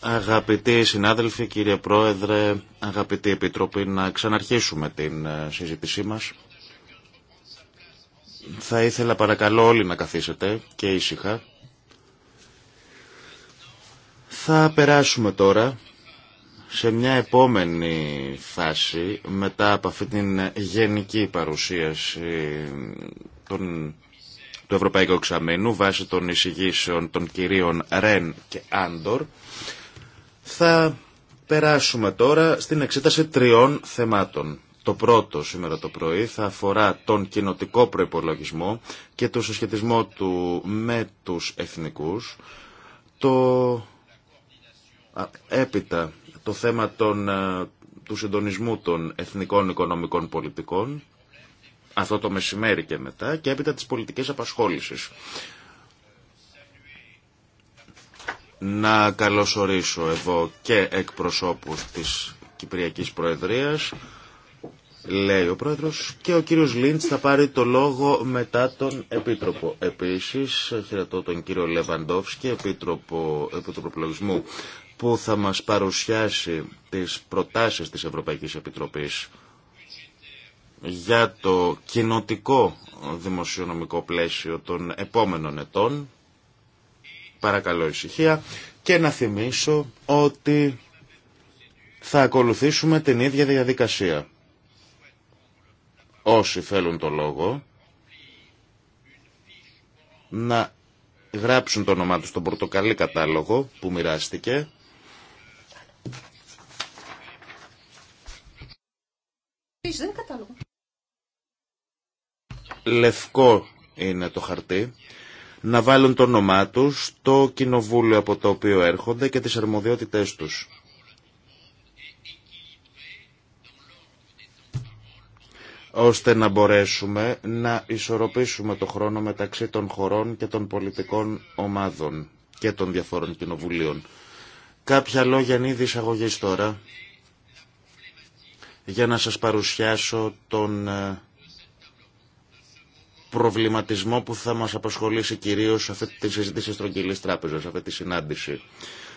Αγαπητοί συνάδελφοι, κύριε Πρόεδρε, αγαπητοί Επιτροπή, να ξαναρχίσουμε την ε, συζήτησή μας. Θα ήθελα παρακαλώ όλοι να καθίσετε και ήσυχα. Θα περάσουμε τώρα σε μια επόμενη φάση μετά από αυτήν την γενική παρουσίαση των του Ευρωπαϊκού Εξαμήνου βάσει των εισηγήσεων των κυρίων Ρεν και Άντορ θα περάσουμε τώρα στην εξέταση τριών θεμάτων. Το πρώτο σήμερα το πρωί θα αφορά τον κοινοτικό προϋπολογισμό και το συσχετισμό του με τους εθνικούς. Το έπειτα το θέμα των, του συντονισμού των εθνικών οικονομικών πολιτικών αυτό το μεσημέρι και μετά και έπειτα τις πολιτικές απασχόλησης. Να καλωσορίσω εδώ και εκπροσώπους της Κυπριακής Προεδρίας, λέει ο Πρόεδρος, και ο κύριος Λίντς θα πάρει το λόγο μετά τον Επίτροπο. Επίσης, χαιρετώ τον κύριο Λεβαντόφσκι, Επίτροπο Επιτροπολογισμού, που θα μας παρουσιάσει τις προτάσεις της Ευρωπαϊκής Επιτροπής για το κοινοτικό δημοσιονομικό πλαίσιο των επόμενων ετών. Παρακαλώ ησυχία. Και να θυμίσω ότι θα ακολουθήσουμε την ίδια διαδικασία. Όσοι θέλουν το λόγο να γράψουν το όνομά τους στον πορτοκαλί κατάλογο που μοιράστηκε Δεν λευκό είναι το χαρτί, να βάλουν το όνομά του το κοινοβούλιο από το οποίο έρχονται και τις αρμοδιότητές τους. ώστε να μπορέσουμε να ισορροπήσουμε το χρόνο μεταξύ των χωρών και των πολιτικών ομάδων και των διαφόρων κοινοβουλίων. Κάποια λόγια είναι ήδη εισαγωγής τώρα για να σας παρουσιάσω τον ε, προβληματισμό που θα μας απασχολήσει κυρίως σε αυτή τη συζήτηση της Τρογγυλής Τράπεζας, αυτή τη συνάντηση.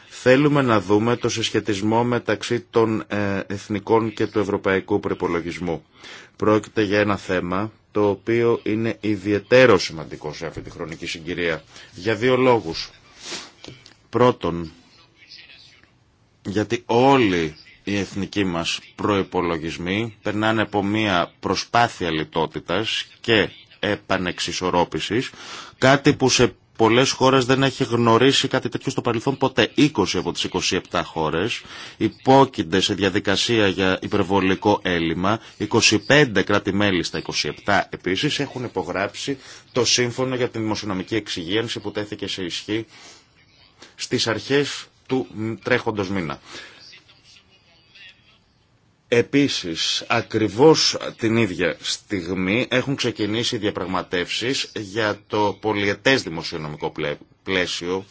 Θέλουμε να δούμε το συσχετισμό μεταξύ των ε, εθνικών και του ευρωπαϊκού προπολογισμού. Πρόκειται για ένα θέμα το οποίο είναι ιδιαίτερο σημαντικό σε αυτή τη χρονική συγκυρία. Για δύο λόγους. Πρώτον, γιατί όλοι οι εθνικοί μας προϋπολογισμοί περνάνε από μια προσπάθεια λιτότητας και επανεξισορρόπησης, κάτι που σε πολλές χώρες δεν έχει γνωρίσει κάτι τέτοιο στο παρελθόν ποτέ. 20 από τις 27 χώρες υπόκεινται σε διαδικασία για υπερβολικό έλλειμμα. 25 κράτη-μέλη στα 27 επίσης έχουν υπογράψει το σύμφωνο για την δημοσιονομική εξυγίανση που τέθηκε σε ισχύ στις αρχές του τρέχοντος μήνα. Επίσης, ακριβώς την ίδια στιγμή έχουν ξεκινήσει οι διαπραγματεύσεις για το πολιετές δημοσιονομικό πλαίσιο,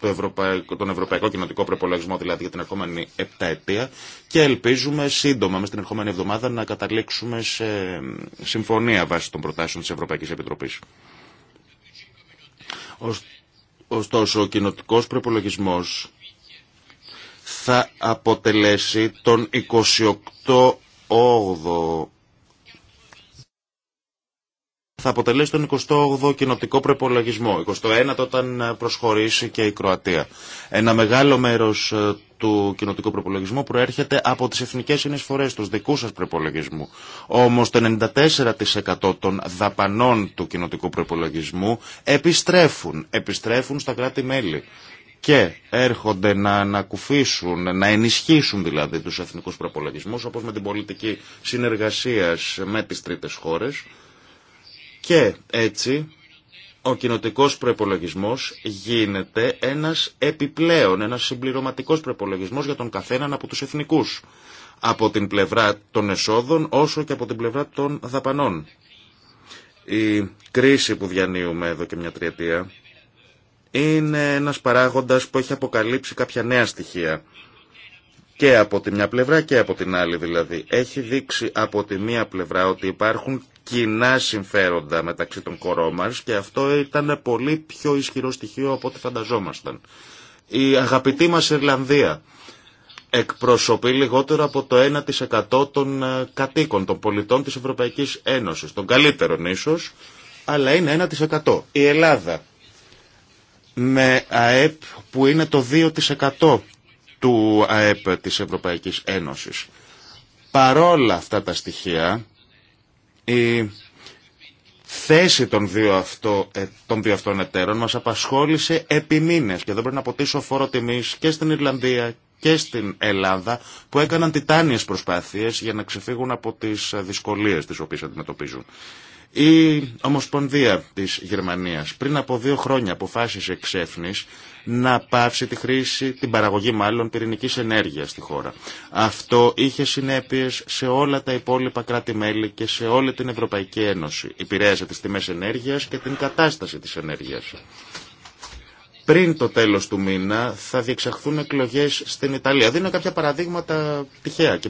το ευρωπαϊκό, τον Ευρωπαϊκό Κοινοτικό Προπολογισμό δηλαδή για την ερχόμενη επταετία και ελπίζουμε σύντομα μέσα στην ερχόμενη εβδομάδα να καταλήξουμε σε συμφωνία βάσει των προτάσεων της Ευρωπαϊκής Επιτροπής. Ωστόσο, ο κοινοτικός προπολογισμό, θα αποτελέσει τον 28 ο θα αποτελέσει τον 28ο κοινοτικό προπολογισμό. 21 όταν προσχωρήσει και η Κροατία. Ένα μεγάλο μέρο ε, του κοινοτικού προπολογισμού προέρχεται από τι εθνικέ συνεισφορέ, του δικού σα προπολογισμού. Όμω το 94% των δαπανών του κοινοτικού προπολογισμού επιστρέφουν, επιστρέφουν στα κράτη-μέλη και έρχονται να ανακουφίσουν, να ενισχύσουν δηλαδή τους εθνικούς προπολογισμούς όπως με την πολιτική συνεργασίας με τις τρίτες χώρες και έτσι ο κοινοτικό προπολογισμό γίνεται ένας επιπλέον, ένας συμπληρωματικός προπολογισμό για τον καθέναν από τους εθνικούς από την πλευρά των εσόδων όσο και από την πλευρά των δαπανών. Η κρίση που διανύουμε εδώ και μια τριετία είναι ένας παράγοντας που έχει αποκαλύψει κάποια νέα στοιχεία. Και από τη μια πλευρά και από την άλλη δηλαδή. Έχει δείξει από τη μία πλευρά ότι υπάρχουν κοινά συμφέροντα μεταξύ των κορών και αυτό ήταν πολύ πιο ισχυρό στοιχείο από ό,τι φανταζόμασταν. Η αγαπητή μας Ιρλανδία εκπροσωπεί λιγότερο από το 1% των ε, κατοίκων, των πολιτών της Ευρωπαϊκής Ένωσης, των καλύτερων ίσως, αλλά είναι 1%. Η Ελλάδα με ΑΕΠ που είναι το 2% του ΑΕΠ της Ευρωπαϊκής Ένωσης. Παρόλα αυτά τα στοιχεία, η θέση των δύο, αυτό, ε, των δύο αυτών εταίρων μας απασχόλησε επί μήνες και δεν πρέπει να αποτίσω φόρο τιμής και στην Ιρλανδία και στην Ελλάδα που έκαναν τιτάνιες προσπάθειες για να ξεφύγουν από τις δυσκολίες τις οποίες αντιμετωπίζουν. Η Ομοσπονδία της Γερμανίας πριν από δύο χρόνια αποφάσισε εξέφνης να πάψει τη χρήση, την παραγωγή μάλλον πυρηνικής ενέργειας στη χώρα. Αυτό είχε συνέπειες σε όλα τα υπόλοιπα κράτη-μέλη και σε όλη την Ευρωπαϊκή Ένωση. Υπηρέασε τις τιμές ενέργειας και την κατάσταση της ενέργειας. Πριν το τέλος του μήνα θα διεξαχθούν εκλογές στην Ιταλία. Δίνω κάποια παραδείγματα τυχαία και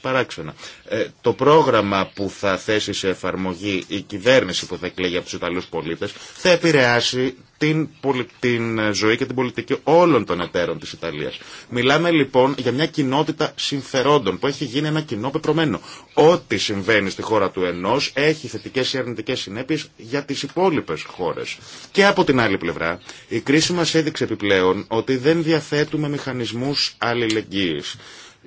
παράξενα. Ε, το πρόγραμμα που θα θέσει σε εφαρμογή η κυβέρνηση που θα εκλέγει από του Ιταλού πολίτε θα επηρεάσει την, την ζωή και την πολιτική όλων των εταίρων τη Ιταλία. Μιλάμε λοιπόν για μια κοινότητα συμφερόντων που έχει γίνει ένα κοινό πεπρωμένο. Ό,τι συμβαίνει στη χώρα του ενό έχει θετικέ ή αρνητικέ συνέπειε για τι υπόλοιπε χώρε. Και από την άλλη πλευρά, η κρίση μα έδειξε επιπλέον ότι δεν διαθέτουμε μηχανισμού αλληλεγγύη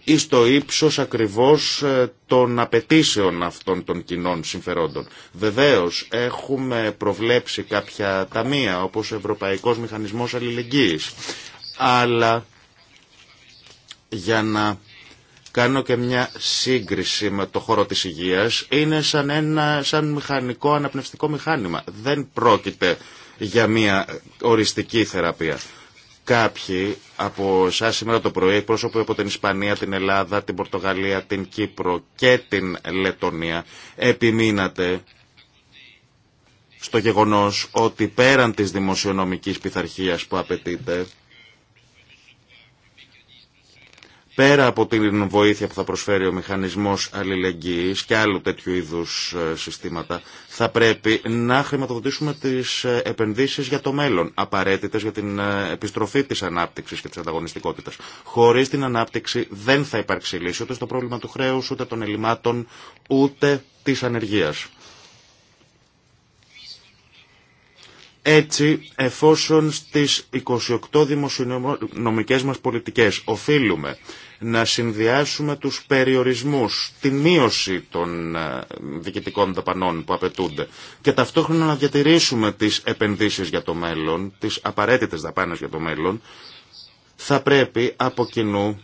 ή στο ύψος ακριβώς ε, των απαιτήσεων αυτών των κοινών συμφερόντων. Βεβαίως έχουμε προβλέψει κάποια ταμεία όπως ο Ευρωπαϊκός Μηχανισμός Αλληλεγγύης αλλά για να κάνω και μια σύγκριση με το χώρο της υγείας είναι σαν ένα σαν μηχανικό αναπνευστικό μηχάνημα. Δεν πρόκειται για μια οριστική θεραπεία. Κάποιοι από εσά σήμερα το πρωί, εκπρόσωποι από την Ισπανία, την Ελλάδα, την Πορτογαλία, την Κύπρο και την Λετωνία, επιμείνατε στο γεγονός ότι πέραν της δημοσιονομικής πειθαρχία που απαιτείται, πέρα από την βοήθεια που θα προσφέρει ο μηχανισμός αλληλεγγύης και άλλου τέτοιου είδους ε, συστήματα, θα πρέπει να χρηματοδοτήσουμε τις ε, επενδύσεις για το μέλλον, απαραίτητες για την ε, επιστροφή της ανάπτυξης και της ανταγωνιστικότητας. Χωρίς την ανάπτυξη δεν θα υπάρξει λύση ούτε στο πρόβλημα του χρέους, ούτε των ελλημάτων, ούτε της ανεργίας. Έτσι, εφόσον στις 28 δημοσιονομικές μας πολιτικές οφείλουμε να συνδυάσουμε τους περιορισμούς, τη μείωση των ε, διοικητικών δαπανών που απαιτούνται και ταυτόχρονα να διατηρήσουμε τις επενδύσεις για το μέλλον, τις απαραίτητες δαπάνες για το μέλλον, θα πρέπει από κοινού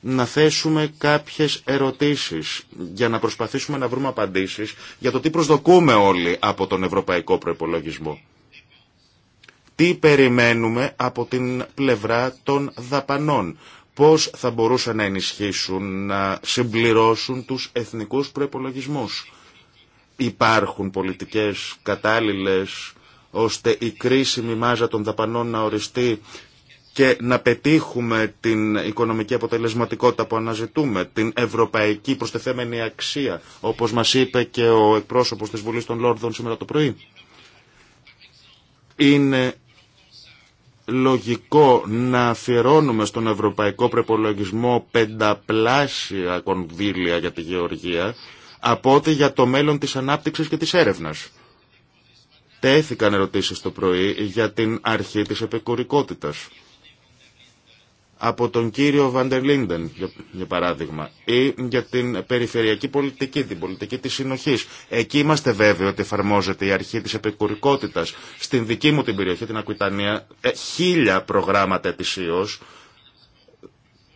να θέσουμε κάποιες ερωτήσεις για να προσπαθήσουμε να βρούμε απαντήσεις για το τι προσδοκούμε όλοι από τον ευρωπαϊκό προϋπολογισμό τι περιμένουμε από την πλευρά των δαπανών, πώς θα μπορούσαν να ενισχύσουν, να συμπληρώσουν τους εθνικούς προϋπολογισμούς. Υπάρχουν πολιτικές κατάλληλες ώστε η κρίσιμη μάζα των δαπανών να οριστεί και να πετύχουμε την οικονομική αποτελεσματικότητα που αναζητούμε, την ευρωπαϊκή προστεθέμενη αξία, όπως μας είπε και ο εκπρόσωπος της Βουλής των Λόρδων σήμερα το πρωί. Είναι λογικό να αφιερώνουμε στον ευρωπαϊκό προπολογισμό πενταπλάσια κονδύλια για τη γεωργία από ό,τι για το μέλλον της ανάπτυξης και της έρευνας. Τέθηκαν ερωτήσεις το πρωί για την αρχή της επικουρικότητας από τον κύριο Βαντερλίντεν, για παράδειγμα, ή για την περιφερειακή πολιτική, την πολιτική της συνοχής. Εκεί είμαστε βέβαιοι ότι εφαρμόζεται η αρχή της επικουρικότητας. Στην δική μου την περιοχή, την Ακουιτανία, ε, χίλια προγράμματα ετησίως,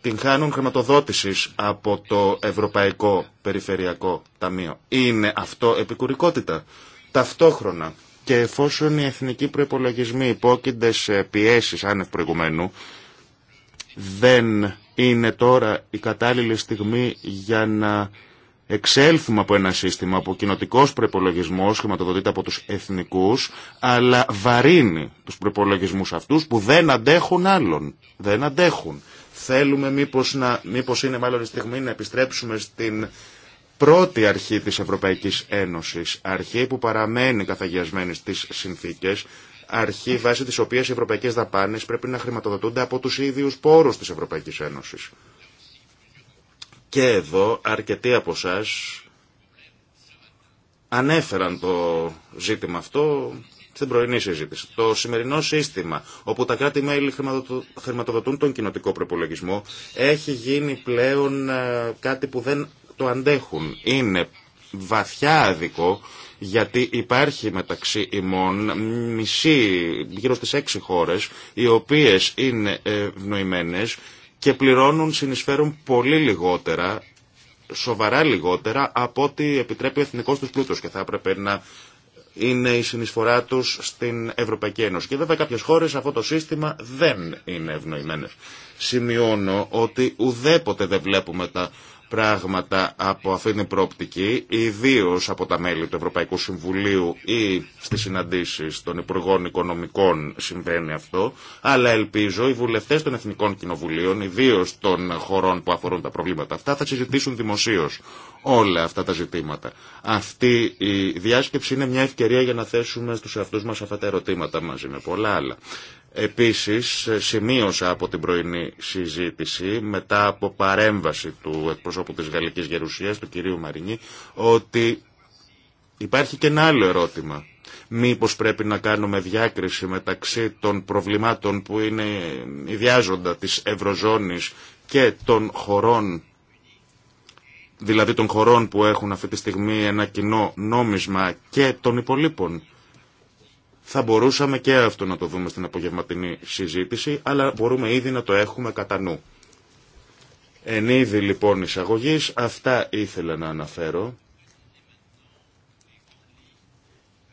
την χάνουν χρηματοδότηση από το Ευρωπαϊκό Περιφερειακό Ταμείο. Είναι αυτό επικουρικότητα. Ταυτόχρονα και εφόσον οι εθνικοί προπολογισμοί υπόκεινται σε πιέσει άνευ προηγουμένου, δεν είναι τώρα η κατάλληλη στιγμή για να εξέλθουμε από ένα σύστημα που ο κοινοτικό προπολογισμό χρηματοδοτείται από τους εθνικούς, αλλά βαρύνει τους προπολογισμού αυτού που δεν αντέχουν άλλων. Δεν αντέχουν. Θέλουμε μήπως, να, μήπως είναι μάλλον η στιγμή να επιστρέψουμε στην πρώτη αρχή της Ευρωπαϊκής Ένωσης, αρχή που παραμένει καθαγιασμένη στις συνθήκες αρχή βάσει της οποίας οι ευρωπαϊκές δαπάνες πρέπει να χρηματοδοτούνται από τους ίδιους πόρους της Ευρωπαϊκής Ένωσης. Και εδώ αρκετοί από εσά ανέφεραν το ζήτημα αυτό στην πρωινή συζήτηση. Το σημερινό σύστημα όπου τα κράτη-μέλη χρηματοδοτούν τον κοινοτικό προπολογισμό έχει γίνει πλέον ε, κάτι που δεν το αντέχουν. Είναι βαθιά αδικό γιατί υπάρχει μεταξύ ημών μισή, γύρω στις έξι χώρες, οι οποίες είναι ευνοημένες και πληρώνουν, συνεισφέρουν πολύ λιγότερα, σοβαρά λιγότερα από ό,τι επιτρέπει ο εθνικός τους πλούτος και θα έπρεπε να είναι η συνεισφορά τους στην Ευρωπαϊκή Ένωση. Και βέβαια κάποιες χώρες αυτό το σύστημα δεν είναι ευνοημένε. Σημειώνω ότι ουδέποτε δεν βλέπουμε τα πράγματα από αυτή την πρόπτικη, ιδίω από τα μέλη του Ευρωπαϊκού Συμβουλίου ή στι συναντήσει των Υπουργών Οικονομικών συμβαίνει αυτό, αλλά ελπίζω οι βουλευτέ των Εθνικών Κοινοβουλίων, ιδίω των χωρών που αφορούν τα προβλήματα αυτά, θα συζητήσουν δημοσίω όλα αυτά τα ζητήματα. Αυτή η διάσκεψη είναι μια ευκαιρία για να θέσουμε στου εαυτού μα αυτά τα ερωτήματα μαζί με πολλά άλλα. Επίσης, σημείωσα από την πρωινή συζήτηση, μετά από παρέμβαση του εκπροσώπου της Γαλλικής Γερουσίας, του κυρίου Μαρινή, ότι υπάρχει και ένα άλλο ερώτημα. Μήπως πρέπει να κάνουμε διάκριση μεταξύ των προβλημάτων που είναι ιδιάζοντα της Ευρωζώνης και των χωρών δηλαδή των χωρών που έχουν αυτή τη στιγμή ένα κοινό νόμισμα και των υπολείπων. Θα μπορούσαμε και αυτό να το δούμε στην απογευματινή συζήτηση, αλλά μπορούμε ήδη να το έχουμε κατά νου. Εν είδη λοιπόν εισαγωγή, αυτά ήθελα να αναφέρω.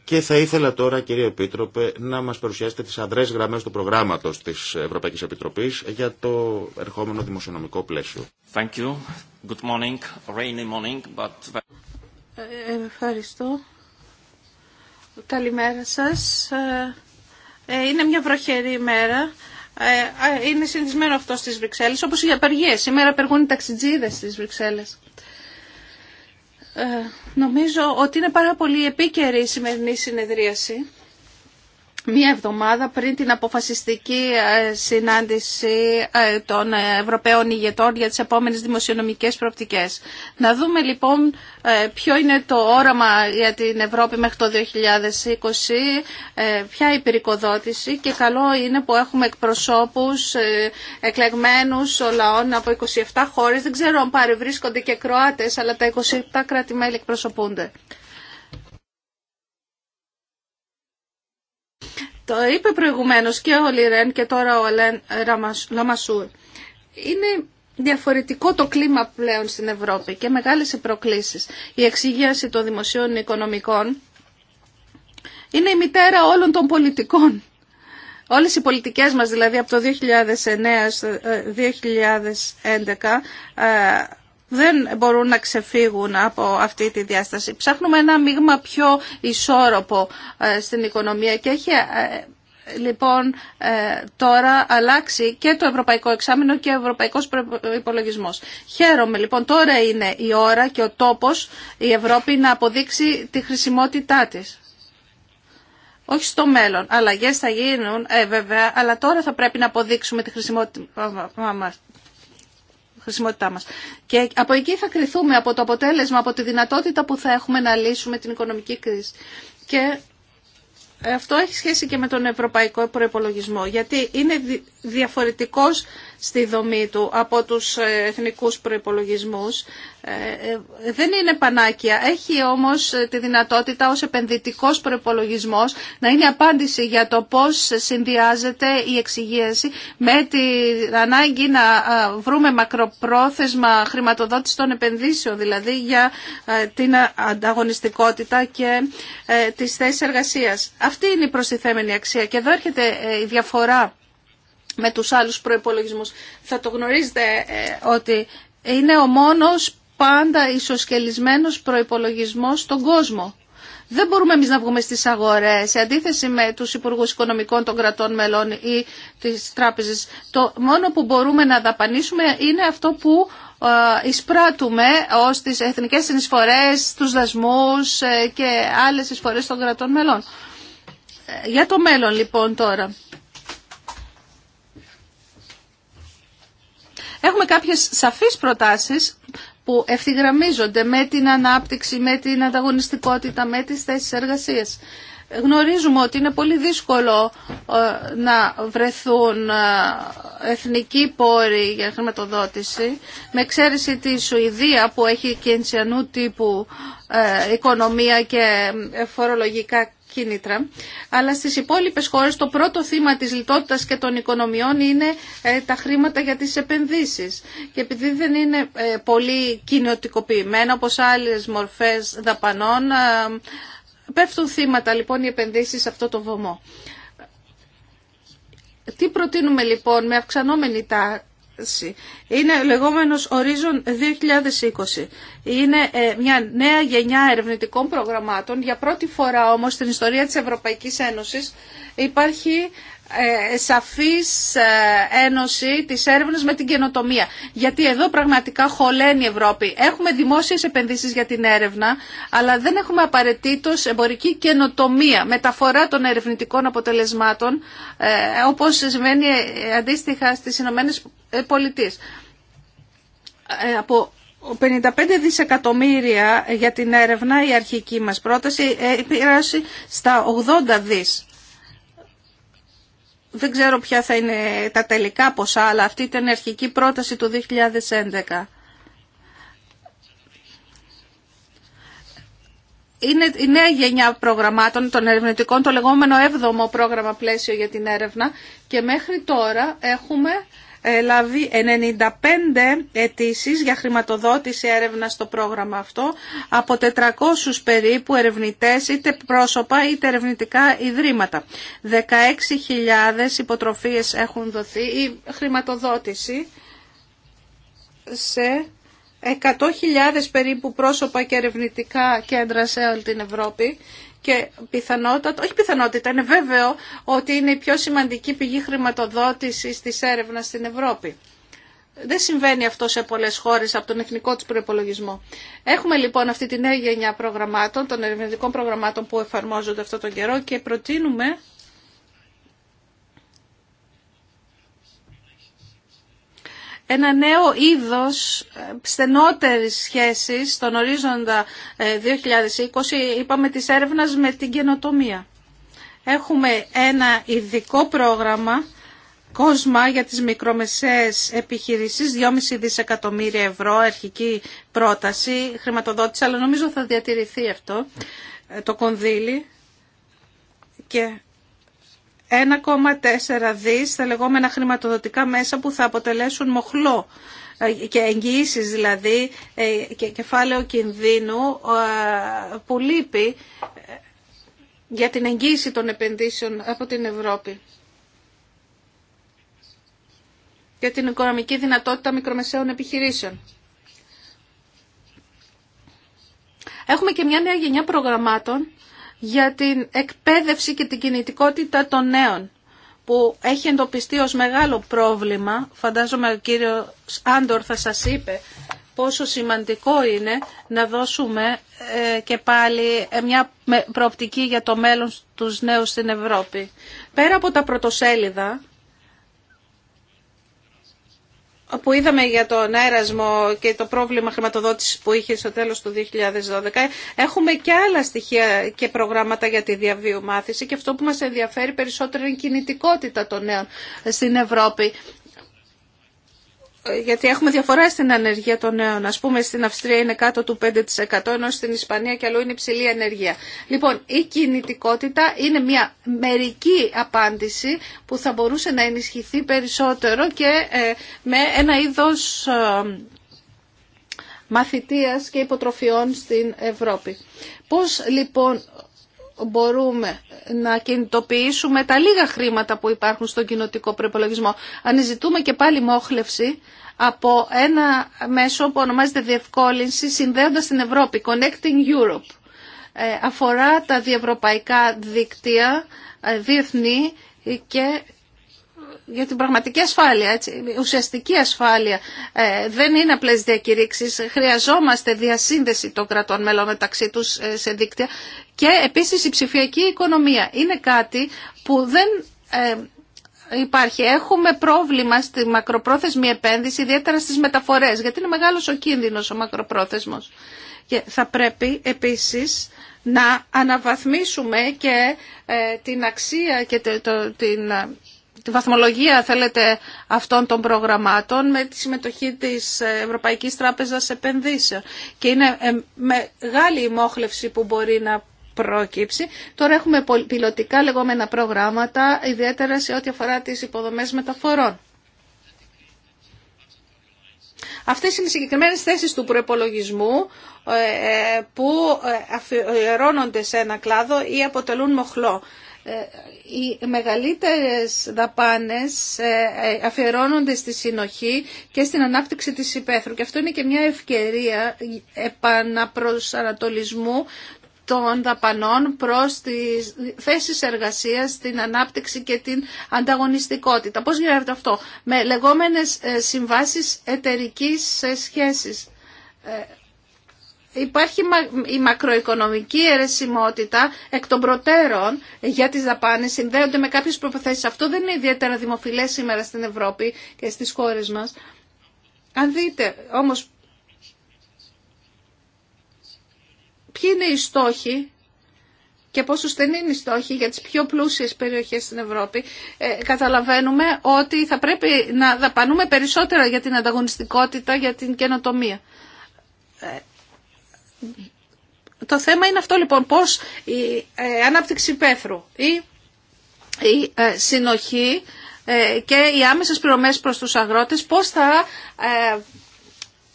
Και θα ήθελα τώρα, κύριε Επίτροπε, να μας παρουσιάσετε τις αδρές γραμμές του προγράμματος της Ευρωπαϊκής Επιτροπής για το ερχόμενο δημοσιονομικό πλαίσιο. Ε, ευχαριστώ. Καλημέρα σας. Ε, ε, είναι μια βροχερή ημέρα. Ε, είναι συνηθισμένο αυτό στις Βρυξέλλες, όπως οι απεργίες. Σήμερα απεργούν οι ταξιτζίδες στις Βρυξέλλες. Νομίζω ότι είναι πάρα πολύ επίκαιρη η σημερινή συνεδρίαση μία εβδομάδα πριν την αποφασιστική ε, συνάντηση ε, των Ευρωπαίων ηγετών για τις επόμενες δημοσιονομικές προοπτικές. Να δούμε λοιπόν ε, ποιο είναι το όραμα για την Ευρώπη μέχρι το 2020, ποια η περικοδότηση και καλό είναι που έχουμε εκπροσώπους εκλεγμένους ο λαών από 27 χώρες. Δεν ξέρω αν πάρει βρίσκονται και Κροάτες, αλλά τα 27 κράτη-μέλη εκπροσωπούνται. Το είπε προηγουμένως και ο Λιρέν και τώρα ο Αλέν Λαμασούρ. Είναι διαφορετικό το κλίμα πλέον στην Ευρώπη και μεγάλες οι προκλήσεις. Η εξηγίαση των δημοσίων οικονομικών είναι η μητέρα όλων των πολιτικών. Όλες οι πολιτικές μας δηλαδή από το 2009 2011 δεν μπορούν να ξεφύγουν από αυτή τη διάσταση. Ψάχνουμε ένα μείγμα πιο ισόρροπο ε, στην οικονομία και έχει ε, λοιπόν ε, τώρα αλλάξει και το Ευρωπαϊκό Εξάμεινο και ο Ευρωπαϊκός Υπολογισμός. Χαίρομαι λοιπόν τώρα είναι η ώρα και ο τόπος η Ευρώπη να αποδείξει τη χρησιμότητά της. Όχι στο μέλλον. Αλλαγέ θα γίνουν, ε, βέβαια, αλλά τώρα θα πρέπει να αποδείξουμε τη χρησιμότητά χρησιμότητά Και από εκεί θα κρυθούμε από το αποτέλεσμα, από τη δυνατότητα που θα έχουμε να λύσουμε την οικονομική κρίση. Και αυτό έχει σχέση και με τον ευρωπαϊκό προπολογισμό, γιατί είναι διαφορετικός στη δομή του από τους ε, εθνικούς προϋπολογισμούς. Ε, ε, δεν είναι πανάκια. Έχει όμως τη δυνατότητα ως επενδυτικός προϋπολογισμός να είναι απάντηση για το πώς συνδυάζεται η εξυγίαση με την ανάγκη να βρούμε μακροπρόθεσμα χρηματοδότηση των επενδύσεων, δηλαδή για την ανταγωνιστικότητα και τις θέσεις εργασίας. Αυτή είναι η προστιθέμενη αξία και εδώ έρχεται η διαφορά με τους άλλους προϋπολογισμούς. Θα το γνωρίζετε ε, ότι είναι ο μόνος πάντα ισοσκελισμένος προϋπολογισμός στον κόσμο. Δεν μπορούμε εμείς να βγούμε στις αγορές. σε αντίθεση με τους υπουργού οικονομικών των κρατών μελών ή τις τράπεζες Το μόνο που μπορούμε να δαπανίσουμε είναι αυτό που ε, εισπράττουμε ως τι εθνικέ συνεισφορές, τους δασμούς ε, και άλλες εισφορές των κρατών μελών. Για το μέλλον λοιπόν τώρα. Έχουμε κάποιες σαφείς προτάσεις που ευθυγραμμίζονται με την ανάπτυξη, με την ανταγωνιστικότητα, με τις θέσεις εργασίας. Γνωρίζουμε ότι είναι πολύ δύσκολο ε, να βρεθούν ε, εθνικοί πόροι για χρηματοδότηση, με εξαίρεση τη Σουηδία που έχει και ενσιανού τύπου ε, οικονομία και φορολογικά κίνητρα, αλλά στις υπόλοιπε χώρε, το πρώτο θύμα της λιτότητα και των οικονομιών είναι ε, τα χρήματα για τις επενδύσεις. Και επειδή δεν είναι ε, πολύ κοινωτικοποιημένα όπως άλλες μορφές δαπανών, ε, πέφτουν θύματα λοιπόν οι επενδύσεις σε αυτό το βωμό. Τι προτείνουμε λοιπόν με αυξανόμενη τα είναι λεγόμενος Horizon 2020. Είναι ε, μια νέα γενιά ερευνητικών προγραμμάτων. Για πρώτη φορά όμως στην ιστορία της Ευρωπαϊκής Ένωσης υπάρχει ε, σαφής ε, ένωση της έρευνας με την καινοτομία. Γιατί εδώ πραγματικά χωλαίνει η Ευρώπη. Έχουμε δημόσιες επενδύσεις για την έρευνα, αλλά δεν έχουμε απαραίτητο εμπορική καινοτομία, μεταφορά των ερευνητικών αποτελεσμάτων, ε, όπως σημαίνει αντίστοιχα στις Ηνωμένε Πολιτείε. Από 55 δισεκατομμύρια για την έρευνα η αρχική μας πρόταση πειράσει στα 80 δις δεν ξέρω ποια θα είναι τα τελικά ποσά, αλλά αυτή ήταν η αρχική πρόταση του 2011. είναι η νέα γενιά προγραμμάτων των ερευνητικών, το λεγόμενο 7ο πρόγραμμα πλαίσιο για την έρευνα και μέχρι τώρα έχουμε λάβει 95 αιτήσει για χρηματοδότηση έρευνα στο πρόγραμμα αυτό από 400 περίπου ερευνητέ είτε πρόσωπα είτε ερευνητικά ιδρύματα. 16.000 υποτροφίες έχουν δοθεί ή χρηματοδότηση σε 100.000 περίπου πρόσωπα και ερευνητικά κέντρα σε όλη την Ευρώπη και πιθανότατα, όχι πιθανότητα, είναι βέβαιο ότι είναι η πιο σημαντική πηγή χρηματοδότησης της έρευνας στην Ευρώπη. Δεν συμβαίνει αυτό σε πολλές χώρες από τον εθνικό του προπολογισμό. Έχουμε λοιπόν αυτή τη νέα γενιά προγραμμάτων, των ερευνητικών προγραμμάτων που εφαρμόζονται αυτόν τον καιρό και προτείνουμε ένα νέο είδος ε, στενότερης σχέσης στον ορίζοντα 2020, ε, είπαμε, της έρευνας με την καινοτομία. Έχουμε ένα ειδικό πρόγραμμα κόσμα για τις μικρομεσαίες επιχειρήσεις, 2,5 δισεκατομμύρια ευρώ, αρχική πρόταση, χρηματοδότηση, αλλά νομίζω θα διατηρηθεί αυτό ε, το κονδύλι και 1,4 δις στα λεγόμενα χρηματοδοτικά μέσα που θα αποτελέσουν μοχλό ε, και εγγυήσει δηλαδή ε, και κεφάλαιο κινδύνου ε, που λείπει για την εγγύηση των επενδύσεων από την Ευρώπη και την οικονομική δυνατότητα μικρομεσαίων επιχειρήσεων. Έχουμε και μια νέα γενιά προγραμμάτων για την εκπαίδευση και την κινητικότητα των νέων που έχει εντοπιστεί ως μεγάλο πρόβλημα. Φαντάζομαι ο κύριος Άντορ θα σας είπε πόσο σημαντικό είναι να δώσουμε ε, και πάλι ε, μια προοπτική για το μέλλον τους νέους στην Ευρώπη. Πέρα από τα πρωτοσέλιδα που είδαμε για τον αέρασμο και το πρόβλημα χρηματοδότησης που είχε στο τέλος του 2012, έχουμε και άλλα στοιχεία και προγράμματα για τη διαβίου μάθηση και αυτό που μας ενδιαφέρει περισσότερο είναι η κινητικότητα των νέων στην Ευρώπη γιατί έχουμε διαφορά στην ανεργία των νέων. Ας πούμε στην Αυστρία είναι κάτω του 5% ενώ στην Ισπανία και αλλού είναι υψηλή ανεργία. Λοιπόν, η κινητικότητα είναι μια μερική απάντηση που θα μπορούσε να ενισχυθεί περισσότερο και ε, με ένα είδος ε, μαθητείας και υποτροφιών στην Ευρώπη. Πώς λοιπόν μπορούμε να κινητοποιήσουμε τα λίγα χρήματα που υπάρχουν στον κοινοτικό προπολογισμό. Αναζητούμε και πάλι μόχλευση από ένα μέσο που ονομάζεται διευκόλυνση συνδέοντας την Ευρώπη, Connecting Europe. Ε, αφορά τα διευρωπαϊκά δίκτυα ε, διεθνή και για την πραγματική ασφάλεια, έτσι, ουσιαστική ασφάλεια. Ε, δεν είναι απλές διακηρύξεις. Χρειαζόμαστε διασύνδεση των κρατών μελών μεταξύ τους ε, σε δίκτυα. Και επίσης η ψηφιακή οικονομία είναι κάτι που δεν... Ε, υπάρχει. Έχουμε πρόβλημα στη μακροπρόθεσμη επένδυση, ιδιαίτερα στις μεταφορές, γιατί είναι μεγάλος ο κίνδυνος ο μακροπρόθεσμος. Και θα πρέπει επίσης να αναβαθμίσουμε και την αξία και την τη βαθμολογία θέλετε αυτών των προγραμμάτων με τη συμμετοχή της Ευρωπαϊκής Τράπεζας Επενδύσεων και είναι ε, μεγάλη η μόχλευση που μπορεί να προκύψει. Τώρα έχουμε πιλωτικά λεγόμενα προγράμματα, ιδιαίτερα σε ό,τι αφορά τις υποδομές μεταφορών. Αυτές είναι οι συγκεκριμένες θέσεις του προεπολογισμού ε, ε, που αφιερώνονται σε ένα κλάδο ή αποτελούν μοχλό. Ε, οι μεγαλύτερες δαπάνες ε, ε, αφιερώνονται στη συνοχή και στην ανάπτυξη της υπαίθρου και αυτό είναι και μια ευκαιρία επαναπροσανατολισμού των δαπανών προς τις θέσεις εργασίας, την ανάπτυξη και την ανταγωνιστικότητα. Πώς γίνεται αυτό? Με λεγόμενες συμβάσεις εταιρικής σχέσης Υπάρχει η μακροοικονομική αιρεσιμότητα εκ των προτέρων για τις δαπάνες, συνδέονται με κάποιες προποθέσεις. Αυτό δεν είναι ιδιαίτερα δημοφιλές σήμερα στην Ευρώπη και στις χώρες μας. Αν δείτε όμως ποιοι είναι οι στόχοι και πόσο στενή είναι η στόχη για τις πιο πλούσιες περιοχές στην Ευρώπη, ε, καταλαβαίνουμε ότι θα πρέπει να δαπανούμε περισσότερα για την ανταγωνιστικότητα, για την καινοτομία. Ε, το θέμα είναι αυτό λοιπόν, πώς η ε, ανάπτυξη πέθρου ή η ε, συνοχή ε, και οι άμεσες πληρωμές προς τους αγρότες, πώς θα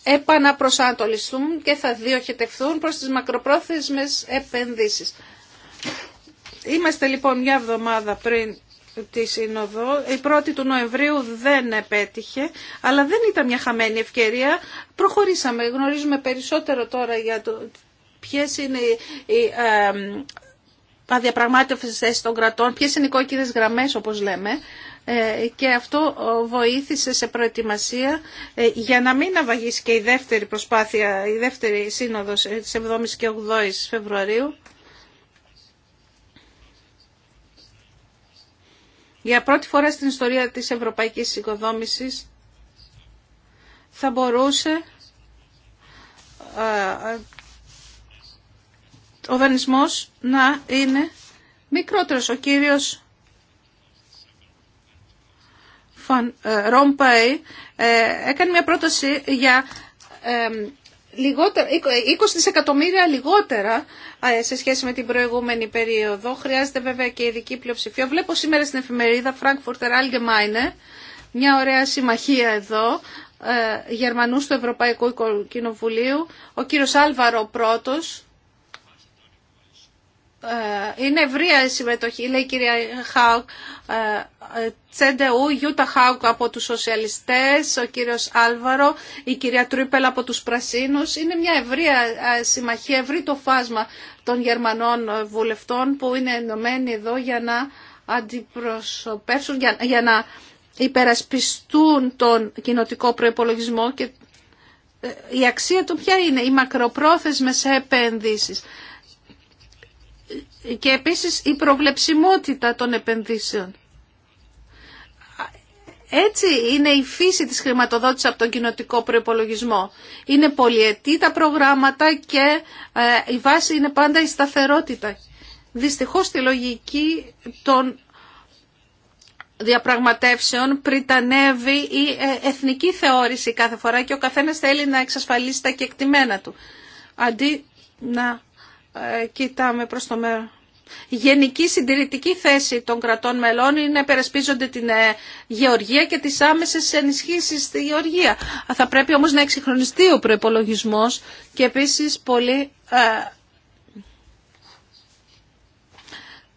επαναπροσανατολιστούν και θα διοχετευθούν προς τις μακροπρόθεσμες επενδύσεις. Είμαστε λοιπόν μια εβδομάδα πριν τη Σύνοδο. Η πρώτη του Νοεμβρίου δεν επέτυχε, αλλά δεν ήταν μια χαμένη ευκαιρία. Προχωρήσαμε, γνωρίζουμε περισσότερο τώρα για το ποιες είναι οι αδιαπραγμάτευτες θέσεις των κρατών, ποιες είναι οι κόκκινες γραμμές όπως λέμε ε, και αυτό ε, βοήθησε σε προετοιμασία ε, για να μην αβαγήσει και η δεύτερη προσπάθεια, η δεύτερη σύνοδος της 7ης και 8ης Φεβρουαρίου Για πρώτη φορά στην ιστορία της ευρωπαϊκής οικοδόμησης θα μπορούσε ε, ε, ο δανεισμός να είναι μικρότερος. Ο κύριος Φαν ε, Ρομπέι έκανε μια πρόταση για λιγότερα, 20 ε, δισεκατομμύρια λιγότερα ε, σε σχέση με την προηγούμενη περίοδο. Χρειάζεται βέβαια και ειδική πλειοψηφία. Βλέπω σήμερα στην εφημερίδα Frankfurter Allgemeine μια ωραία συμμαχία εδώ ε, Γερμανούς του Ευρωπαϊκού Κοινοβουλίου, ο κύριος Άλβαρο πρώτος, ε, είναι ευρεία η συμμετοχή, λέει η κυρία Χάουκ, ε, Τσέντεου, Γιούτα Χάουκ από τους σοσιαλιστές, ο κύριος Άλβαρο, η κυρία Τρίπελ από τους Πρασίνους. Είναι μια ευρεία ε, συμμαχία, ευρύ το φάσμα των Γερμανών βουλευτών που είναι ενωμένοι εδώ για να αντιπροσωπεύσουν, για, να υπερασπιστούν τον κοινοτικό προϋπολογισμό και η αξία του ποια είναι, οι μακροπρόθεσμες επενδύσεις και επίσης η προβλεψιμότητα των επενδύσεων. Έτσι είναι η φύση της χρηματοδότησης από τον κοινοτικό προϋπολογισμό. Είναι πολυετή τα προγράμματα και ε, η βάση είναι πάντα η σταθερότητα. Δυστυχώς τη λογική των διαπραγματεύσεων πριτανεύει η ε, εθνική θεώρηση κάθε φορά και ο καθένας θέλει να εξασφαλίσει τα κεκτημένα του. Αντί να ε, κοιτάμε προς το μέλλον. Η γενική συντηρητική θέση των κρατών μελών είναι να υπερασπίζονται την ε, γεωργία και τις άμεσες ενισχύσεις στη γεωργία. Θα πρέπει όμως να εξυγχρονιστεί ο προϋπολογισμός και επίσης πολύ... Ε,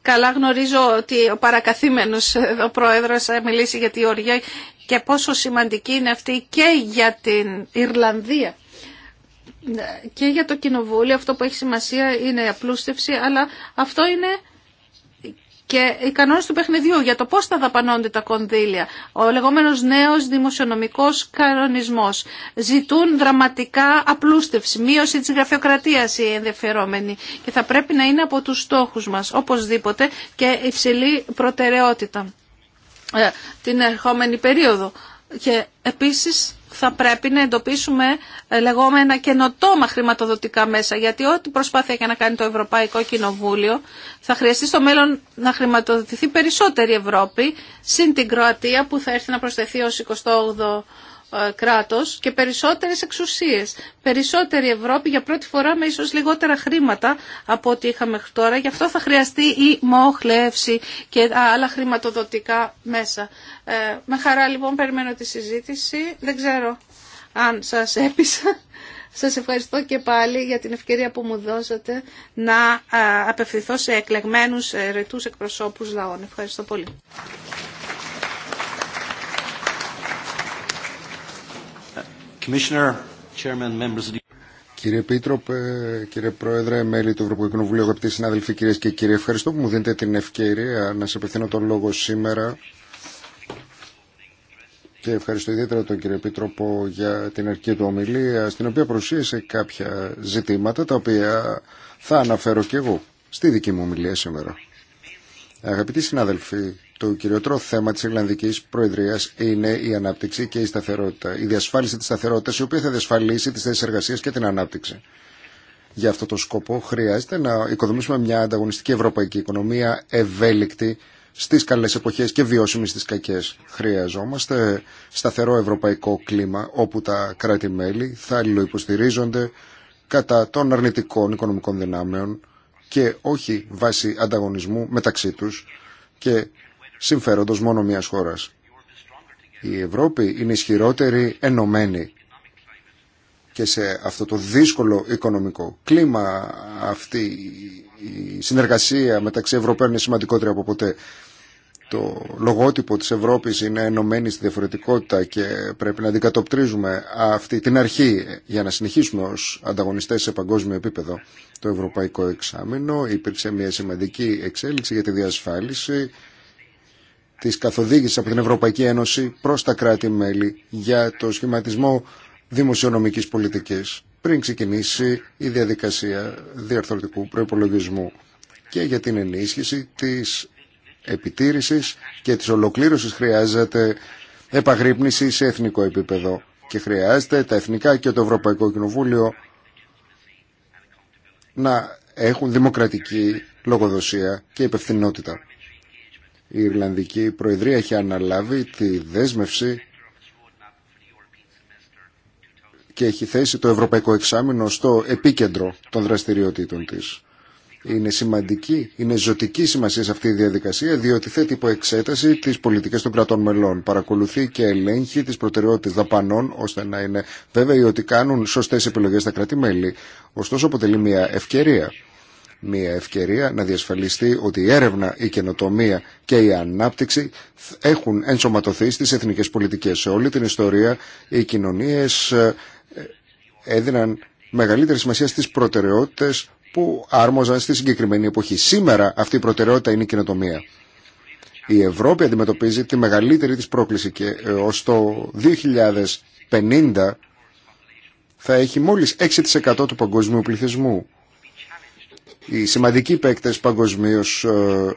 καλά γνωρίζω ότι ο παρακαθήμενος, ο πρόεδρος, θα μιλήσει για τη γεωργία και πόσο σημαντική είναι αυτή και για την Ιρλανδία. Ναι, και για το κοινοβούλιο αυτό που έχει σημασία είναι η απλούστευση, αλλά αυτό είναι και οι κανόνε του παιχνιδιού για το πώ θα δαπανώνται τα κονδύλια. Ο λεγόμενος νέος δημοσιονομικός κανονισμός ζητούν δραματικά απλούστευση, μείωση τη γραφειοκρατίας οι ενδιαφερόμενοι και θα πρέπει να είναι από τους στόχους μας, οπωσδήποτε και υψηλή προτεραιότητα ε, την ερχόμενη περίοδο. Και επίσης θα πρέπει να εντοπίσουμε ε, λεγόμενα καινοτόμα χρηματοδοτικά μέσα, γιατί ό,τι προσπάθεια και να κάνει το Ευρωπαϊκό Κοινοβούλιο θα χρειαστεί στο μέλλον να χρηματοδοτηθεί περισσότερη Ευρώπη, συν την Κροατία που θα έρθει να προσθεθεί ως 28 ε, κράτος και περισσότερες εξουσίες. Περισσότερη Ευρώπη για πρώτη φορά με ίσως λιγότερα χρήματα από ό,τι είχαμε τώρα. Γι' αυτό θα χρειαστεί η μόχλευση και άλλα χρηματοδοτικά μέσα. Ε, με χαρά λοιπόν περιμένω τη συζήτηση. Δεν ξέρω αν σας έπεισα. Σας ευχαριστώ και πάλι για την ευκαιρία που μου δώσατε να ε, απευθυνθώ σε εκλεγμένους ρετούς εκπροσώπους λαών. Ευχαριστώ πολύ. Κύριε Πίτροπε, κύριε Πρόεδρε, μέλη του Ευρωπαϊκού Κοινοβουλίου, αγαπητοί συνάδελφοι, κυρίε και κύριοι, ευχαριστώ που μου δίνετε την ευκαιρία να σε απευθύνω τον λόγο σήμερα και ευχαριστώ ιδιαίτερα τον κύριο Επίτροπο για την αρχή του ομιλία, στην οποία προσίασε κάποια ζητήματα τα οποία θα αναφέρω και εγώ στη δική μου ομιλία σήμερα. Αγαπητοί συνάδελφοι, το κυριότερο θέμα τη Ιρλανδική Προεδρίας είναι η ανάπτυξη και η σταθερότητα. Η διασφάλιση τη σταθερότητα, η οποία θα διασφαλίσει τις θέσει εργασία και την ανάπτυξη. Για αυτό το σκοπό χρειάζεται να οικοδομήσουμε μια ανταγωνιστική ευρωπαϊκή οικονομία ευέλικτη στι καλέ εποχέ και βιώσιμη στις κακέ. Χρειαζόμαστε σταθερό ευρωπαϊκό κλίμα όπου τα κράτη-μέλη θα αλληλοϊποστηρίζονται κατά των αρνητικών οικονομικών δυνάμεων και όχι βάσει ανταγωνισμού μεταξύ του και συμφέροντος μόνο μιας χώρας. Η Ευρώπη είναι ισχυρότερη, ενωμένη και σε αυτό το δύσκολο οικονομικό κλίμα αυτή η συνεργασία μεταξύ Ευρωπαίων είναι σημαντικότερη από ποτέ. Το λογότυπο της Ευρώπης είναι ενωμένη στη διαφορετικότητα και πρέπει να αντικατοπτρίζουμε αυτή την αρχή για να συνεχίσουμε ως ανταγωνιστές σε παγκόσμιο επίπεδο. Το Ευρωπαϊκό Εξάμεινο υπήρξε μια σημαντική εξέλιξη για τη διασφάλιση της καθοδήγησης από την Ευρωπαϊκή Ένωση προς τα κράτη-μέλη για το σχηματισμό δημοσιονομικής πολιτικής πριν ξεκινήσει η διαδικασία διαρθρωτικού προϋπολογισμού και για την ενίσχυση της επιτήρησης και της ολοκλήρωσης χρειάζεται επαγρύπνηση σε εθνικό επίπεδο και χρειάζεται τα Εθνικά και το Ευρωπαϊκό Κοινοβούλιο να έχουν δημοκρατική λογοδοσία και υπευθυνότητα η Ιρλανδική Προεδρία έχει αναλάβει τη δέσμευση και έχει θέσει το Ευρωπαϊκό Εξάμεινο στο επίκεντρο των δραστηριοτήτων της. Είναι σημαντική, είναι ζωτική σημασία σε αυτή η διαδικασία, διότι θέτει υπό εξέταση τι πολιτικέ των κρατών μελών. Παρακολουθεί και ελέγχει τις προτεραιότητε δαπανών, ώστε να είναι βέβαιοι ότι κάνουν σωστέ επιλογέ στα κράτη-μέλη. Ωστόσο, αποτελεί μια ευκαιρία μια ευκαιρία να διασφαλιστεί ότι η έρευνα, η καινοτομία και η ανάπτυξη έχουν ενσωματωθεί στις εθνικές πολιτικές. Σε όλη την ιστορία οι κοινωνίες ε, έδιναν μεγαλύτερη σημασία στις προτεραιότητες που άρμοζαν στη συγκεκριμένη εποχή. Σήμερα αυτή η προτεραιότητα είναι η καινοτομία. Η Ευρώπη αντιμετωπίζει τη μεγαλύτερη της πρόκληση και ε, ως το 2050 θα έχει μόλις 6% του παγκόσμιου πληθυσμού οι σημαντικοί παίκτες παγκοσμίω ε,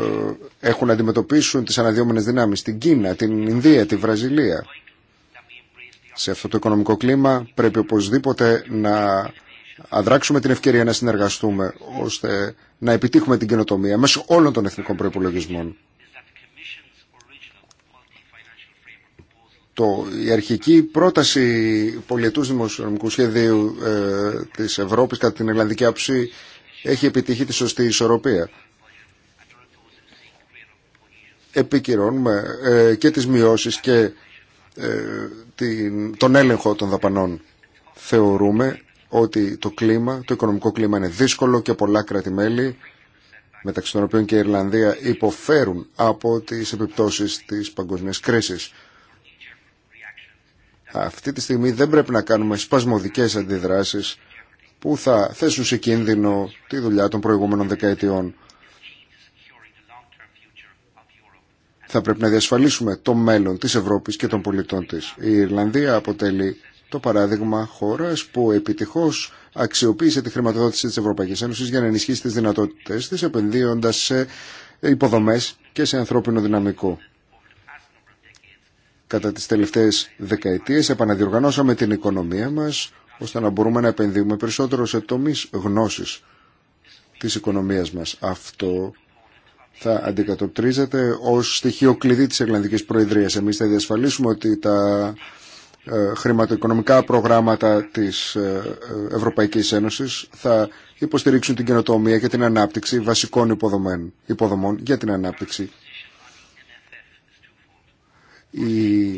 ε, έχουν να αντιμετωπίσουν τις αναδυόμενες δυνάμεις, την Κίνα, την Ινδία, τη Βραζιλία. Σε αυτό το οικονομικό κλίμα πρέπει οπωσδήποτε να αδράξουμε την ευκαιρία να συνεργαστούμε ώστε να επιτύχουμε την καινοτομία μέσω όλων των εθνικών προπολογισμών. το, η αρχική πρόταση πολιετού δημοσιονομικού σχεδίου ε, της Ευρώπης κατά την ελλανδική άψη έχει επιτύχει τη σωστή ισορροπία. Επικυρώνουμε ε, και τις μειώσεις και ε, την, τον έλεγχο των δαπανών. Θεωρούμε ότι το κλίμα, το οικονομικό κλίμα είναι δύσκολο και πολλά κράτη-μέλη μεταξύ των οποίων και η Ιρλανδία υποφέρουν από τις επιπτώσεις της παγκόσμια κρίσης. Αυτή τη στιγμή δεν πρέπει να κάνουμε σπασμωδικές αντιδράσεις που θα θέσουν σε κίνδυνο τη δουλειά των προηγούμενων δεκαετιών. Θα πρέπει να διασφαλίσουμε το μέλλον της Ευρώπης και των πολιτών της. Η Ιρλανδία αποτελεί το παράδειγμα χώρας που επιτυχώς αξιοποίησε τη χρηματοδότηση της Ευρωπαϊκής Ένωσης για να ενισχύσει τις δυνατότητες της επενδύοντας σε υποδομές και σε ανθρώπινο δυναμικό. Κατά τις τελευταίες δεκαετίες επαναδιοργανώσαμε την οικονομία μας ώστε να μπορούμε να επενδύουμε περισσότερο σε τομείς γνώσης της οικονομίας μας. Αυτό θα αντικατοπτρίζεται ως στοιχείο κλειδί της Ελληνικής Προεδρίας. Εμείς θα διασφαλίσουμε ότι τα ε, χρηματοοικονομικά προγράμματα της ε, Ευρωπαϊκής Ένωσης θα υποστηρίξουν την καινοτομία και την ανάπτυξη βασικών υποδομών για την ανάπτυξη η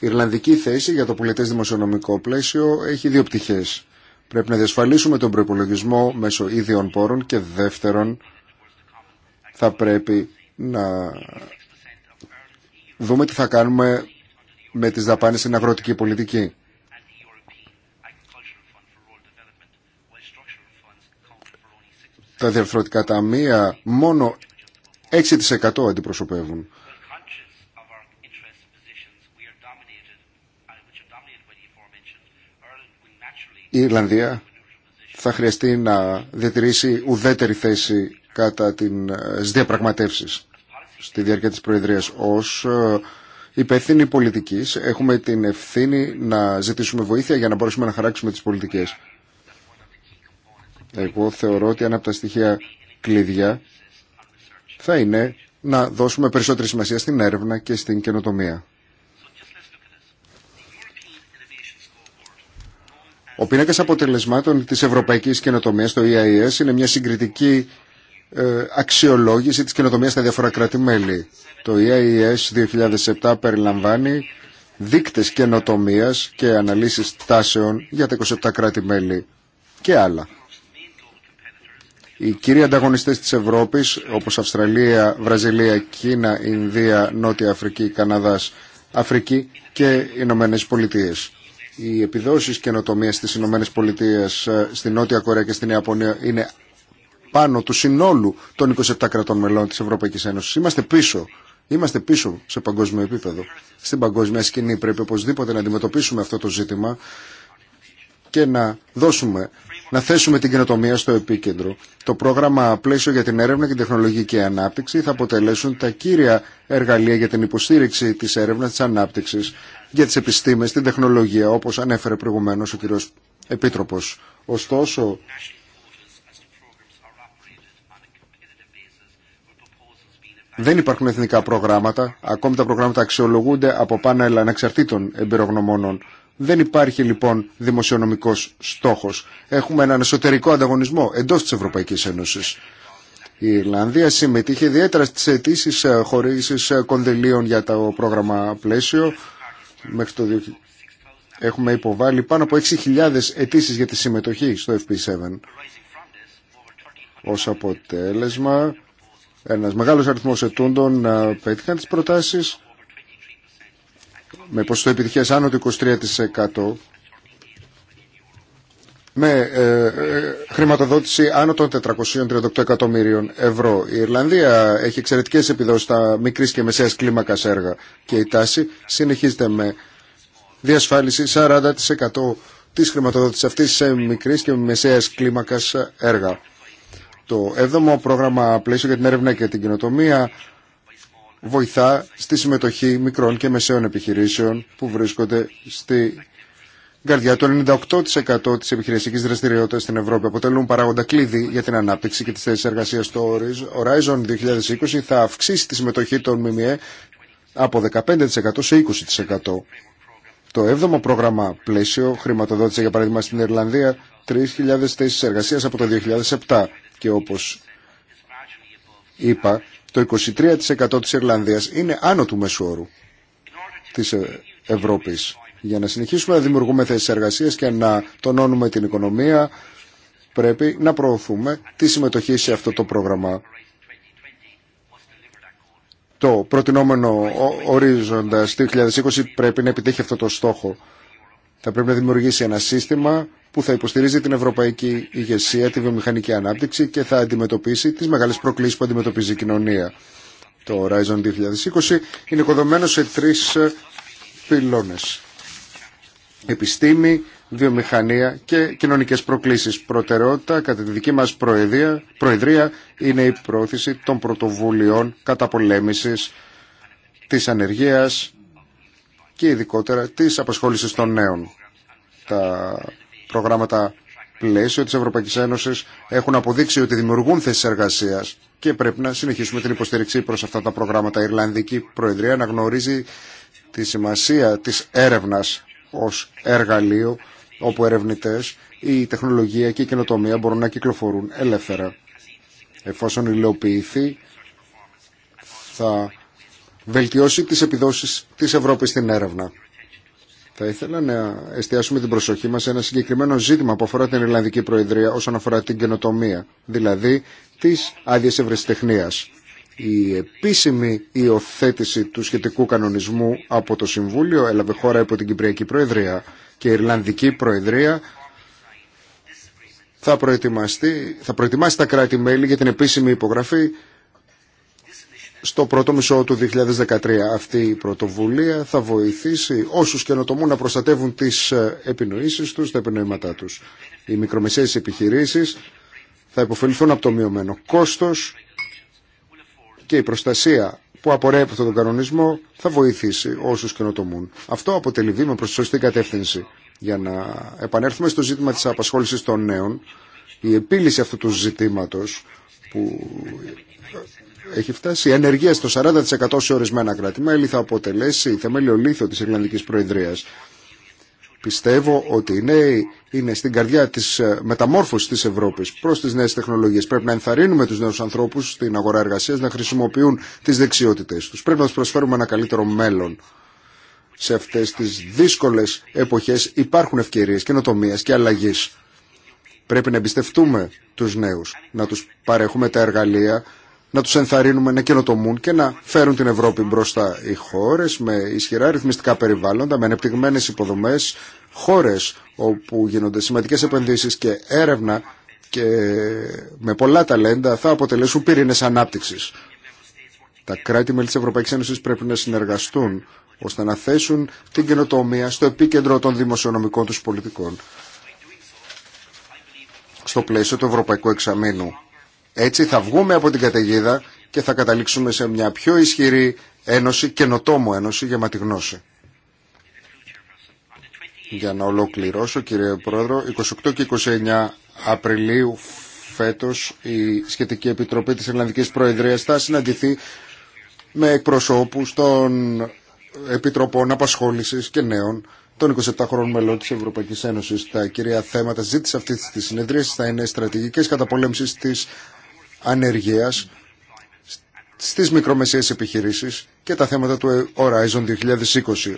Ιρλανδική θέση για το πολιτές δημοσιονομικό πλαίσιο έχει δύο πτυχές. Πρέπει να διασφαλίσουμε τον προπολογισμό μέσω ίδιων πόρων και δεύτερον θα πρέπει να δούμε τι θα κάνουμε με τις δαπάνες στην αγροτική πολιτική. Τα διαρθρωτικά ταμεία μόνο 6% αντιπροσωπεύουν η Ιρλανδία θα χρειαστεί να διατηρήσει ουδέτερη θέση κατά την ε, διαπραγματεύσεις στη διάρκεια της Προεδρίας ως ε, υπεύθυνη πολιτικής έχουμε την ευθύνη να ζητήσουμε βοήθεια για να μπορέσουμε να χαράξουμε τις πολιτικές. Εγώ θεωρώ ότι ένα από τα στοιχεία κλειδιά θα είναι να δώσουμε περισσότερη σημασία στην έρευνα και στην καινοτομία. Ο πίνακα αποτελεσμάτων τη Ευρωπαϊκή Καινοτομία, το EIS, είναι μια συγκριτική ε, αξιολόγηση της καινοτομία στα διάφορα κράτη-μέλη. Το EIS 2007 περιλαμβάνει δείκτες καινοτομία και αναλύσεις τάσεων για τα 27 κράτη-μέλη και άλλα. Οι κύριοι ανταγωνιστές της Ευρώπης, όπως Αυστραλία, Βραζιλία, Κίνα, Ινδία, Νότια Αφρική, Καναδά, Αφρική και Ηνωμένε Πολιτείε. Οι επιδόσεις καινοτομία στις ΗΠΑ Πολιτείες, ε, στην Νότια Κορέα και στην Ιαπωνία είναι πάνω του συνόλου των 27 κρατών μελών της Ευρωπαϊκής Ένωσης. Είμαστε πίσω. Είμαστε πίσω σε παγκόσμιο επίπεδο. Στην παγκόσμια σκηνή πρέπει οπωσδήποτε να αντιμετωπίσουμε αυτό το ζήτημα και να δώσουμε, να θέσουμε την καινοτομία στο επίκεντρο. Το πρόγραμμα πλαίσιο για την έρευνα και την τεχνολογική ανάπτυξη θα αποτελέσουν τα κύρια εργαλεία για την υποστήριξη της έρευνας, της ανάπτυξης για τις επιστήμες, την τεχνολογία, όπως ανέφερε προηγουμένως ο κύριος Επίτροπος. Ωστόσο, δεν υπάρχουν εθνικά προγράμματα, ακόμη τα προγράμματα αξιολογούνται από πάνελ ανεξαρτήτων εμπειρογνωμόνων. Δεν υπάρχει λοιπόν δημοσιονομικός στόχος. Έχουμε έναν εσωτερικό ανταγωνισμό εντός της Ευρωπαϊκής Ένωσης. Η Ιρλανδία συμμετείχε ιδιαίτερα στις αιτήσει ε, χωρίσεις ε, κονδυλίων για το πρόγραμμα πλαίσιο μέχρι το έχουμε υποβάλει πάνω από 6.000 αιτήσει για τη συμμετοχή στο FP7. Ω αποτέλεσμα, ένας μεγάλος αριθμός ετούντων ε, πέτυχαν τις προτάσεις με ποσοστό επιτυχίας άνω του 23% με ε, ε, χρηματοδότηση άνω των 438 εκατομμύριων ευρώ. Η Ιρλανδία έχει εξαιρετικέ επιδόσει στα μικρή και μεσαίας κλίμακας έργα και η τάση συνεχίζεται με διασφάλιση 40% τη χρηματοδότηση αυτή σε μικρή και μεσαίας κλίμακας έργα. Το 7ο πρόγραμμα πλαίσιο για την έρευνα και την κοινοτομία βοηθά στη συμμετοχή μικρών και μεσαίων επιχειρήσεων που βρίσκονται στη καρδιά του 98% της επιχειρησιακής δραστηριότητας στην Ευρώπη αποτελούν παράγοντα κλειδί για την ανάπτυξη και τις θέσεις εργασίας στο Horizon 2020 θα αυξήσει τη συμμετοχή των ΜΜΕ από 15% σε 20%. Το 7ο πρόγραμμα πλαίσιο χρηματοδότησε για παράδειγμα στην Ιρλανδία 3.000 θέσεις εργασίας από το 2007 και όπως είπα το 23% της Ιρλανδίας είναι άνω του μεσόρου της ε, Ευρώπης. Για να συνεχίσουμε να δημιουργούμε θέσεις εργασίας και να τονώνουμε την οικονομία πρέπει να προωθούμε τη συμμετοχή σε αυτό το πρόγραμμα. Το προτινόμενο ορίζοντα 2020 πρέπει να επιτύχει αυτό το στόχο. Θα πρέπει να δημιουργήσει ένα σύστημα που θα υποστηρίζει την ευρωπαϊκή ηγεσία, τη βιομηχανική ανάπτυξη και θα αντιμετωπίσει τις μεγάλες προκλήσεις που αντιμετωπίζει η κοινωνία. Το Horizon 2020 είναι οικοδομένο σε τρεις ε, πυλώνες επιστήμη, βιομηχανία και κοινωνικές προκλήσεις. Προτεραιότητα κατά τη δική μας προεδρία, προεδρία είναι η πρόθεση των πρωτοβουλειών κατά πολέμησης της ανεργίας και ειδικότερα της απασχόλησης των νέων. Τα προγράμματα πλαίσιο της Ευρωπαϊκής Ένωσης έχουν αποδείξει ότι δημιουργούν θέσεις εργασίας και πρέπει να συνεχίσουμε την υποστήριξη προς αυτά τα προγράμματα. Η Ιρλανδική Προεδρία αναγνωρίζει τη σημασία της έρευνας ως εργαλείο όπου ερευνητές, η τεχνολογία και η καινοτομία μπορούν να κυκλοφορούν ελεύθερα. Εφόσον υλοποιηθεί, θα βελτιώσει τις επιδόσεις της Ευρώπης στην έρευνα. Θα ήθελα να εστιάσουμε την προσοχή μας σε ένα συγκεκριμένο ζήτημα που αφορά την Ιρλανδική Προεδρία όσον αφορά την καινοτομία, δηλαδή της άδειας ευρεσιτεχνίας. Η επίσημη υιοθέτηση του σχετικού κανονισμού από το Συμβούλιο έλαβε χώρα υπό την Κυπριακή Προεδρία και η Ιρλανδική Προεδρία θα, προετοιμαστεί, θα προετοιμάσει τα κράτη-μέλη για την επίσημη υπογραφή στο πρώτο μισό του 2013. Αυτή η πρωτοβουλία θα βοηθήσει όσους καινοτομούν να προστατεύουν τις ε, επινοήσεις τους, τα επινοήματά τους. Οι μικρομεσαίες επιχειρήσεις θα υποφεληθούν από το μειωμένο κόστος και η προστασία που απορρέει από αυτόν τον κανονισμό θα βοηθήσει όσους καινοτομούν. Αυτό αποτελεί βήμα προς τη σωστή κατεύθυνση. Για να επανέλθουμε στο ζήτημα της απασχόλησης των νέων, η επίλυση αυτού του ζητήματος που έχει φτάσει η ενεργεία στο 40% σε ορισμένα κράτη-μέλη θα αποτελέσει θεμέλιο λίθο της Ιρλανδικής Προεδρίας Πιστεύω ότι οι νέοι είναι στην καρδιά τη ε, μεταμόρφωση τη Ευρώπη προ τι νέε τεχνολογίε. Πρέπει να ενθαρρύνουμε του νέου ανθρώπου στην αγορά εργασία να χρησιμοποιούν τι δεξιότητέ του. Πρέπει να του προσφέρουμε ένα καλύτερο μέλλον. Σε αυτέ τι δύσκολε εποχέ υπάρχουν ευκαιρίε καινοτομία και αλλαγή. Πρέπει να εμπιστευτούμε του νέου, να του παρέχουμε τα εργαλεία να τους ενθαρρύνουμε να καινοτομούν και να φέρουν την Ευρώπη μπροστά οι χώρες με ισχυρά ρυθμιστικά περιβάλλοντα, με ανεπτυγμένες υποδομές, χώρες όπου γίνονται σημαντικές επενδύσεις και έρευνα και με πολλά ταλέντα θα αποτελέσουν πυρήνες ανάπτυξης. Τα κράτη-μέλη της Ευρωπαϊκής Ένωσης πρέπει να συνεργαστούν ώστε να θέσουν την καινοτομία στο επίκεντρο των δημοσιονομικών τους πολιτικών. Στο πλαίσιο του Ευρωπαϊκού Εξαμήνου έτσι θα βγούμε από την καταιγίδα και θα καταλήξουμε σε μια πιο ισχυρή ένωση, καινοτόμο ένωση γεμάτη γνώση. Για να ολοκληρώσω κύριε Πρόεδρο, 28 και 29 Απριλίου φέτος η σχετική επιτροπή της Ελλανδικής Προεδρίας θα συναντηθεί με εκπροσώπους των Επιτροπών Απασχόλησης και Νέων των 27 χρόνων μελών της Ευρωπαϊκής Ένωσης. Τα κυρία θέματα ζήτηση αυτής της συνεδρίας θα είναι στρατηγικές καταπολέμησης της ανεργίας στις μικρομεσαίες επιχειρήσεις και τα θέματα του Horizon 2020.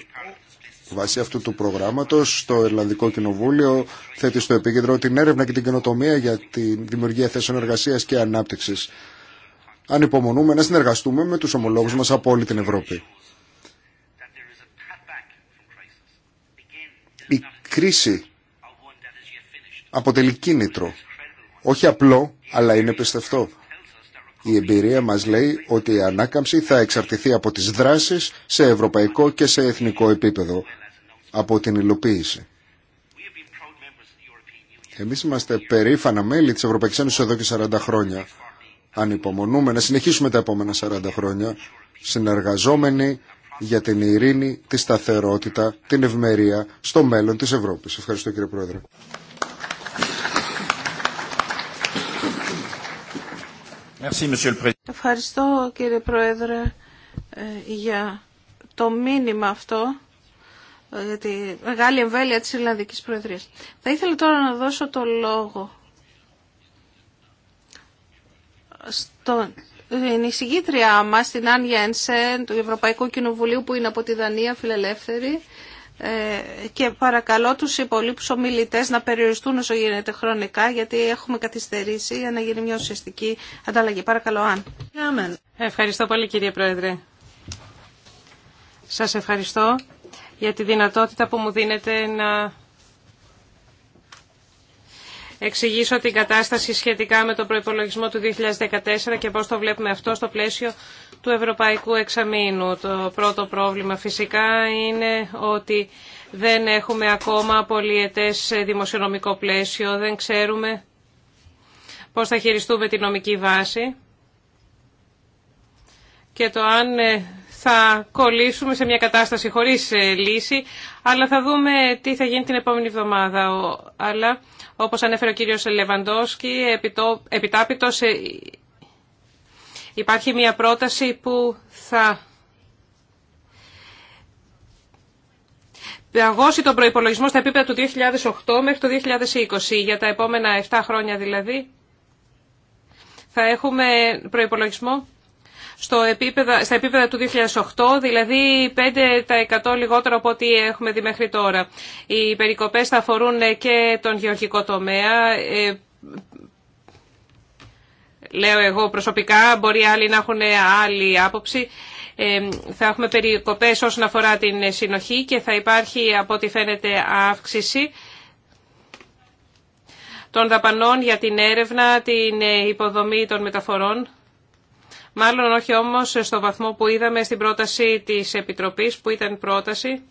Βάσει αυτού του προγράμματο, το Ελλανδικό Κοινοβούλιο θέτει στο επίκεντρο την έρευνα και την καινοτομία για τη δημιουργία θέσεων εργασία και ανάπτυξη. Ανυπομονούμε να συνεργαστούμε με του ομολόγου μα από όλη την Ευρώπη. Η κρίση αποτελεί κίνητρο. Όχι απλό, αλλά είναι πιστευτό. Η εμπειρία μας λέει ότι η ανάκαμψη θα εξαρτηθεί από τις δράσεις σε ευρωπαϊκό και σε εθνικό επίπεδο, από την υλοποίηση. Εμείς είμαστε περήφανα μέλη της Ευρωπαϊκής Ένωσης εδώ και 40 χρόνια. υπομονούμε να συνεχίσουμε τα επόμενα 40 χρόνια συνεργαζόμενοι για την ειρήνη, τη σταθερότητα, την ευμερία στο μέλλον της Ευρώπης. Ευχαριστώ κύριε Πρόεδρε. Ευχαριστώ κύριε Πρόεδρε ε, για το μήνυμα αυτό ε, για τη μεγάλη εμβέλεια της Ιρλανδικής Προεδρίας. Θα ήθελα τώρα να δώσω το λόγο στον η εισηγήτριά μας, την Άνια Ενσεν, του Ευρωπαϊκού Κοινοβουλίου που είναι από τη Δανία φιλελεύθερη ε, και παρακαλώ τους υπολείπους ομιλητές να περιοριστούν όσο γίνεται χρονικά γιατί έχουμε καθυστερήσει για να γίνει μια ουσιαστική ανταλλαγή. Παρακαλώ, Αν. Ευχαριστώ πολύ κύριε Πρόεδρε. Σας ευχαριστώ για τη δυνατότητα που μου δίνετε να εξηγήσω την κατάσταση σχετικά με τον προϋπολογισμό του 2014 και πώς το βλέπουμε αυτό στο πλαίσιο του Ευρωπαϊκού Εξαμήνου. Το πρώτο πρόβλημα φυσικά είναι ότι δεν έχουμε ακόμα πολιετές δημοσιονομικό πλαίσιο, δεν ξέρουμε πώς θα χειριστούμε τη νομική βάση και το αν ε, θα κολλήσουμε σε μια κατάσταση χωρίς ε, λύση, αλλά θα δούμε τι θα γίνει την επόμενη εβδομάδα. Αλλά, όπως ανέφερε ο κύριος Λεβαντόσκι, επιτάπητος ε, Υπάρχει μια πρόταση που θα αγώσει τον προϋπολογισμό στα επίπεδα του 2008 μέχρι το 2020. Για τα επόμενα 7 χρόνια δηλαδή θα έχουμε προϋπολογισμό στο επίπεδα, στα επίπεδα του 2008, δηλαδή 5% λιγότερο από ό,τι έχουμε δει μέχρι τώρα. Οι περικοπές θα αφορούν και τον γεωργικό τομέα, ε, λέω εγώ προσωπικά, μπορεί άλλοι να έχουν άλλη άποψη. Ε, θα έχουμε περικοπές όσον αφορά την συνοχή και θα υπάρχει από ό,τι φαίνεται αύξηση των δαπανών για την έρευνα, την υποδομή των μεταφορών. Μάλλον όχι όμως στο βαθμό που είδαμε στην πρόταση της Επιτροπής που ήταν πρόταση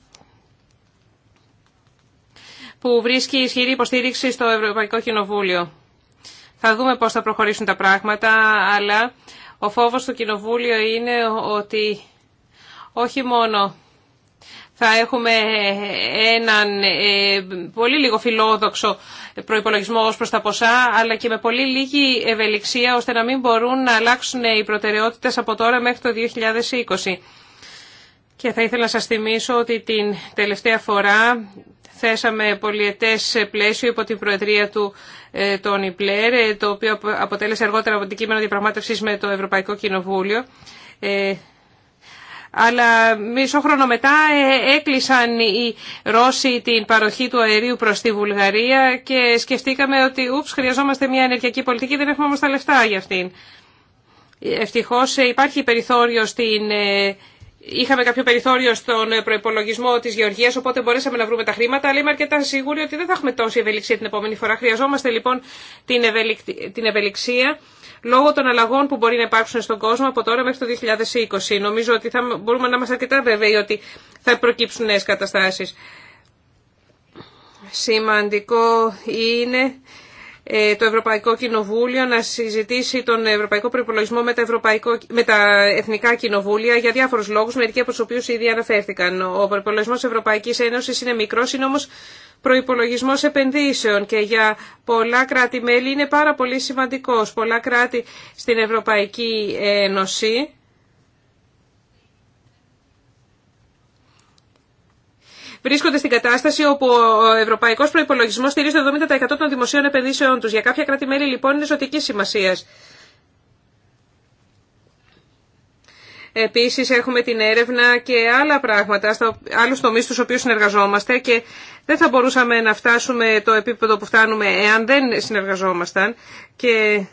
που βρίσκει ισχυρή υποστήριξη στο Ευρωπαϊκό Κοινοβούλιο. Θα δούμε πώς θα προχωρήσουν τα πράγματα, αλλά ο φόβος του Κοινοβούλιο είναι ότι όχι μόνο θα έχουμε έναν ε, πολύ λίγο φιλόδοξο προϋπολογισμό ως προς τα ποσά, αλλά και με πολύ λίγη ευελιξία, ώστε να μην μπορούν να αλλάξουν οι προτεραιότητες από τώρα μέχρι το 2020. Και θα ήθελα να σας θυμίσω ότι την τελευταία φορά θέσαμε πολιετές πλαίσιο υπό την προεδρία του ε, Τόνι Πλέρ, ε, το οποίο αποτέλεσε αργότερα από κείμενο διαπραγμάτευσης με το Ευρωπαϊκό Κοινοβούλιο. Ε, αλλά μισό χρόνο μετά έκλεισαν οι Ρώσοι την παροχή του αερίου προς τη Βουλγαρία και σκεφτήκαμε ότι ούψ, χρειαζόμαστε μια ενεργειακή πολιτική, δεν έχουμε όμως τα λεφτά για αυτήν. Ευτυχώς υπάρχει περιθώριο στην είχαμε κάποιο περιθώριο στον προπολογισμό τη Γεωργία, οπότε μπορέσαμε να βρούμε τα χρήματα, αλλά είμαι αρκετά σίγουρη ότι δεν θα έχουμε τόση ευελιξία την επόμενη φορά. Χρειαζόμαστε λοιπόν την, την ευελιξία λόγω των αλλαγών που μπορεί να υπάρξουν στον κόσμο από τώρα μέχρι το 2020. Νομίζω ότι θα μπορούμε να είμαστε αρκετά βέβαιοι ότι θα προκύψουν νέε καταστάσει. Σημαντικό είναι ε, το Ευρωπαϊκό Κοινοβούλιο να συζητήσει τον Ευρωπαϊκό Προπολογισμό με, τα Εθνικά Κοινοβούλια για διάφορου λόγου, μερικοί από του οποίου ήδη αναφέρθηκαν. Ο προπολογισμό Ευρωπαϊκή Ένωση είναι μικρό, είναι όμω προπολογισμό επενδύσεων και για πολλά κράτη-μέλη είναι πάρα πολύ σημαντικό. Πολλά κράτη στην Ευρωπαϊκή Ένωση βρίσκονται στην κατάσταση όπου ο ευρωπαϊκό προπολογισμό στηρίζει το 70% των δημοσίων επενδύσεων του. Για κάποια κράτη-μέλη λοιπόν είναι ζωτική σημασία. Επίση έχουμε την έρευνα και άλλα πράγματα, άλλου τομεί τομείς στους οποίους συνεργαζόμαστε και δεν θα μπορούσαμε να φτάσουμε το επίπεδο που φτάνουμε εάν δεν συνεργαζόμασταν. Και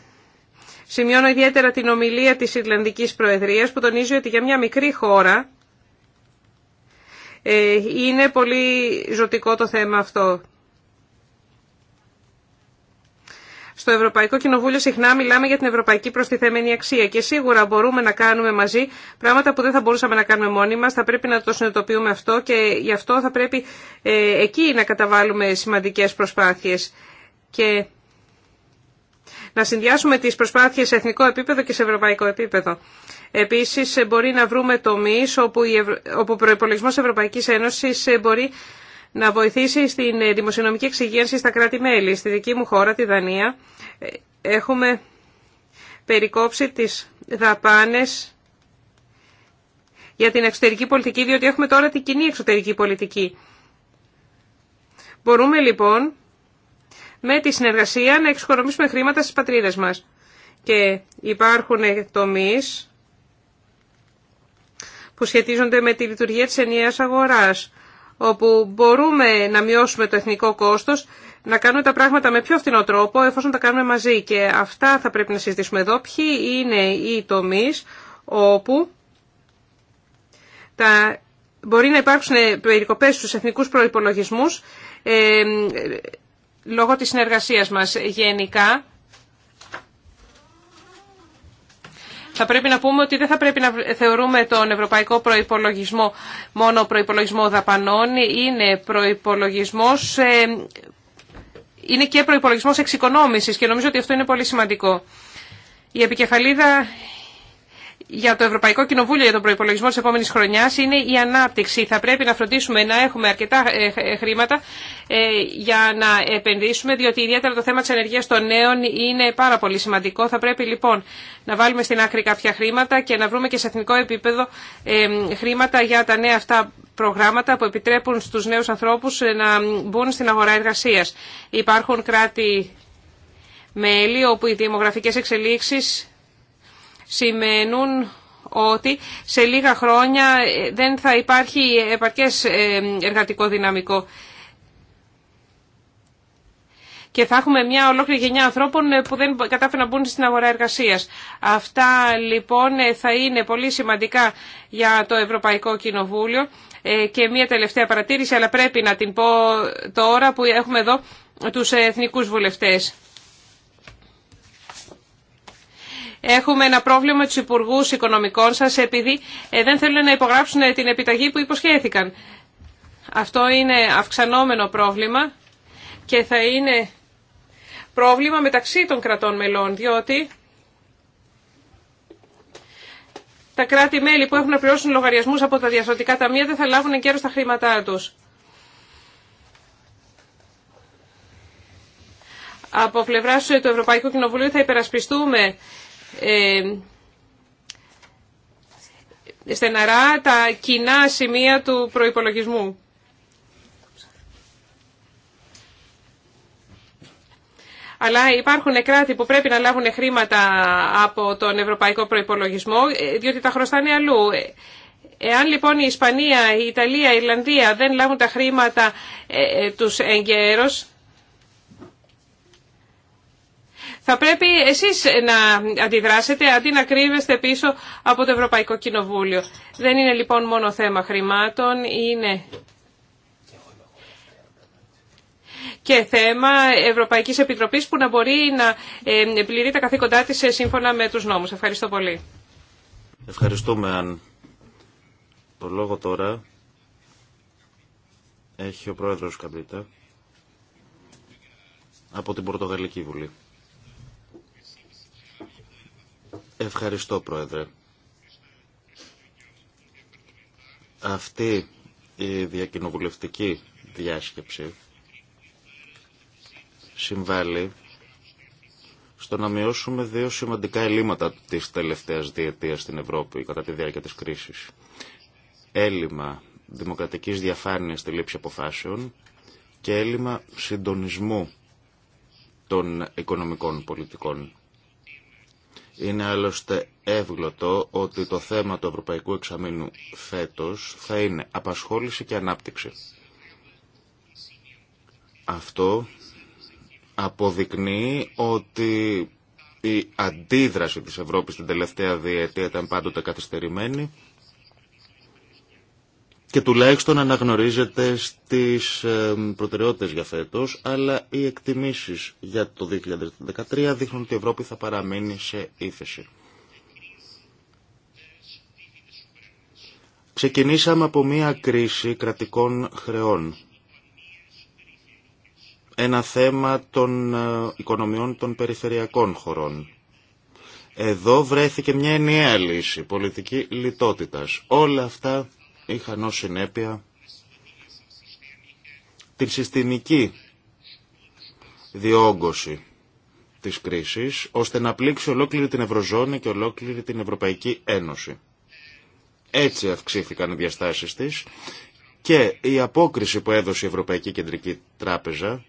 σημειώνω ιδιαίτερα την ομιλία της Ιρλανδικής Προεδρίας που τονίζει ότι για μια μικρή χώρα ε, είναι πολύ ζωτικό το θέμα αυτό. Στο Ευρωπαϊκό Κοινοβούλιο συχνά μιλάμε για την ευρωπαϊκή προστιθέμενη αξία και σίγουρα μπορούμε να κάνουμε μαζί πράγματα που δεν θα μπορούσαμε να κάνουμε μόνοι μας. Θα πρέπει να το συνειδητοποιούμε αυτό και γι' αυτό θα πρέπει ε, εκεί να καταβάλουμε σημαντικές προσπάθειες. Και να συνδυάσουμε τις προσπάθειες σε εθνικό επίπεδο και σε ευρωπαϊκό επίπεδο. Επίσης μπορεί να βρούμε τομείς όπου, όπου ο προπολογισμό Ευρωπαϊκής Ένωση μπορεί να βοηθήσει στην ε, δημοσιονομική εξυγίανση στα κράτη-μέλη. Στη δική μου χώρα, τη Δανία, ε, έχουμε περικόψει τις δαπάνες για την εξωτερική πολιτική, διότι έχουμε τώρα την κοινή εξωτερική πολιτική. Μπορούμε λοιπόν με τη συνεργασία να εξοικονομήσουμε χρήματα στις πατρίδες μας. Και υπάρχουν τομείς που σχετίζονται με τη λειτουργία της ενιαίας αγοράς, όπου μπορούμε να μειώσουμε το εθνικό κόστος, να κάνουμε τα πράγματα με πιο φθηνό τρόπο, εφόσον τα κάνουμε μαζί. Και αυτά θα πρέπει να συζητήσουμε εδώ. Ποιοι είναι οι τομείς όπου τα... μπορεί να υπάρξουν περικοπές στους εθνικούς προϋπολογισμούς ε, λόγω της συνεργασίας μας γενικά. θα πρέπει να πούμε ότι δεν θα πρέπει να θεωρούμε τον ευρωπαϊκό προϋπολογισμό μόνο προϋπολογισμό δαπανών. Είναι προϋπολογισμός, ε, είναι και προϋπολογισμός εξοικονόμησης και νομίζω ότι αυτό είναι πολύ σημαντικό. Η επικεφαλίδα για το Ευρωπαϊκό Κοινοβούλιο για τον προπολογισμό τη επόμενη χρονιά είναι η ανάπτυξη. Θα πρέπει να φροντίσουμε να έχουμε αρκετά ε, ε, χρήματα ε, για να επενδύσουμε, διότι ιδιαίτερα το θέμα τη ενεργεία των νέων είναι πάρα πολύ σημαντικό. Θα πρέπει λοιπόν να βάλουμε στην άκρη κάποια χρήματα και να βρούμε και σε εθνικό επίπεδο χρήματα για τα νέα αυτά προγράμματα που επιτρέπουν στου νέου ανθρώπου να μπουν στην αγορά εργασία. Υπάρχουν κράτη-μέλη όπου οι δημογραφικέ εξελίξει σημαίνουν ότι σε λίγα χρόνια ε, δεν θα υπάρχει επαρκές ε, εργατικό δυναμικό. Και θα έχουμε μια ολόκληρη γενιά ανθρώπων ε, που δεν κατάφεραν να μπουν στην αγορά εργασίας. Αυτά λοιπόν θα είναι πολύ σημαντικά για το Ευρωπαϊκό Κοινοβούλιο. Και μια τελευταία παρατήρηση, αλλά πρέπει να την πω τώρα που έχουμε εδώ τους εθνικούς βουλευτές. Έχουμε ένα πρόβλημα με τους οικονομικών σα επειδή ε, δεν θέλουν να υπογράψουν ε, την επιταγή που υποσχέθηκαν. Αυτό είναι αυξανόμενο πρόβλημα και θα είναι πρόβλημα μεταξύ των κρατών μελών, διότι τα κράτη-μέλη που έχουν να πληρώσουν λογαριασμούς από τα διαστατικά ταμεία δεν θα λάβουν εγκαίρως τα χρήματά τους. Από πλευρά του Ευρωπαϊκού Κοινοβουλίου θα υπερασπιστούμε ε, στεναρά τα κοινά σημεία του προϋπολογισμού. Αλλά υπάρχουν κράτη που πρέπει να λάβουν χρήματα από τον ευρωπαϊκό προϋπολογισμό, ε, διότι τα χρωστάνε αλλού. Ε, εάν λοιπόν η Ισπανία, η Ιταλία, η Ιρλανδία δεν λάβουν τα χρήματα τους εγκαίρως, θα πρέπει εσείς να αντιδράσετε αντί να κρύβεστε πίσω από το Ευρωπαϊκό Κοινοβούλιο. Δεν είναι λοιπόν μόνο θέμα χρημάτων, είναι και θέμα Ευρωπαϊκής Επιτροπής που να μπορεί να πληρεί τα καθήκοντά της ε, σύμφωνα με τους νόμους. Ευχαριστώ πολύ. Ευχαριστούμε, Αν. Το λόγο τώρα έχει ο Πρόεδρος Καμπίτα από την Πορτογαλική Βουλή. Ευχαριστώ, Πρόεδρε. Αυτή η διακοινοβουλευτική διάσκεψη συμβάλλει στο να μειώσουμε δύο σημαντικά ελλείμματα της τελευταίας διετίας στην Ευρώπη κατά τη διάρκεια της κρίσης. Έλλειμμα δημοκρατικής διαφάνειας στη λήψη αποφάσεων και έλλειμμα συντονισμού των οικονομικών πολιτικών. Είναι άλλωστε εύγλωτο ότι το θέμα του Ευρωπαϊκού Εξαμήνου φέτος θα είναι απασχόληση και ανάπτυξη. Αυτό αποδεικνύει ότι η αντίδραση της Ευρώπης την τελευταία διετία ήταν πάντοτε καθυστερημένη και τουλάχιστον αναγνωρίζεται στις ε, προτεραιότητες για φέτος, αλλά οι εκτιμήσεις για το 2013 δείχνουν ότι η Ευρώπη θα παραμείνει σε ύφεση. Ξεκινήσαμε από μία κρίση κρατικών χρεών. Ένα θέμα των ε, οικονομιών των περιφερειακών χωρών. Εδώ βρέθηκε μια ενιαία λύση, πολιτική λιτότητας. Όλα αυτά είχαν ως συνέπεια την συστημική διόγκωση της κρίσης, ώστε να πλήξει ολόκληρη την Ευρωζώνη και ολόκληρη την Ευρωπαϊκή Ένωση. Έτσι αυξήθηκαν οι διαστάσεις της και η απόκριση που έδωσε η Ευρωπαϊκή Κεντρική Τράπεζα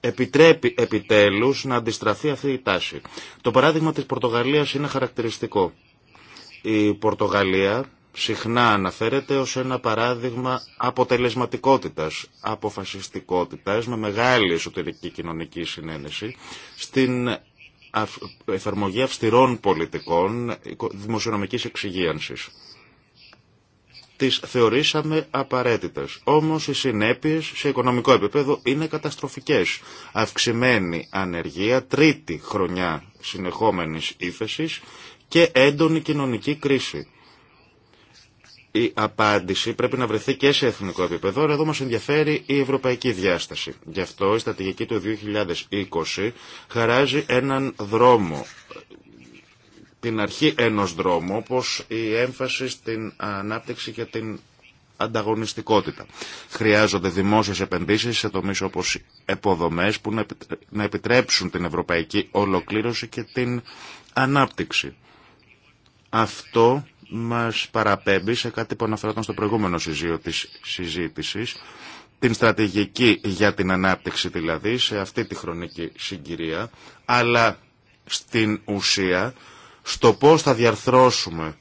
επιτρέπει επιτέλους να αντιστραφεί αυτή η τάση. Το παράδειγμα της Πορτογαλίας είναι χαρακτηριστικό. Η Πορτογαλία συχνά αναφέρεται ως ένα παράδειγμα αποτελεσματικότητας, αποφασιστικότητας με μεγάλη εσωτερική κοινωνική συνένεση στην εφαρμογή αυστηρών πολιτικών δημοσιονομικής εξυγίανσης. Τις θεωρήσαμε απαραίτητες, όμως οι συνέπειες σε οικονομικό επίπεδο είναι καταστροφικές. Αυξημένη ανεργία, τρίτη χρονιά συνεχόμενης ύφεσης και έντονη κοινωνική κρίση. Η απάντηση πρέπει να βρεθεί και σε εθνικό επίπεδο, αλλά εδώ μας ενδιαφέρει η ευρωπαϊκή διάσταση. Γι' αυτό η στρατηγική του 2020 χαράζει έναν δρόμο, την αρχή ενός δρόμου, όπως η έμφαση στην ανάπτυξη και την ανταγωνιστικότητα. Χρειάζονται δημόσιες επενδύσεις σε τομείς όπως εποδομές που να επιτρέψουν την ευρωπαϊκή ολοκλήρωση και την ανάπτυξη. Αυτό μας παραπέμπει σε κάτι που αναφερόταν στο προηγούμενο συζήτηση της συζήτησης, την στρατηγική για την ανάπτυξη δηλαδή, σε αυτή τη χρονική συγκυρία, αλλά στην ουσία, στο πώς θα διαρθρώσουμε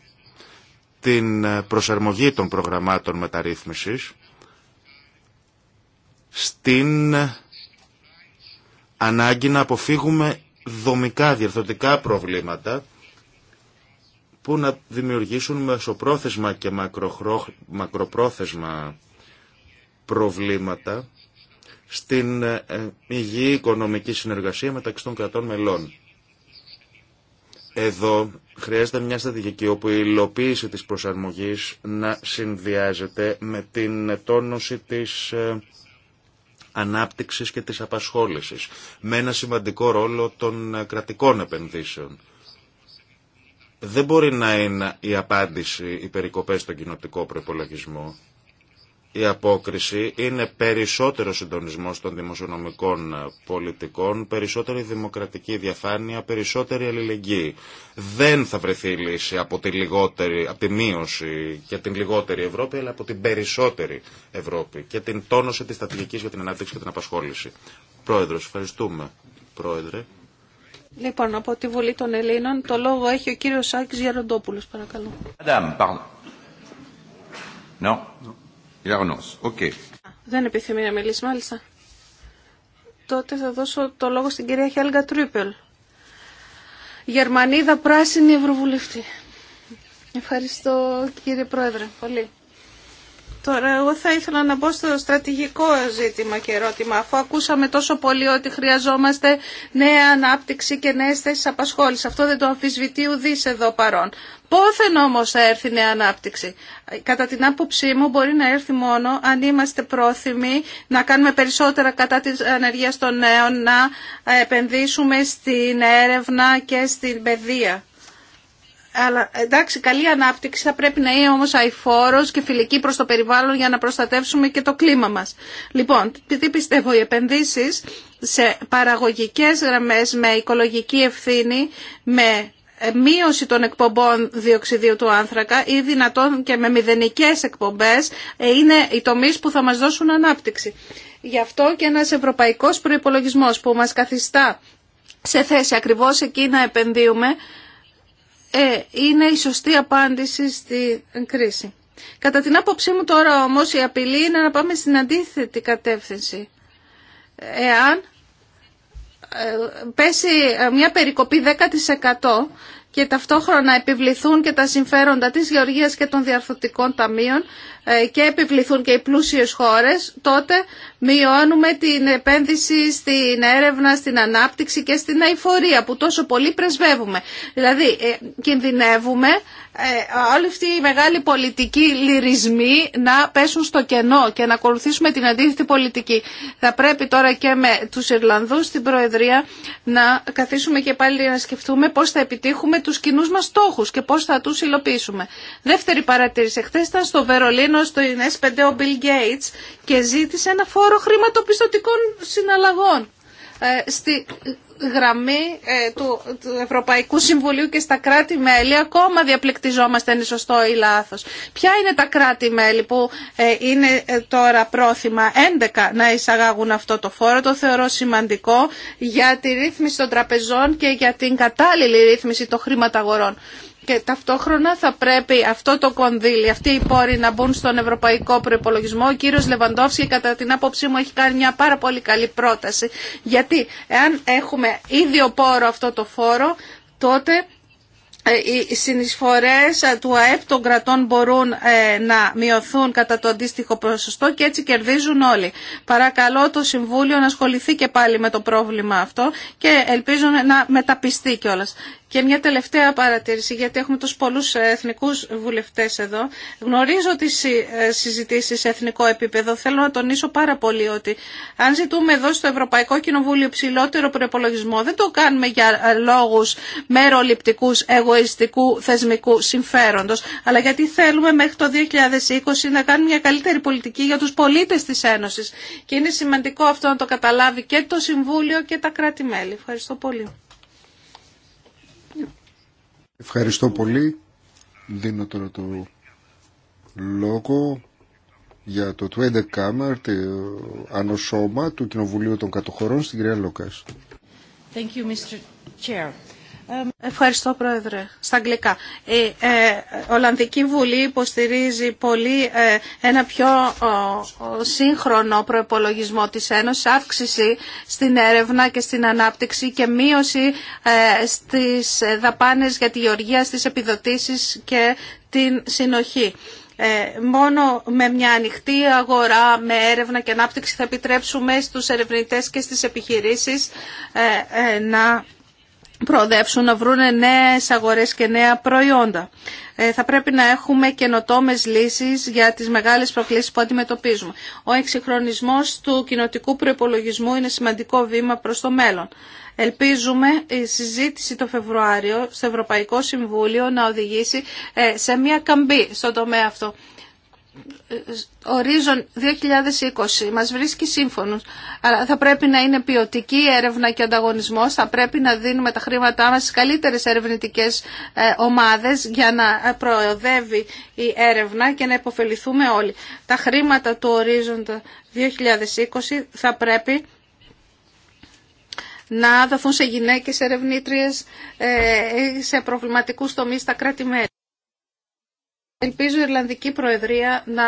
την προσαρμογή των προγραμμάτων μεταρρύθμισης στην ανάγκη να αποφύγουμε δομικά διαρθρωτικά προβλήματα που να δημιουργήσουν μεσοπρόθεσμα και μακροπρόθεσμα προβλήματα στην ε, υγιή οικονομική συνεργασία μεταξύ των κρατών μελών. Εδώ χρειάζεται μια στρατηγική όπου η υλοποίηση της προσαρμογής να συνδυάζεται με την τόνωση της ε, ανάπτυξης και της απασχόλησης, με ένα σημαντικό ρόλο των ε, κρατικών επενδύσεων δεν μπορεί να είναι η απάντηση οι περικοπές στον κοινοτικό προπολογισμό. Η απόκριση είναι περισσότερο συντονισμό των δημοσιονομικών πολιτικών, περισσότερη δημοκρατική διαφάνεια, περισσότερη αλληλεγγύη. Δεν θα βρεθεί λύση από τη, λιγότερη, από τη μείωση και την λιγότερη Ευρώπη, αλλά από την περισσότερη Ευρώπη και την τόνωση της στρατηγικής για την ανάπτυξη και την απασχόληση. Πρόεδρος, ευχαριστούμε. Πρόεδρε. Λοιπόν, από τη Βουλή των Ελλήνων, το λόγο έχει ο κύριος Σάκη Γεροντόπουλος, παρακαλώ. Δεν επιθυμεί να μιλήσει, μάλιστα. Τότε θα δώσω το λόγο στην κυρία Χέλγα Τρίπελ. Γερμανίδα πράσινη ευρωβουλευτή. Ευχαριστώ κύριε Πρόεδρε πολύ. Τώρα εγώ θα ήθελα να μπω στο στρατηγικό ζήτημα και ερώτημα. Αφού ακούσαμε τόσο πολύ ότι χρειαζόμαστε νέα ανάπτυξη και νέες θέσει απασχόληση. Αυτό δεν το αμφισβητεί ουδής εδώ παρόν. Πότε όμως θα έρθει νέα ανάπτυξη. Κατά την άποψή μου μπορεί να έρθει μόνο αν είμαστε πρόθυμοι να κάνουμε περισσότερα κατά τη ανεργία των νέων, να επενδύσουμε στην έρευνα και στην παιδεία. Αλλά εντάξει, καλή ανάπτυξη θα πρέπει να είναι όμω αηφόρο και φιλική προ το περιβάλλον για να προστατεύσουμε και το κλίμα μα. Λοιπόν, τι πιστεύω, οι επενδύσει σε παραγωγικέ γραμμέ, με οικολογική ευθύνη, με μείωση των εκπομπών διοξιδίου του άνθρακα ή δυνατόν και με μηδενικές εκπομπές ε, είναι οι τομείς που θα μας δώσουν ανάπτυξη. Γι' αυτό και ένας ευρωπαϊκός προϋπολογισμός που μας καθιστά σε θέση ακριβώς εκεί να επενδύουμε ε, είναι η σωστή απάντηση στην κρίση. Κατά την άποψή μου τώρα όμως η απειλή είναι να πάμε στην αντίθετη κατεύθυνση. Εάν ε, πέσει μια περικοπή 10% και ταυτόχρονα επιβληθούν και τα συμφέροντα της γεωργίας και των διαρθωτικών ταμείων, ε, και επιβληθούν και οι πλούσιες χώρες, τότε μειώνουμε την επένδυση στην έρευνα, στην ανάπτυξη και στην αηφορία που τόσο πολύ πρεσβεύουμε. Δηλαδή ε, κινδυνεύουμε ε, όλοι αυτοί οι μεγάλοι πολιτικοί λυρισμοί να πέσουν στο κενό και να ακολουθήσουμε την αντίθετη πολιτική. Θα πρέπει τώρα και με τους Ιρλανδούς στην Προεδρία να καθίσουμε και πάλι να σκεφτούμε πώς θα επιτύχουμε τους κοινούς μας στόχους και πώς θα τους υλοποιήσουμε. Δεύτερη παρατήρηση. στο Βερολίνο στο ΙΝΕΣ 5 ο Bill Gates και ζήτησε ένα φόρο χρηματοπιστωτικών συναλλαγών ε, στη γραμμή ε, του, Ευρωπαϊκού Συμβουλίου και στα κράτη-μέλη ακόμα διαπληκτιζόμαστε είναι σωστό ή λάθος. Ποια είναι τα κράτη-μέλη που ε, είναι τώρα πρόθυμα 11 να εισαγάγουν αυτό το φόρο. Το θεωρώ σημαντικό για τη ρύθμιση των τραπεζών και για την κατάλληλη ρύθμιση των χρηματαγορών και ταυτόχρονα θα πρέπει αυτό το κονδύλι, αυτοί οι πόροι να μπουν στον ευρωπαϊκό προπολογισμό. Ο κύριος Λεβαντόφσκι κατά την άποψή μου έχει κάνει μια πάρα πολύ καλή πρόταση. Γιατί εάν έχουμε ίδιο πόρο αυτό το φόρο, τότε ε, οι συνεισφορές ε, του ΑΕΠ των κρατών μπορούν ε, να μειωθούν κατά το αντίστοιχο ποσοστό και έτσι κερδίζουν όλοι. Παρακαλώ το Συμβούλιο να ασχοληθεί και πάλι με το πρόβλημα αυτό και ελπίζω να μεταπιστεί κιόλας. Και μια τελευταία παρατήρηση, γιατί έχουμε τους πολλούς εθνικούς βουλευτές εδώ. Γνωρίζω τις ε, συζητήσεις σε εθνικό επίπεδο. Θέλω να τονίσω πάρα πολύ ότι αν ζητούμε εδώ στο Ευρωπαϊκό Κοινοβούλιο ψηλότερο προπολογισμό, δεν το κάνουμε για λόγους μεροληπτικούς, εγωιστικού, θεσμικού συμφέροντος, αλλά γιατί θέλουμε μέχρι το 2020 να κάνουμε μια καλύτερη πολιτική για τους πολίτες της Ένωσης. Και είναι σημαντικό αυτό να το καταλάβει και το Συμβούλιο και τα κράτη-μέλη. Ευχαριστώ πολύ. Ευχαριστώ πολύ. Δίνω τώρα το λόγο για το 20 Κάμερ, το ανωσώμα του Κοινοβουλίου των Κατοχωρών στην κυρία Λόκας. Ευχαριστώ, Πρόεδρε. Στα αγγλικά. Η ε, ε, Ολλανδική Βουλή υποστηρίζει πολύ ε, ένα πιο σύγχρονο προεπολογισμό της Ένωσης, αύξηση στην έρευνα και στην ανάπτυξη και μείωση στις δαπάνες για τη γεωργία, στις επιδοτήσεις και την συνοχή. μόνο με μια ανοιχτή αγορά, με έρευνα και ανάπτυξη θα επιτρέψουμε στους ερευνητές και στις επιχειρήσεις να προοδεύσουν να βρουν νέες αγορές και νέα προϊόντα. Ε, θα πρέπει να έχουμε καινοτόμε λύσεις για τις μεγάλες προκλήσεις που αντιμετωπίζουμε. Ο εξυγχρονισμός του κοινοτικού προϋπολογισμού είναι σημαντικό βήμα προς το μέλλον. Ελπίζουμε η συζήτηση το Φεβρουάριο στο Ευρωπαϊκό Συμβούλιο να οδηγήσει ε, σε μια καμπή στον τομέα αυτό ορίζον 2020 μας βρίσκει σύμφωνος αλλά θα πρέπει να είναι ποιοτική έρευνα και ανταγωνισμός θα πρέπει να δίνουμε τα χρήματά μας στις καλύτερες ερευνητικές ε, ομάδες για να προοδεύει η έρευνα και να υποφεληθούμε όλοι τα χρήματα του ορίζοντα 2020 θα πρέπει να δοθούν σε γυναίκες ερευνήτριες ε, σε προβληματικούς τομείς στα κράτη-μέλη Ελπίζω η Ιρλανδική Προεδρία να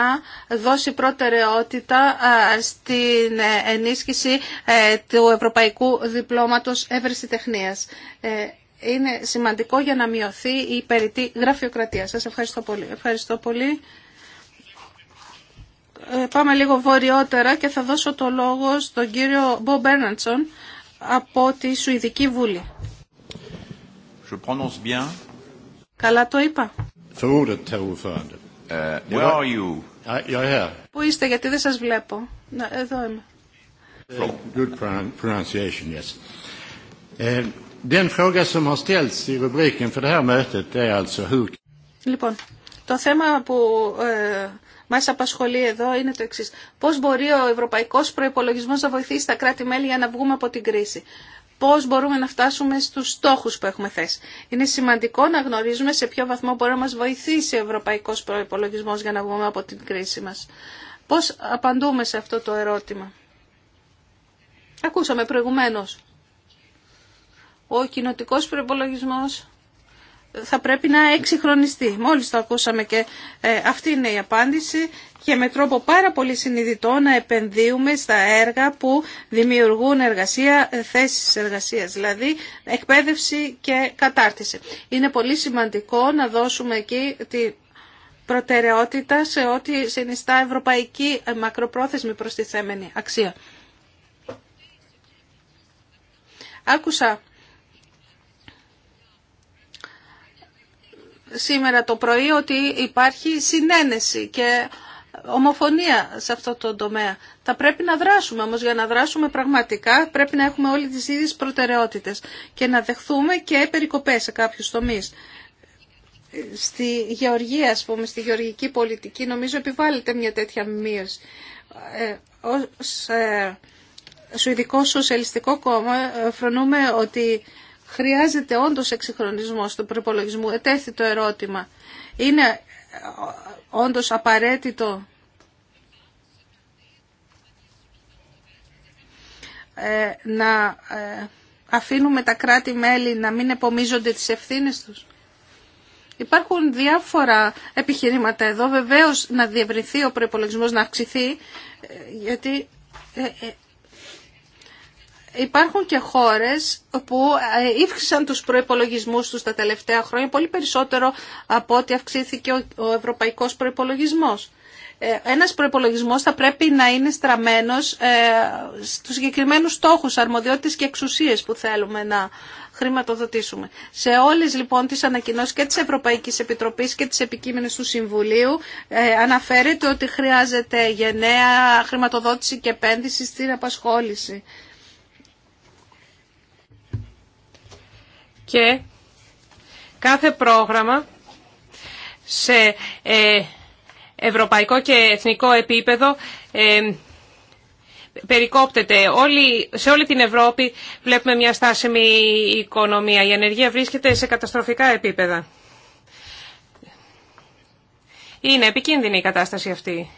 δώσει προτεραιότητα στην ε, ενίσχυση ε, του Ευρωπαϊκού Διπλώματος Τεχνίας. Ε, είναι σημαντικό για να μειωθεί η περιττή γραφειοκρατία. Σας ευχαριστώ πολύ. Ευχαριστώ πολύ. Πάμε λίγο βορειότερα και θα δώσω το λόγο στον κύριο Μπο Μπέρναντσον από τη Σουηδική Βούλη. Καλά το είπα. Ε, Πού είστε, γιατί δεν σας βλέπω. Να, εδώ είμαι. Λοιπόν, το θέμα που ε, μας απασχολεί εδώ είναι το εξής. Πώς μπορεί ο ευρωπαϊκός προϋπολογισμός να βοηθήσει τα κράτη-μέλη για να βγούμε από την κρίση πώς μπορούμε να φτάσουμε στους στόχους που έχουμε θέσει. Είναι σημαντικό να γνωρίζουμε σε ποιο βαθμό μπορεί να μας βοηθήσει ο ευρωπαϊκός προϋπολογισμός για να βγούμε από την κρίση μας. Πώς απαντούμε σε αυτό το ερώτημα. Ακούσαμε προηγουμένως. Ο κοινοτικό προϋπολογισμός θα πρέπει να εξυγχρονιστεί. Μόλις το ακούσαμε και ε, αυτή είναι η απάντηση και με τρόπο πάρα πολύ συνειδητό να επενδύουμε στα έργα που δημιουργούν εργασία, θέσεις εργασίας, δηλαδή εκπαίδευση και κατάρτιση. Είναι πολύ σημαντικό να δώσουμε εκεί τη προτεραιότητα σε ό,τι συνιστά ευρωπαϊκή ε, μακροπρόθεσμη προστιθέμενη αξία. Άκουσα σήμερα το πρωί ότι υπάρχει συνένεση και ομοφωνία σε αυτό το τομέα. Θα πρέπει να δράσουμε όμως για να δράσουμε πραγματικά πρέπει να έχουμε όλες τις ίδιες προτεραιότητες και να δεχθούμε και περικοπές σε κάποιους τομείς. Στη γεωργία, ας πούμε, στη γεωργική πολιτική νομίζω επιβάλλεται μια τέτοια μείωση. Ε, ως ε, Σουηδικό Σοσιαλιστικό Κόμμα ε, φρονούμε ότι χρειάζεται όντως εξυγχρονισμός του προπολογισμού. Ετέθη το ερώτημα. Είναι όντως απαραίτητο ε, να ε, αφήνουμε τα κράτη-μέλη να μην επομίζονται τις ευθύνες τους. Υπάρχουν διάφορα επιχειρήματα εδώ. Βεβαίως να διευρυνθεί ο προπολογισμό να αυξηθεί, ε, γιατί υπάρχουν και χώρες που ε, ύφησαν τους προϋπολογισμούς τους τα τελευταία χρόνια πολύ περισσότερο από ό,τι αυξήθηκε ο ευρωπαϊκός προϋπολογισμός. Ε, ένας προϋπολογισμός θα πρέπει να είναι στραμμένος ε, στους συγκεκριμένους στόχους, αρμοδιότητες και εξουσίες που θέλουμε να χρηματοδοτήσουμε. Σε όλες λοιπόν τις ανακοινώσεις και της Ευρωπαϊκής Επιτροπής και της επικείμενης του Συμβουλίου αναφέρεται ότι χρειάζεται γενναία χρηματοδότηση και επένδυση στην απασχόληση. και κάθε πρόγραμμα σε ε, ευρωπαϊκό και εθνικό επίπεδο ε, περικόπτεται. Όλη, σε όλη την Ευρώπη βλέπουμε μια στάσιμη οικονομία. Η ενέργεια βρίσκεται σε καταστροφικά επίπεδα. Είναι επικίνδυνη η κατάσταση αυτή.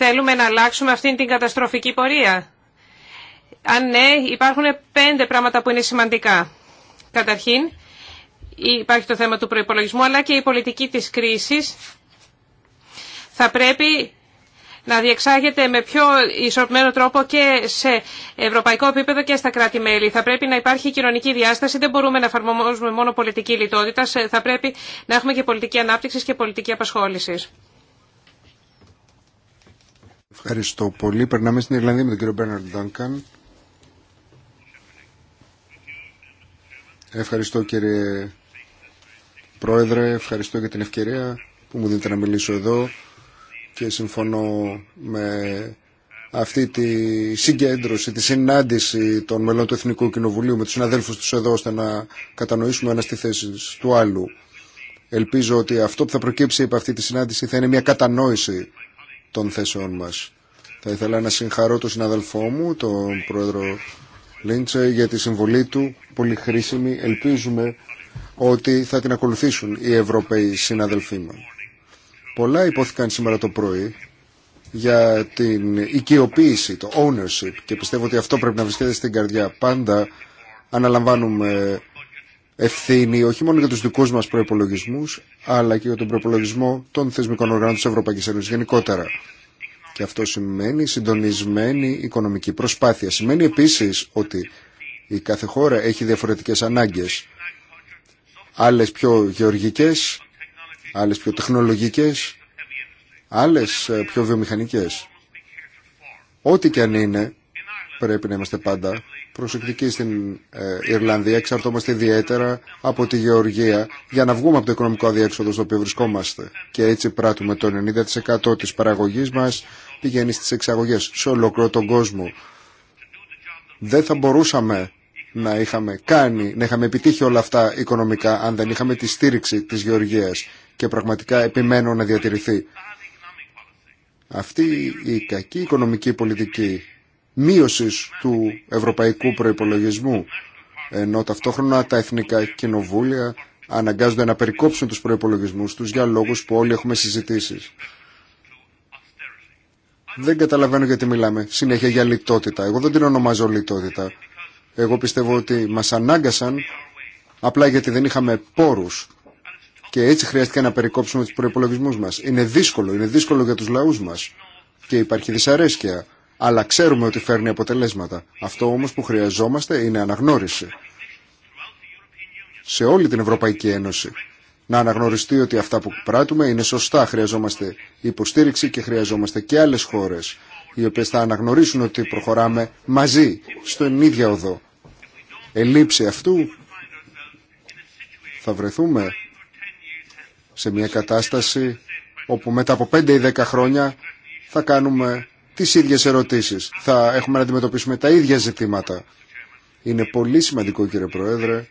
Θέλουμε να αλλάξουμε αυτήν την καταστροφική πορεία. Αν ναι, υπάρχουν πέντε πράγματα που είναι σημαντικά. Καταρχήν, υπάρχει το θέμα του προϋπολογισμού, αλλά και η πολιτική της κρίσης θα πρέπει να διεξάγεται με πιο ισορροπημένο τρόπο και σε ευρωπαϊκό επίπεδο και στα κράτη-μέλη. Θα πρέπει να υπάρχει κοινωνική διάσταση. Δεν μπορούμε να εφαρμόζουμε μόνο πολιτική λιτότητα. Θα πρέπει να έχουμε και πολιτική ανάπτυξη και πολιτική απασχόληση. Ευχαριστώ πολύ. Περνάμε στην Ιρλανδία με τον κύριο Μπέρναρντ Ντάνκαν. Ευχαριστώ κύριε Πρόεδρε, ευχαριστώ για την ευκαιρία που μου δίνετε να μιλήσω εδώ και συμφωνώ με αυτή τη συγκέντρωση, τη συνάντηση των μελών του Εθνικού Κοινοβουλίου με τους συναδέλφους τους εδώ ώστε να κατανοήσουμε ένα τη θέση του άλλου. Ελπίζω ότι αυτό που θα προκύψει από αυτή τη συνάντηση θα είναι μια κατανόηση των θέσεων μας. Θα ήθελα να συγχαρώ τον συναδελφό μου, τον πρόεδρο Λίντσε για τη συμβολή του, πολύ χρήσιμη. Ελπίζουμε ότι θα την ακολουθήσουν οι Ευρωπαίοι συναδελφοί μας. Πολλά υπόθηκαν σήμερα το πρωί για την οικειοποίηση, το ownership και πιστεύω ότι αυτό πρέπει να βρίσκεται στην καρδιά. Πάντα αναλαμβάνουμε ευθύνη όχι μόνο για τους δικούς μας προϋπολογισμούς αλλά και για τον προϋπολογισμό των θεσμικών οργάνων της Ευρωπαϊκής Ένωσης γενικότερα. Και αυτό σημαίνει συντονισμένη οικονομική προσπάθεια. Σημαίνει επίσης ότι η κάθε χώρα έχει διαφορετικές ανάγκες. Άλλες πιο γεωργικές, άλλες πιο τεχνολογικές, άλλες ε, πιο βιομηχανικές. Ό,τι και αν είναι, πρέπει να είμαστε πάντα προσεκτικοί στην ε, Ιρλανδία. Εξαρτώμαστε ιδιαίτερα από τη γεωργία για να βγούμε από το οικονομικό αδιέξοδο στο οποίο βρισκόμαστε. Και έτσι πράττουμε το 90% της παραγωγής μας πηγαίνει στις εξαγωγές σε ολόκληρο τον κόσμο. Δεν θα μπορούσαμε να είχαμε κάνει, να είχαμε επιτύχει όλα αυτά οικονομικά αν δεν είχαμε τη στήριξη της γεωργίας και πραγματικά επιμένω να διατηρηθεί. Αυτή η κακή οικονομική πολιτική μείωση του ευρωπαϊκού προϋπολογισμού ενώ ταυτόχρονα τα εθνικά κοινοβούλια αναγκάζονται να περικόψουν τους προϋπολογισμούς τους για λόγους που όλοι έχουμε συζητήσει. Δεν καταλαβαίνω γιατί μιλάμε συνέχεια για λιτότητα. Εγώ δεν την ονομάζω λιτότητα. Εγώ πιστεύω ότι μας ανάγκασαν απλά γιατί δεν είχαμε πόρους και έτσι χρειάστηκε να περικόψουμε τους προϋπολογισμούς μας. Είναι δύσκολο, είναι δύσκολο για τους λαούς μας και υπάρχει δυσαρέσκεια, αλλά ξέρουμε ότι φέρνει αποτελέσματα. Αυτό όμως που χρειαζόμαστε είναι αναγνώριση σε όλη την Ευρωπαϊκή Ένωση να αναγνωριστεί ότι αυτά που πράττουμε είναι σωστά. Χρειαζόμαστε υποστήριξη και χρειαζόμαστε και άλλες χώρες οι οποίες θα αναγνωρίσουν ότι προχωράμε μαζί στον ίδιο οδό. Ελείψη αυτού θα βρεθούμε σε μια κατάσταση όπου μετά από 5 ή 10 χρόνια θα κάνουμε τις ίδιες ερωτήσεις. Θα έχουμε να αντιμετωπίσουμε τα ίδια ζητήματα. Είναι πολύ σημαντικό κύριε Πρόεδρε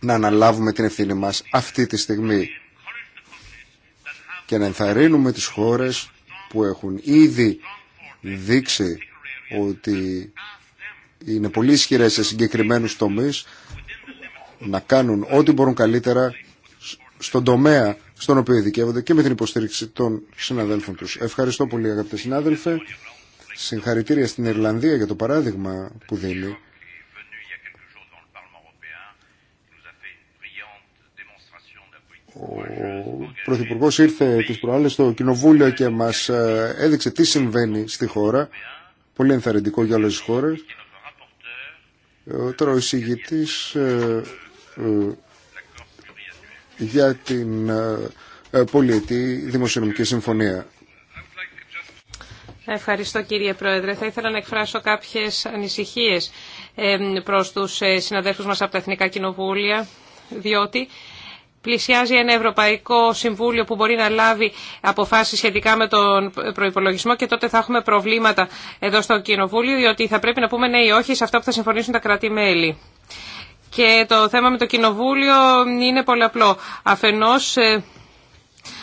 να αναλάβουμε την ευθύνη μας αυτή τη στιγμή και να ενθαρρύνουμε τις χώρες που έχουν ήδη δείξει ότι είναι πολύ ισχυρέ σε συγκεκριμένους τομείς να κάνουν ό,τι μπορούν καλύτερα στον τομέα στον οποίο ειδικεύονται και με την υποστήριξη των συναδέλφων τους. Ευχαριστώ πολύ αγαπητέ συνάδελφε. Συγχαρητήρια στην Ιρλανδία για το παράδειγμα που δίνει Ο Πρωθυπουργό ήρθε τις προάλλες στο Κοινοβούλιο και μας ε, έδειξε τι συμβαίνει στη χώρα. Πολύ ενθαρρυντικό για όλες τις χώρες. Ε, τώρα ο εισηγητής ε, για την πολιετή δημοσιονομική συμφωνία. Ευχαριστώ κύριε Πρόεδρε. Θα ήθελα να εκφράσω κάποιες ανησυχίες προς τους συναδέλφους μας από τα Εθνικά Κοινοβούλια, διότι Πλησιάζει ένα Ευρωπαϊκό Συμβούλιο που μπορεί να λάβει αποφάσεις σχετικά με τον προϋπολογισμό και τότε θα έχουμε προβλήματα εδώ στο Κοινοβούλιο, διότι θα πρέπει να πούμε ναι ή όχι σε αυτά που θα συμφωνήσουν τα κράτη-μέλη. Και το θέμα με το Κοινοβούλιο είναι απλό. Αφενός ε,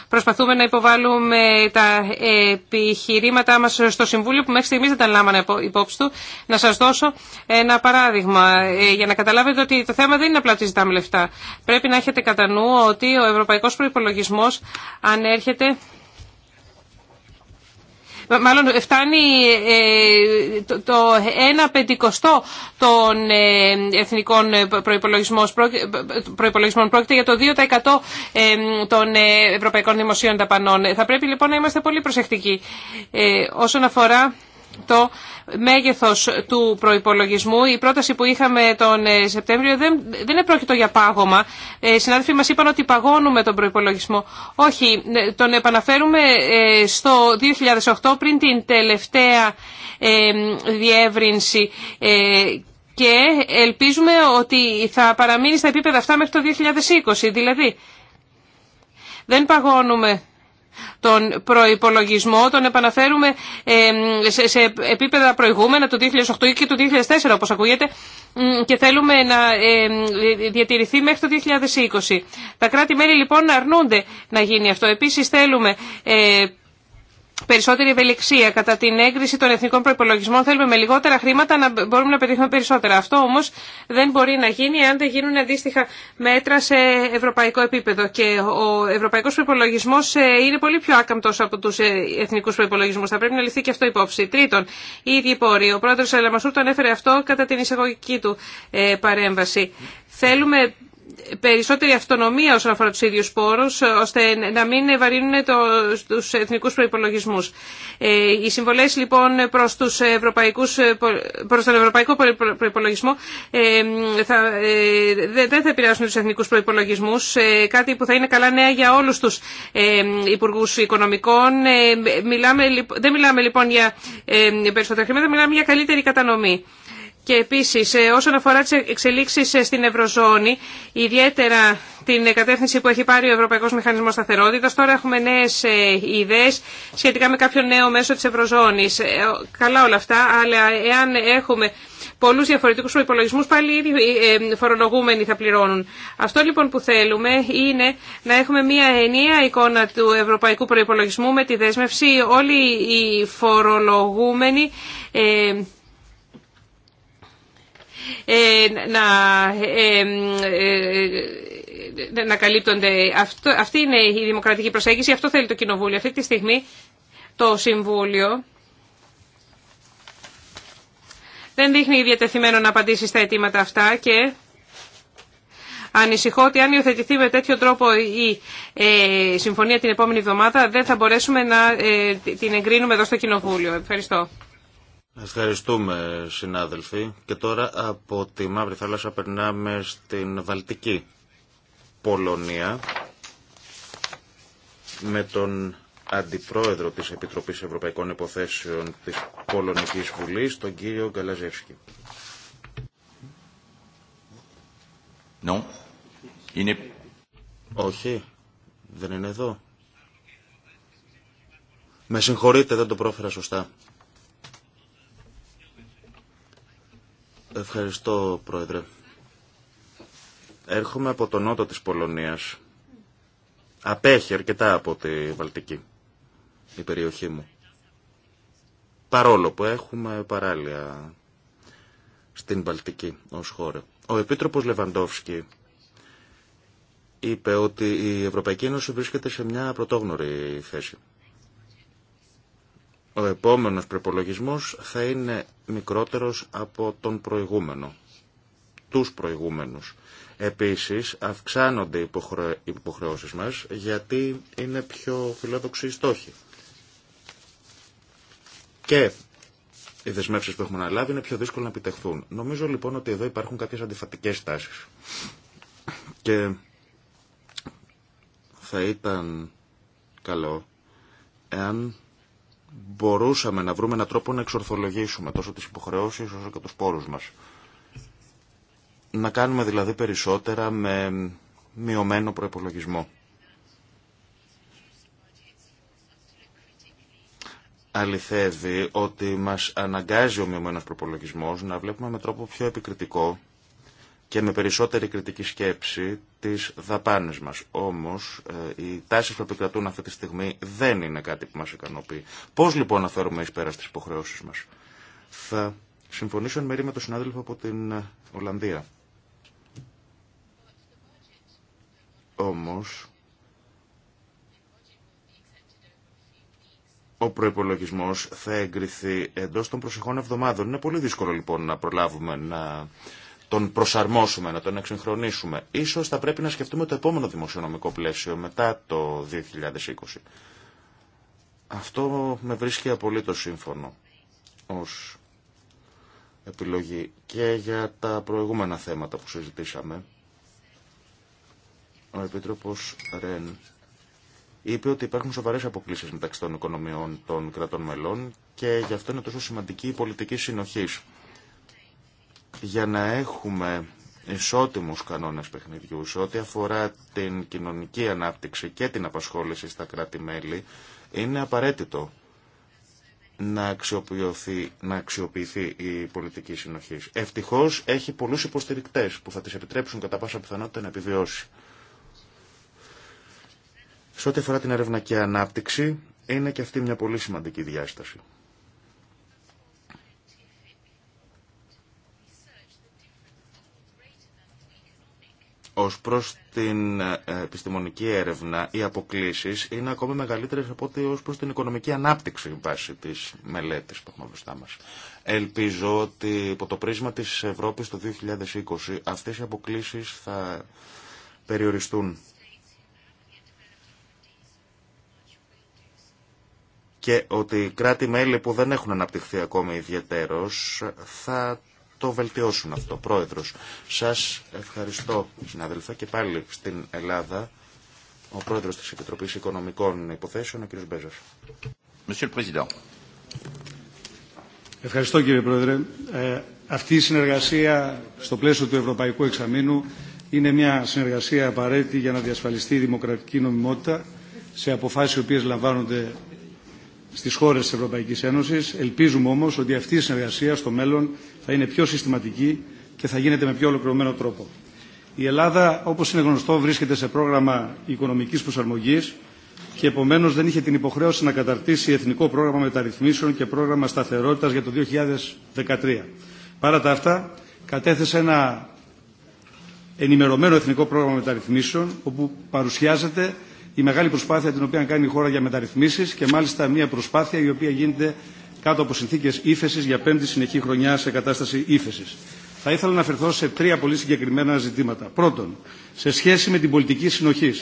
Προσπαθούμε να υποβάλουμε τα επιχειρήματά μας στο Συμβούλιο που μέχρι στιγμής δεν τα λάμανε υπόψη του. Να σας δώσω ένα παράδειγμα ε, για να καταλάβετε ότι το θέμα δεν είναι απλά ότι ζητάμε λεφτά. Πρέπει να έχετε κατά νου ότι ο ευρωπαϊκός προϋπολογισμός ανέρχεται μάλλον φτάνει ε, το ένα πεντηκοστό των ε, εθνικών προϋπολογισμών. Πρόκειται για το 2% ε, των ευρωπαϊκών δημοσίων ταπανών. Θα πρέπει λοιπόν να είμαστε πολύ προσεκτικοί όσον αφορά το μέγεθος του προϋπολογισμού. Η πρόταση που είχαμε τον ε, Σεπτέμβριο δεν, δεν επρόκειτο για πάγωμα. Ε, συνάδελφοι μας είπαν ότι παγώνουμε τον προϋπολογισμό. Όχι, ε, τον επαναφέρουμε ε, στο 2008 πριν την τελευταία διεύρυνση και ελπίζουμε ότι θα παραμείνει στα επίπεδα αυτά μέχρι το 2020. Δηλαδή, δεν παγώνουμε τον προϋπολογισμό τον επαναφέρουμε σε επίπεδα προηγούμενα του 2008 και του 2004 όπως ακούγεται και θέλουμε να διατηρηθεί μέχρι το 2020. Τα κράτη-μέλη λοιπόν αρνούνται να γίνει αυτό. Επίσης θέλουμε ε, περισσότερη ευελιξία. Κατά την έγκριση των εθνικών προπολογισμών θέλουμε με λιγότερα χρήματα να μπορούμε να πετύχουμε περισσότερα. Αυτό όμω δεν μπορεί να γίνει αν δεν γίνουν αντίστοιχα μέτρα σε ευρωπαϊκό επίπεδο. Και ο ευρωπαϊκό προπολογισμό ε, είναι πολύ πιο άκαμπτο από του ε, εθνικού προπολογισμού. Θα πρέπει να ληφθεί και αυτό υπόψη. Τρίτον, οι ίδιοι πόροι. Ο πρόεδρο Αλαμασούρ τον έφερε αυτό κατά την εισαγωγική του ε, παρέμβαση. Θέλουμε περισσότερη αυτονομία όσον αφορά του ίδιους πόρους, ώστε να μην βαρύνουν το, τους εθνικούς προϋπολογισμούς. Ε, οι συμβολές λοιπόν προς, τους προς τον ευρωπαϊκό προϋπολογισμό ε, ε, δεν θα επηρεάσουν τους εθνικούς προϋπολογισμούς, κάτι που θα είναι καλά νέα για όλους τους ε, υπουργούς οικονομικών. μιλάμε, δεν μιλάμε λοιπόν για περισσότερα χρήματα, μιλάμε για καλύτερη κατανομή. Και επίσης ε, όσον αφορά τις εξελίξεις ε, στην Ευρωζώνη, ιδιαίτερα την κατεύθυνση που έχει πάρει ο Ευρωπαϊκός Μηχανισμός Σταθερότητας, τώρα έχουμε νέες ε, ιδέες σχετικά με κάποιο νέο μέσο της Ευρωζώνης. Καλά όλα αυτά, αλλά εάν έχουμε πολλού διαφορετικού προπολογισμού, πάλι οι φορολογούμενοι θα πληρώνουν. Αυτό λοιπόν που θέλουμε είναι να έχουμε μια ενιαία εικόνα του ευρωπαϊκού προπολογισμού με τη δέσμευση όλοι οι φορολογούμενοι ε, να ε, ε, να καλύπτονται. Αυτό, αυτή είναι η δημοκρατική προσέγγιση, αυτό θέλει το Κοινοβούλιο. Αυτή τη στιγμή το Συμβούλιο δεν δείχνει διατεθειμένο να απαντήσει στα αιτήματα αυτά και ανησυχώ ότι αν υιοθετηθεί με τέτοιο τρόπο η συμφωνία την επόμενη εβδομάδα δεν θα μπορέσουμε να την εγκρίνουμε εδώ στο Κοινοβούλιο. Ευχαριστώ. Ευχαριστούμε συνάδελφοι. Και τώρα από τη Μαύρη Θάλασσα περνάμε στην Βαλτική Πολωνία με τον Αντιπρόεδρο της Επιτροπής Ευρωπαϊκών Υποθέσεων της Πολωνικής Βουλής, τον κύριο Γκαλαζεύσκη. Είναι... Όχι, δεν είναι εδώ. Με συγχωρείτε, δεν το πρόφερα σωστά. Ευχαριστώ, Πρόεδρε. Έρχομαι από τον νότο της Πολωνίας. Απέχει αρκετά από τη Βαλτική, η περιοχή μου. Παρόλο που έχουμε παράλια στην Βαλτική ως χώρα. Ο Επίτροπος Λεβαντόφσκι είπε ότι η Ευρωπαϊκή Ένωση βρίσκεται σε μια πρωτόγνωρη θέση ο επόμενος προϋπολογισμός θα είναι μικρότερος από τον προηγούμενο, τους προηγούμενους. Επίσης, αυξάνονται οι υποχρεώσεις μας γιατί είναι πιο φιλόδοξοι οι στόχοι. Και οι δεσμεύσεις που έχουμε αναλάβει είναι πιο δύσκολο να επιτευχθούν. Νομίζω λοιπόν ότι εδώ υπάρχουν κάποιες αντιφατικές τάσεις. Και θα ήταν καλό εάν μπορούσαμε να βρούμε έναν τρόπο να εξορθολογήσουμε τόσο τις υποχρεώσεις όσο και τους πόρους μας. Να κάνουμε δηλαδή περισσότερα με μειωμένο προπολογισμό. Αληθεύει ότι μας αναγκάζει ο μειωμένος προπολογισμός να βλέπουμε με τρόπο πιο επικριτικό και με περισσότερη κριτική σκέψη τις δαπάνες μας. Όμως ε, οι τάσεις που επικρατούν αυτή τη στιγμή δεν είναι κάτι που μας ικανοποιεί. Πώς λοιπόν να φέρουμε εις πέρα στις υποχρεώσεις μας. Θα συμφωνήσω εν μέρη με τον συνάδελφο από την ε, Ολλανδία. Όμως ο προπολογισμό θα εγκριθεί εντός των προσεχών εβδομάδων. Είναι πολύ δύσκολο λοιπόν να προλάβουμε να τον προσαρμόσουμε, να τον εξυγχρονίσουμε. Ίσως θα πρέπει να σκεφτούμε το επόμενο δημοσιονομικό πλαίσιο μετά το 2020. Αυτό με βρίσκει απολύτω σύμφωνο ως επιλογή και για τα προηγούμενα θέματα που συζητήσαμε. Ο Επίτροπος Ρεν είπε ότι υπάρχουν σοβαρές αποκλήσεις μεταξύ των οικονομιών των κρατών μελών και γι' αυτό είναι τόσο σημαντική η πολιτική συνοχής για να έχουμε ισότιμους κανόνες παιχνιδιού σε ό,τι αφορά την κοινωνική ανάπτυξη και την απασχόληση στα κράτη-μέλη είναι απαραίτητο να αξιοποιηθεί, να αξιοποιηθεί η πολιτική συνοχή. Ευτυχώς έχει πολλούς υποστηρικτές που θα τις επιτρέψουν κατά πάσα πιθανότητα να επιβιώσει. Σε ό,τι αφορά την ερευνακή ανάπτυξη, είναι και αυτή μια πολύ σημαντική διάσταση. ως προς την ε, επιστημονική έρευνα, οι αποκλήσεις είναι ακόμη μεγαλύτερες από ό,τι ως προς την οικονομική ανάπτυξη βάσει της μελέτης που έχουμε μπροστά μας. Ελπίζω ότι υπό το πρίσμα της Ευρώπης το 2020 αυτές οι αποκλήσεις θα περιοριστούν. και ότι κράτη-μέλη που δεν έχουν αναπτυχθεί ακόμη ιδιαίτερως θα το βελτιώσουν αυτό. Πρόεδρος, σας ευχαριστώ συναδελφέ και πάλι στην Ελλάδα ο πρόεδρος της Επιτροπής Οικονομικών Υποθέσεων, ο κ. Μπέζος. Ευχαριστώ κύριε Πρόεδρε. Ε, αυτή η συνεργασία στο πλαίσιο του Ευρωπαϊκού Εξαμήνου είναι μια συνεργασία απαραίτητη για να διασφαλιστεί η δημοκρατική νομιμότητα σε αποφάσεις οι οποίες λαμβάνονται στις χώρες της Ευρωπαϊκής Ένωσης. Ελπίζουμε όμως ότι αυτή η συνεργασία στο μέλλον θα είναι πιο συστηματική και θα γίνεται με πιο ολοκληρωμένο τρόπο. Η Ελλάδα, όπως είναι γνωστό, βρίσκεται σε πρόγραμμα οικονομικής προσαρμογής και επομένως δεν είχε την υποχρέωση να καταρτήσει εθνικό πρόγραμμα μεταρρυθμίσεων και πρόγραμμα σταθερότητας για το 2013. Παρά τα αυτά, κατέθεσε ένα ενημερωμένο εθνικό πρόγραμμα μεταρρυθμίσεων, όπου παρουσιάζεται η μεγάλη προσπάθεια την οποία κάνει η χώρα για μεταρρυθμίσεις και μάλιστα μια προσπάθεια η οποία γίνεται κάτω από συνθήκε ύφεση για πέμπτη συνεχή χρονιά σε κατάσταση ύφεση. Θα ήθελα να αφαιρθώ σε τρία πολύ συγκεκριμένα ζητήματα. Πρώτον, σε σχέση με την πολιτική συνοχή.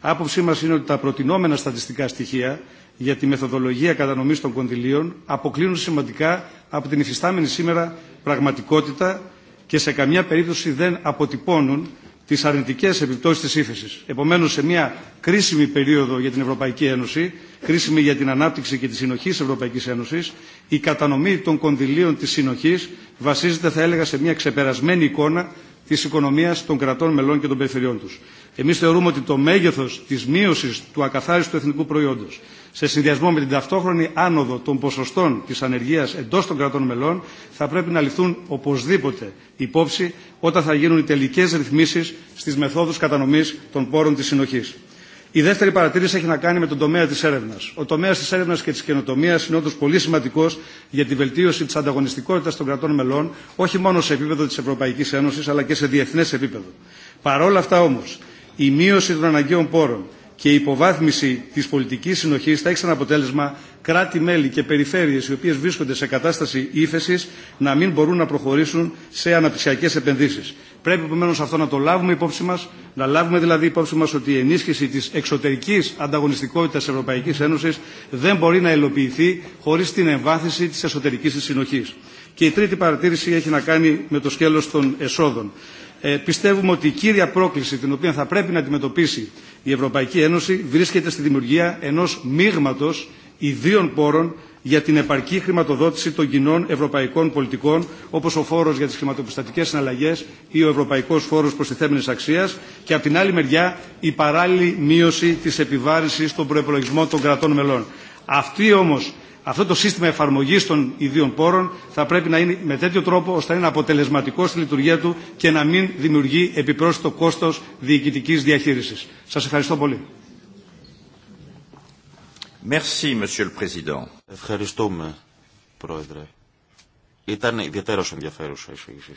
Άποψή μα είναι ότι τα προτινόμενα στατιστικά στοιχεία για τη μεθοδολογία κατανομή των κονδυλίων αποκλίνουν σημαντικά από την υφιστάμενη σήμερα πραγματικότητα και σε καμιά περίπτωση δεν αποτυπώνουν τις αρνητικές επιπτώσεις της ύφεσης. Επομένως, σε μια κρίσιμη περίοδο για την Ευρωπαϊκή Ένωση, κρίσιμη για την ανάπτυξη και τη συνοχή της Ευρωπαϊκής Ένωση, η κατανομή των κονδυλίων της συνοχής βασίζεται, θα έλεγα, σε μια ξεπερασμένη εικόνα τη οικονομία των κρατών μελών και των περιφερειών του. Εμεί θεωρούμε ότι το μέγεθο τη μείωση του ακαθάριστου εθνικού προϊόντο σε συνδυασμό με την ταυτόχρονη άνοδο των ποσοστών τη ανεργία εντό των κρατών μελών θα πρέπει να ληφθούν οπωσδήποτε υπόψη όταν θα γίνουν οι τελικέ ρυθμίσει στι μεθόδου κατανομή των πόρων τη συνοχή. Η δεύτερη παρατήρηση έχει να κάνει με τον τομέα τη έρευνα. Ο τομέα τη έρευνα και τη καινοτομία είναι όντω πολύ σημαντικό για τη βελτίωση τη ανταγωνιστικότητα των κρατών μελών, όχι μόνο σε επίπεδο τη Ευρωπαϊκή Ένωση, αλλά και σε διεθνέ επίπεδο. Παρόλα αυτά όμω, η μείωση των αναγκαίων πόρων, και η υποβάθμιση τη πολιτική συνοχή θα έχει σαν αποτέλεσμα κράτη-μέλη και περιφέρειες οι οποίε βρίσκονται σε κατάσταση ύφεση να μην μπορούν να προχωρήσουν σε αναπτυξιακέ επενδύσει. Πρέπει επομένω αυτό να το λάβουμε υπόψη μα, να λάβουμε δηλαδή υπόψη μα ότι η ενίσχυση τη εξωτερική ανταγωνιστικότητα τη Ευρωπαϊκής Ένωσης δεν μπορεί να υλοποιηθεί χωρί την εμβάθυνση τη εσωτερική τη συνοχής. Και η τρίτη παρατήρηση έχει να κάνει με το σκέλο των εσόδων. Ε, πιστεύουμε ότι η κύρια πρόκληση την οποία θα πρέπει να αντιμετωπίσει η Ευρωπαϊκή Ένωση βρίσκεται στη δημιουργία ενός μείγματο ιδίων πόρων για την επαρκή χρηματοδότηση των κοινών ευρωπαϊκών πολιτικών, όπως ο φόρος για τις χρηματοπιστωτικές συναλλαγές ή ο ευρωπαϊκός φόρος προστιθέμενης αξίας και από την άλλη μεριά η παράλληλη μείωση της επιβάρησης των προπολογισμών των κρατών μελών. Αυτή όμως αυτό το σύστημα εφαρμογή των ιδίων πόρων θα πρέπει να είναι με τέτοιο τρόπο ώστε να είναι αποτελεσματικό στη λειτουργία του και να μην δημιουργεί επιπρόσθετο κόστο διοικητική διαχείριση. Σα ευχαριστώ πολύ. Merci, Monsieur le Président. Ευχαριστούμε, Πρόεδρε. Ήταν ιδιαίτερο ενδιαφέρουσα η εισήγησή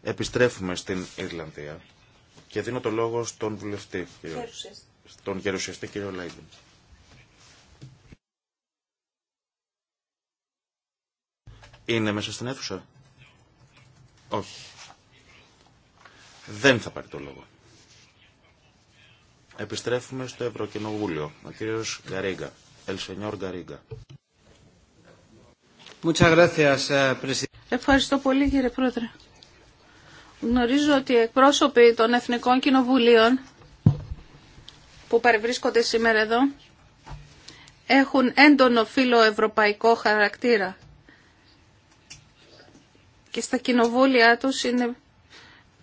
σα. Επιστρέφουμε στην Ιρλανδία και δίνω το λόγο στον βουλευτή, κύριο, στον γερουσιαστή κύριο Λάιντεν. Είναι μέσα στην αίθουσα. Όχι. Δεν θα πάρει το λόγο. Επιστρέφουμε στο Ευρωκοινοβούλιο. Ο κύριος Γκαρίγκα. Ελσενιόρ Γκαρίγκα. Eh, Ευχαριστώ πολύ κύριε Πρόεδρε. Γνωρίζω ότι οι εκπρόσωποι των Εθνικών Κοινοβουλίων που παρευρίσκονται σήμερα εδώ έχουν έντονο φιλοευρωπαϊκό χαρακτήρα και στα κοινοβούλια τους είναι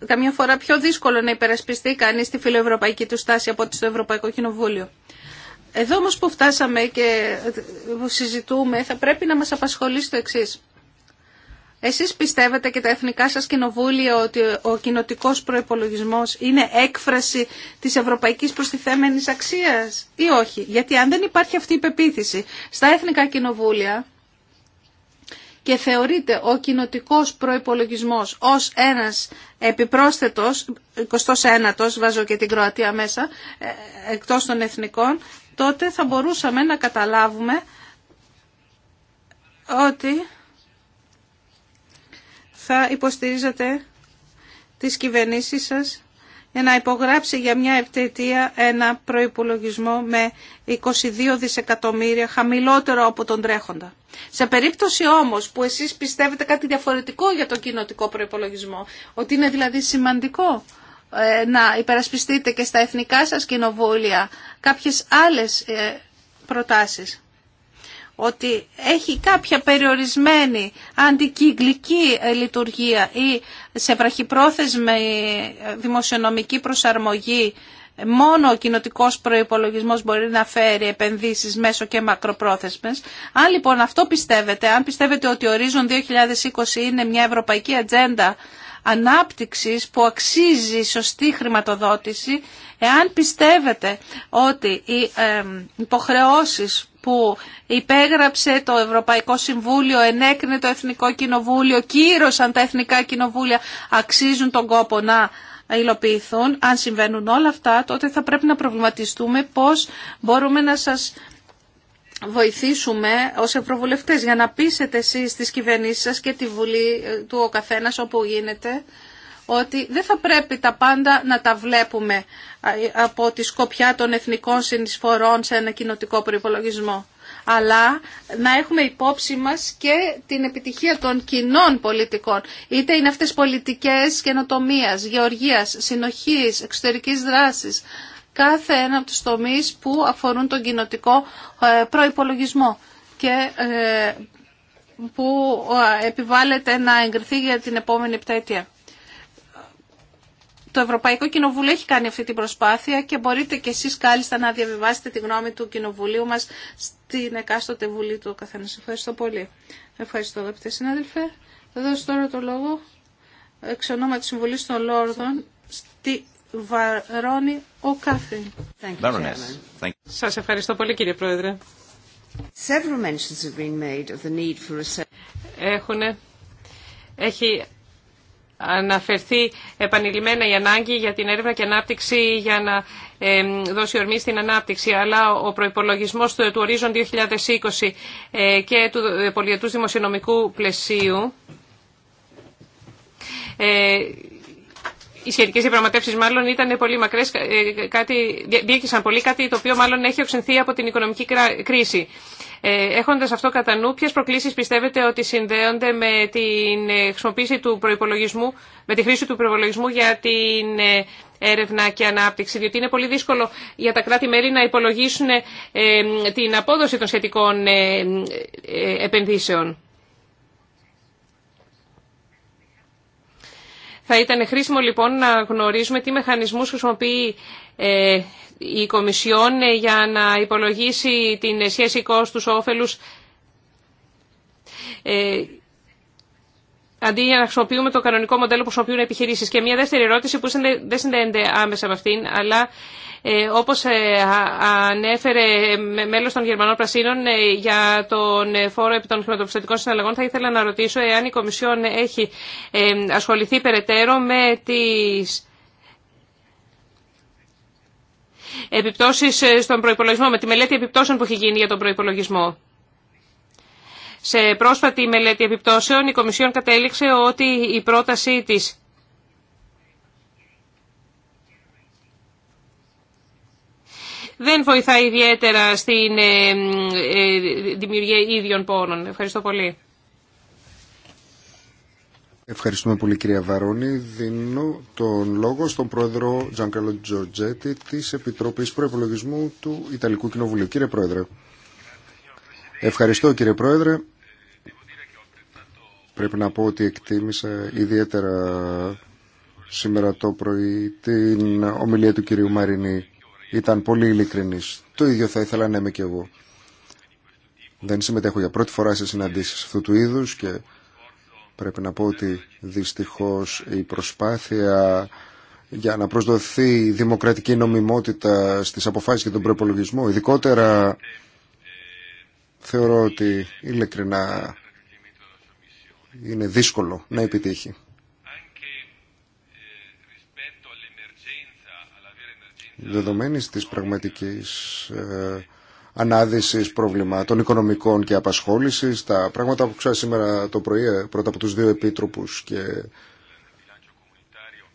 καμιά φορά πιο δύσκολο να υπερασπιστεί κανείς τη φιλοευρωπαϊκή του στάση από ότι στο Ευρωπαϊκό Κοινοβούλιο. Εδώ όμως που φτάσαμε και συζητούμε θα πρέπει να μας απασχολήσει το εξής. Εσείς πιστεύετε και τα εθνικά σας κοινοβούλια ότι ο κοινοτικό προϋπολογισμός είναι έκφραση της ευρωπαϊκής προστιθέμενης αξίας ή όχι. Γιατί αν δεν υπάρχει αυτή η πεποίθηση στα εθνικά κοινοβούλια και θεωρείται ο κοινοτικός προϋπολογισμός ως ένας επιπρόσθετος, 29ος βάζω και την Κροατία μέσα, ε, εκτός των εθνικών, τότε θα μπορούσαμε να καταλάβουμε ότι θα υποστηρίζετε τις κυβερνήσεις σας να υπογράψει για μια ευτετία ένα προϋπολογισμό με 22 δισεκατομμύρια χαμηλότερο από τον τρέχοντα. Σε περίπτωση όμως που εσείς πιστεύετε κάτι διαφορετικό για τον κοινοτικό προϋπολογισμό, ότι είναι δηλαδή σημαντικό ε, να υπερασπιστείτε και στα εθνικά σας κοινοβούλια κάποιες άλλες ε, προτάσεις ότι έχει κάποια περιορισμένη αντικυκλική ε, λειτουργία ή σε βραχυπρόθεσμη ε, δημοσιονομική προσαρμογή ε, μόνο ο κοινοτικό προϋπολογισμός μπορεί να φέρει επενδύσεις μέσω και μακροπρόθεσμες. Αν λοιπόν αυτό πιστεύετε, αν πιστεύετε ότι ορίζον 2020 είναι μια ευρωπαϊκή ατζέντα ανάπτυξης που αξίζει σωστή χρηματοδότηση, εάν πιστεύετε ότι οι υποχρεώσεις που υπέγραψε το Ευρωπαϊκό Συμβούλιο, ενέκρινε το Εθνικό Κοινοβούλιο, κύρωσαν τα Εθνικά Κοινοβούλια, αξίζουν τον κόπο να υλοποιηθούν. Αν συμβαίνουν όλα αυτά, τότε θα πρέπει να προβληματιστούμε πώς μπορούμε να σας βοηθήσουμε ως ευρωβουλευτές για να πείσετε εσείς τις κυβερνήσεις σας και τη Βουλή ε, του ο καθένας όπου γίνεται ότι δεν θα πρέπει τα πάντα να τα βλέπουμε ε, από τη σκοπιά των εθνικών συνεισφορών σε ένα κοινοτικό προϋπολογισμό αλλά να έχουμε υπόψη μας και την επιτυχία των κοινών πολιτικών. Είτε είναι αυτές πολιτικές καινοτομία, γεωργίας, συνοχής, εξωτερικής δράσης, κάθε ένα από τους τομείς που αφορούν τον κοινοτικό ε, προϋπολογισμό και ε, που επιβάλλεται να εγκριθεί για την επόμενη επταετία. Το Ευρωπαϊκό Κοινοβούλιο έχει κάνει αυτή την προσπάθεια και μπορείτε κι εσείς κάλλιστα να διαβιβάσετε τη γνώμη του Κοινοβουλίου μας στην εκάστοτε Βουλή του καθένα. Ευχαριστώ πολύ. Ευχαριστώ αγαπητέ συνάδελφε. Θα δώσω τώρα το λόγο εξ ονόμα της Συμβουλής των Λόρδων στη Βαρόνη Οκάφιν. Σας ευχαριστώ πολύ κύριε Πρόεδρε. έχει αναφερθεί επανειλημμένα η ανάγκη για την έρευνα και ανάπτυξη για να δώσει ορμή στην ανάπτυξη. Αλλά ο προϋπολογισμός του ορίζον 2020 ε, και του ε, πολιετούς δημοσιονομικού πλαισίου ε, οι σχετικέ διαπραγματεύσει μάλλον ήταν πολύ μακρέ, διέκυσαν πολύ, κάτι το οποίο μάλλον έχει οξυνθεί από την οικονομική κρίση. Ε, έχοντας αυτό κατά νου, ποιες προκλήσεις πιστεύετε ότι συνδέονται με την ε, χρησιμοποίηση του προϋπολογισμού, με τη χρήση του προϋπολογισμού για την ε, έρευνα και ανάπτυξη, διότι είναι πολύ δύσκολο για τα κράτη-μέλη να υπολογίσουν την απόδοση των σχετικών επενδύσεων. Θα ήταν χρήσιμο λοιπόν να γνωρίζουμε τι μηχανισμούς χρησιμοποιεί η Κομισιόν ε, για να υπολογίσει την σχέση κόστους-όφελους ε, αντί για να χρησιμοποιούμε το κανονικό μοντέλο που χρησιμοποιούν επιχειρήσεις. Και μια δεύτερη ερώτηση που δεν συνδέεται άμεσα με αυτήν, αλλά ε, όπως ανέφερε μέλος των Γερμανών Πρασίνων για τον φόρο επί των χρηματοπιστωτικών συναλλαγών, θα ήθελα να ρωτήσω εάν η Κομισιόν έχει ασχοληθεί περαιτέρω με τις επιπτώσεις ε, στον προϋπολογισμό, με τη μελέτη επιπτώσεων που έχει γίνει για τον προϋπολογισμό. Σε πρόσφατη μελέτη επιπτώσεων η Κομισιόν κατέληξε ότι η πρότασή της δεν βοηθάει ιδιαίτερα στην ε, ε, δημιουργία ίδιων πόρων. Ευχαριστώ πολύ. Ευχαριστούμε πολύ κυρία Βαρόνη. Δίνω τον λόγο στον πρόεδρο Τζανκαλο Τζοτζέτη της Επιτροπής Προεπολογισμού του Ιταλικού Κοινοβουλίου. Κύριε Πρόεδρε. Ευχαριστώ κύριε Πρόεδρε. Πρέπει να πω ότι εκτίμησα ιδιαίτερα σήμερα το πρωί την ομιλία του κυρίου Μαρινή. Ήταν πολύ ειλικρινής. Το ίδιο θα ήθελα να είμαι και εγώ. Δεν συμμετέχω για πρώτη φορά σε συναντήσεις αυτού του είδους και Πρέπει να πω ότι δυστυχώς η προσπάθεια για να προσδοθεί δημοκρατική νομιμότητα στις αποφάσεις και τον προπολογισμό. Ειδικότερα θεωρώ ότι ειλικρινά είναι δύσκολο να επιτύχει. Δεδομένης της πραγματικής ε, ανάδυσης προβλημάτων οικονομικών και απασχόλησης, τα πράγματα που ξέρω σήμερα το πρωί ε, πρώτα από τους δύο επίτροπους και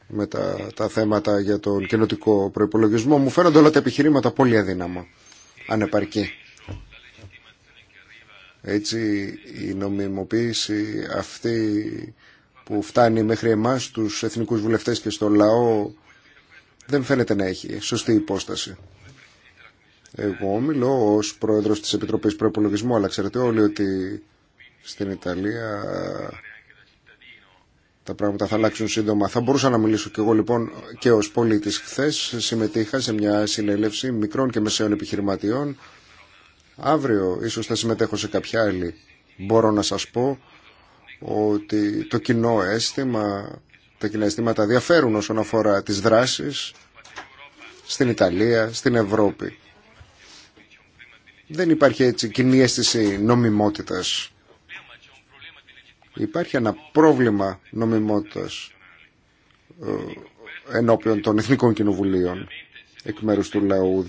με τα, θέματα για τον κοινοτικό προϋπολογισμό μου φαίνονται όλα τα επιχειρήματα πολύ αδύναμα, ανεπαρκή. Έτσι η νομιμοποίηση αυτή που φτάνει μέχρι εμάς τους εθνικούς βουλευτές και στο λαό δεν φαίνεται να έχει σωστή υπόσταση. Εγώ μιλώ ω πρόεδρος της Επιτροπής Προπολογισμού, αλλά ξέρετε όλοι ότι στην Ιταλία τα πράγματα θα αλλάξουν σύντομα. Θα μπορούσα να μιλήσω κι εγώ λοιπόν και ως πολίτη Χθε συμμετείχα σε μια συνέλευση μικρών και μεσαίων επιχειρηματιών. Αύριο ίσως θα συμμετέχω σε κάποια άλλη. Μπορώ να σα πω ότι το κοινό αίσθημα, τα κοινά αισθήματα διαφέρουν όσον αφορά τις δράσεις στην Ιταλία, στην Ευρώπη δεν υπάρχει έτσι κοινή αίσθηση νομιμότητας. Υπάρχει ένα πρόβλημα νομιμότητας ε, ενώπιον των Εθνικών Κοινοβουλίων εκ μέρους του λαού.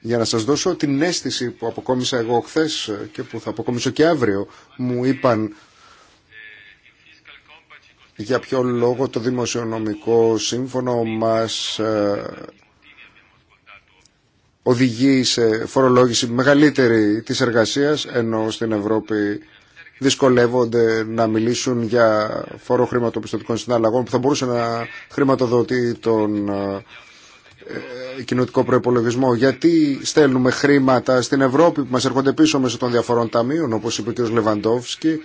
Για να σας δώσω την αίσθηση που αποκόμισα εγώ χθε και που θα αποκομίσω και αύριο, μου είπαν για ποιο λόγο το δημοσιονομικό σύμφωνο μας ε, οδηγεί σε φορολόγηση μεγαλύτερη της εργασίας, ενώ στην Ευρώπη δυσκολεύονται να μιλήσουν για φόρο χρηματοπιστωτικών συναλλαγών που θα μπορούσε να χρηματοδοτεί τον ε, ε, κοινωτικό προπολογισμό. Γιατί στέλνουμε χρήματα στην Ευρώπη που μας έρχονται πίσω μέσω των διαφορών ταμείων, όπως είπε ο κ. Λεβαντόφσκι.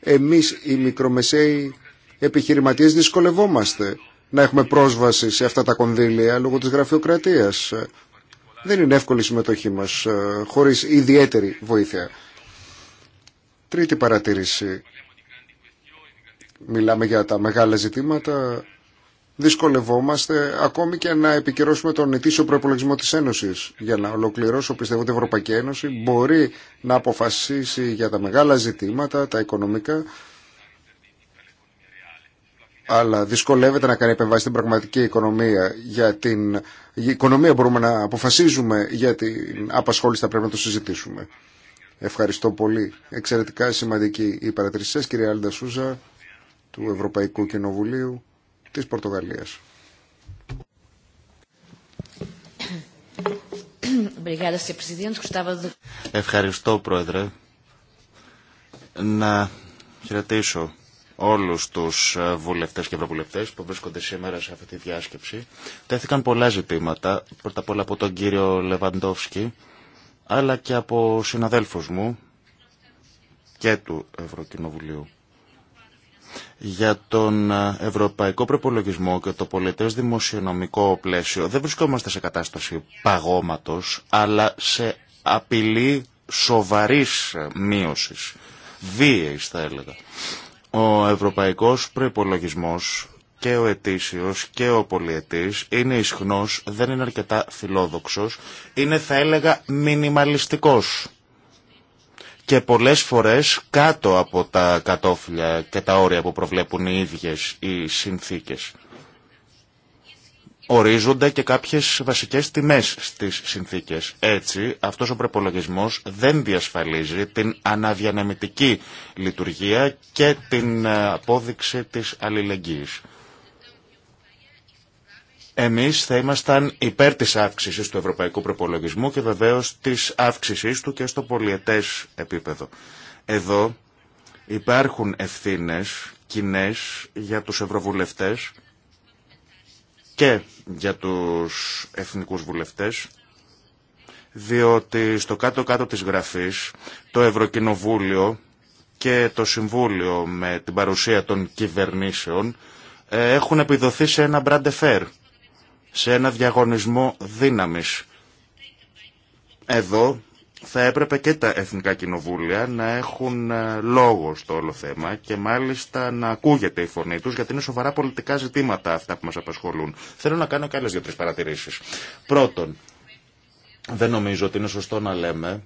Εμείς οι μικρομεσαίοι επιχειρηματίες δυσκολευόμαστε να έχουμε πρόσβαση σε αυτά τα κονδύλια λόγω της γραφειοκρατίας δεν είναι εύκολη η συμμετοχή μας ε, χωρίς ιδιαίτερη βοήθεια. Τρίτη παρατήρηση. Μιλάμε για τα μεγάλα ζητήματα. Δυσκολευόμαστε ακόμη και να επικυρώσουμε τον ετήσιο προπολογισμό της Ένωσης. Για να ολοκληρώσω πιστεύω ότι η Ευρωπαϊκή Ένωση μπορεί να αποφασίσει για τα μεγάλα ζητήματα, τα οικονομικά, αλλά δυσκολεύεται να κάνει επεμβάσει στην πραγματική οικονομία. Για την η οικονομία μπορούμε να αποφασίζουμε, για την απασχόληση θα πρέπει να το συζητήσουμε. Ευχαριστώ πολύ. Εξαιρετικά σημαντική η παρατηρήση σας, κυρία Άλντα Σούζα, του Ευρωπαϊκού Κοινοβουλίου της Πορτογαλίας. Ευχαριστώ, Πρόεδρε. Να χαιρετήσω όλους τους ε, βουλευτές και ευρωβουλευτέ που βρίσκονται σήμερα σε αυτή τη διάσκεψη. Τέθηκαν πολλά ζητήματα, πρώτα απ' όλα από τον κύριο Λεβαντόφσκι, αλλά και από συναδέλφους μου και του Ευρωκοινοβουλίου. Για τον ε, ευρωπαϊκό προπολογισμό και το πολιτές δημοσιονομικό πλαίσιο δεν βρισκόμαστε σε κατάσταση παγώματος, αλλά σε απειλή σοβαρής μείωσης, βίαιης θα έλεγα. Ο ευρωπαϊκός προϋπολογισμός και ο ετήσιος και ο πολιετής είναι ισχνός, δεν είναι αρκετά φιλόδοξος, είναι θα έλεγα μινιμαλιστικός και πολλές φορές κάτω από τα κατόφλια και τα όρια που προβλέπουν οι ίδιες οι συνθήκες ορίζονται και κάποιες βασικές τιμές στις συνθήκες. Έτσι, αυτός ο προπολογισμό δεν διασφαλίζει την αναδιανεμητική λειτουργία και την ε, απόδειξη της αλληλεγγύης. Εμείς θα ήμασταν υπέρ της αύξησης του ευρωπαϊκού προπολογισμού και βεβαίως της αύξησής του και στο πολιετές επίπεδο. Εδώ υπάρχουν ευθύνες κοινέ για τους ευρωβουλευτές και για τους εθνικούς βουλευτές, διότι στο κάτω-κάτω της γραφής το Ευρωκοινοβούλιο και το Συμβούλιο με την παρουσία των κυβερνήσεων ε, έχουν επιδοθεί σε ένα μπραντεφέρ, σε ένα διαγωνισμό δύναμης. Εδώ θα έπρεπε και τα εθνικά κοινοβούλια να έχουν ε, λόγο στο όλο θέμα και μάλιστα να ακούγεται η φωνή τους γιατί είναι σοβαρά πολιτικά ζητήματα αυτά που μας απασχολούν. Θέλω να κάνω και άλλες δύο-τρεις παρατηρήσεις. Πρώτον, δεν νομίζω ότι είναι σωστό να λέμε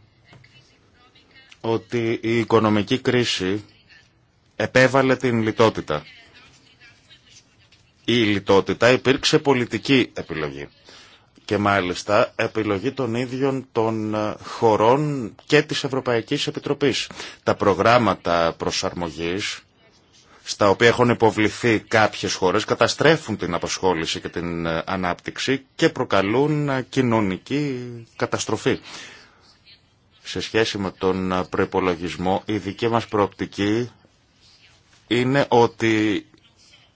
ότι η οικονομική κρίση επέβαλε την λιτότητα. Η λιτότητα υπήρξε πολιτική επιλογή και μάλιστα επιλογή των ίδιων των ε, χωρών και της Ευρωπαϊκής Επιτροπής. Τα προγράμματα προσαρμογής στα οποία έχουν υποβληθεί κάποιες χώρες καταστρέφουν την απασχόληση και την ε, ανάπτυξη και προκαλούν ε, κοινωνική καταστροφή. Σε σχέση με τον προπολογισμό, η δική μας προοπτική είναι ότι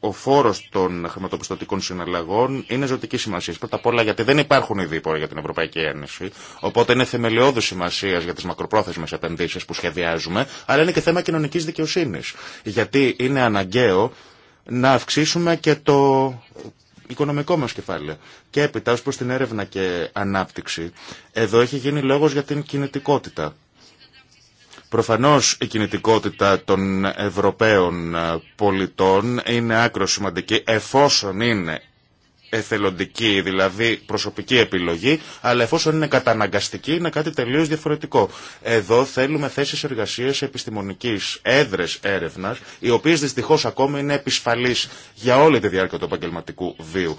ο φόρο των χρηματοπιστωτικών συναλλαγών είναι ζωτική σημασία. Πρώτα απ' όλα γιατί δεν υπάρχουν ήδη για την Ευρωπαϊκή Ένωση. Οπότε είναι θεμελιώδη σημασία για τι μακροπρόθεσμε επενδύσει που σχεδιάζουμε, αλλά είναι και θέμα κοινωνική δικαιοσύνη. Γιατί είναι αναγκαίο να αυξήσουμε και το οικονομικό μα κεφάλαιο. Και έπειτα ω προ την έρευνα και ανάπτυξη, εδώ έχει γίνει λόγος για την κινητικότητα. Προφανώς η κινητικότητα των Ευρωπαίων πολιτών είναι άκρο σημαντική εφόσον είναι εθελοντική, δηλαδή προσωπική επιλογή, αλλά εφόσον είναι καταναγκαστική είναι κάτι τελείω διαφορετικό. Εδώ θέλουμε θέσει εργασία, επιστημονική έδρε έρευνα, οι οποίε δυστυχώ ακόμα είναι επισφαλεί για όλη τη διάρκεια του επαγγελματικού βίου.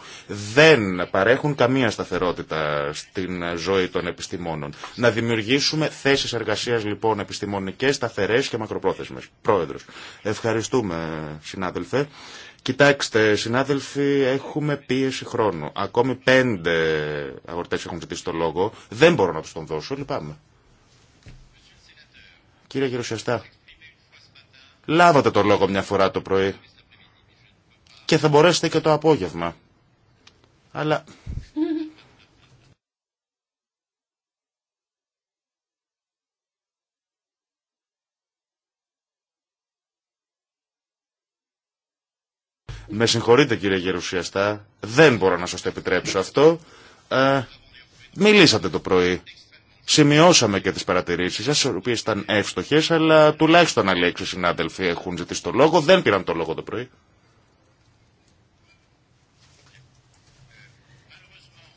Δεν παρέχουν καμία σταθερότητα στην ζωή των επιστημόνων. Να δημιουργήσουμε θέσει εργασία, λοιπόν επιστημονικέ, σταθερέ και μακροπρόθεσμε πρόεδρο. ευχαριστούμε συνάδελφε. Κοιτάξτε, συνάδελφοι, έχουμε πίεση χρόνου. Ακόμη πέντε αγορτέ έχουν ζητήσει το λόγο. Δεν μπορώ να του τον δώσω, λυπάμαι. Λοιπόν, Κύριε Γερουσιαστά, λάβατε το λόγο μια φορά το πρωί. Και θα μπορέσετε και το απόγευμα. Αλλά Με συγχωρείτε κύριε Γερουσιαστά, δεν μπορώ να σας το επιτρέψω αυτό. Ε, μιλήσατε το πρωί. Σημειώσαμε και τις παρατηρήσεις σας, οι οποίες ήταν εύστοχες, αλλά τουλάχιστον άλλοι έξι συνάδελφοι έχουν ζητήσει το λόγο, δεν πήραν το λόγο το πρωί.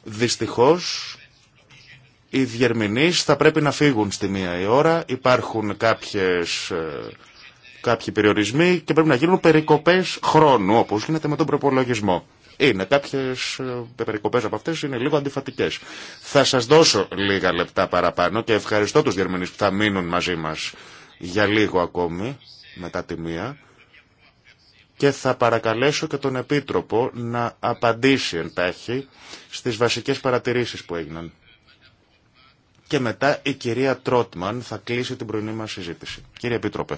Δυστυχώς, οι διερμηνείς θα πρέπει να φύγουν στη μία η ώρα. Υπάρχουν κάποιες ε, κάποιοι περιορισμοί και πρέπει να γίνουν περικοπές χρόνου, όπως γίνεται με τον προπολογισμό. Είναι κάποιες ε, περικοπές από αυτές, είναι λίγο αντιφατικές. Θα σας δώσω λίγα λεπτά παραπάνω και ευχαριστώ τους διερμηνείς που θα μείνουν μαζί μας για λίγο ακόμη, μετά τη μία. Και θα παρακαλέσω και τον Επίτροπο να απαντήσει εντάχει στις βασικές παρατηρήσεις που έγιναν και μετά η κυρία Τρότμαν θα κλείσει την πρωινή μας συζήτηση. Κύριε Επίτροπε.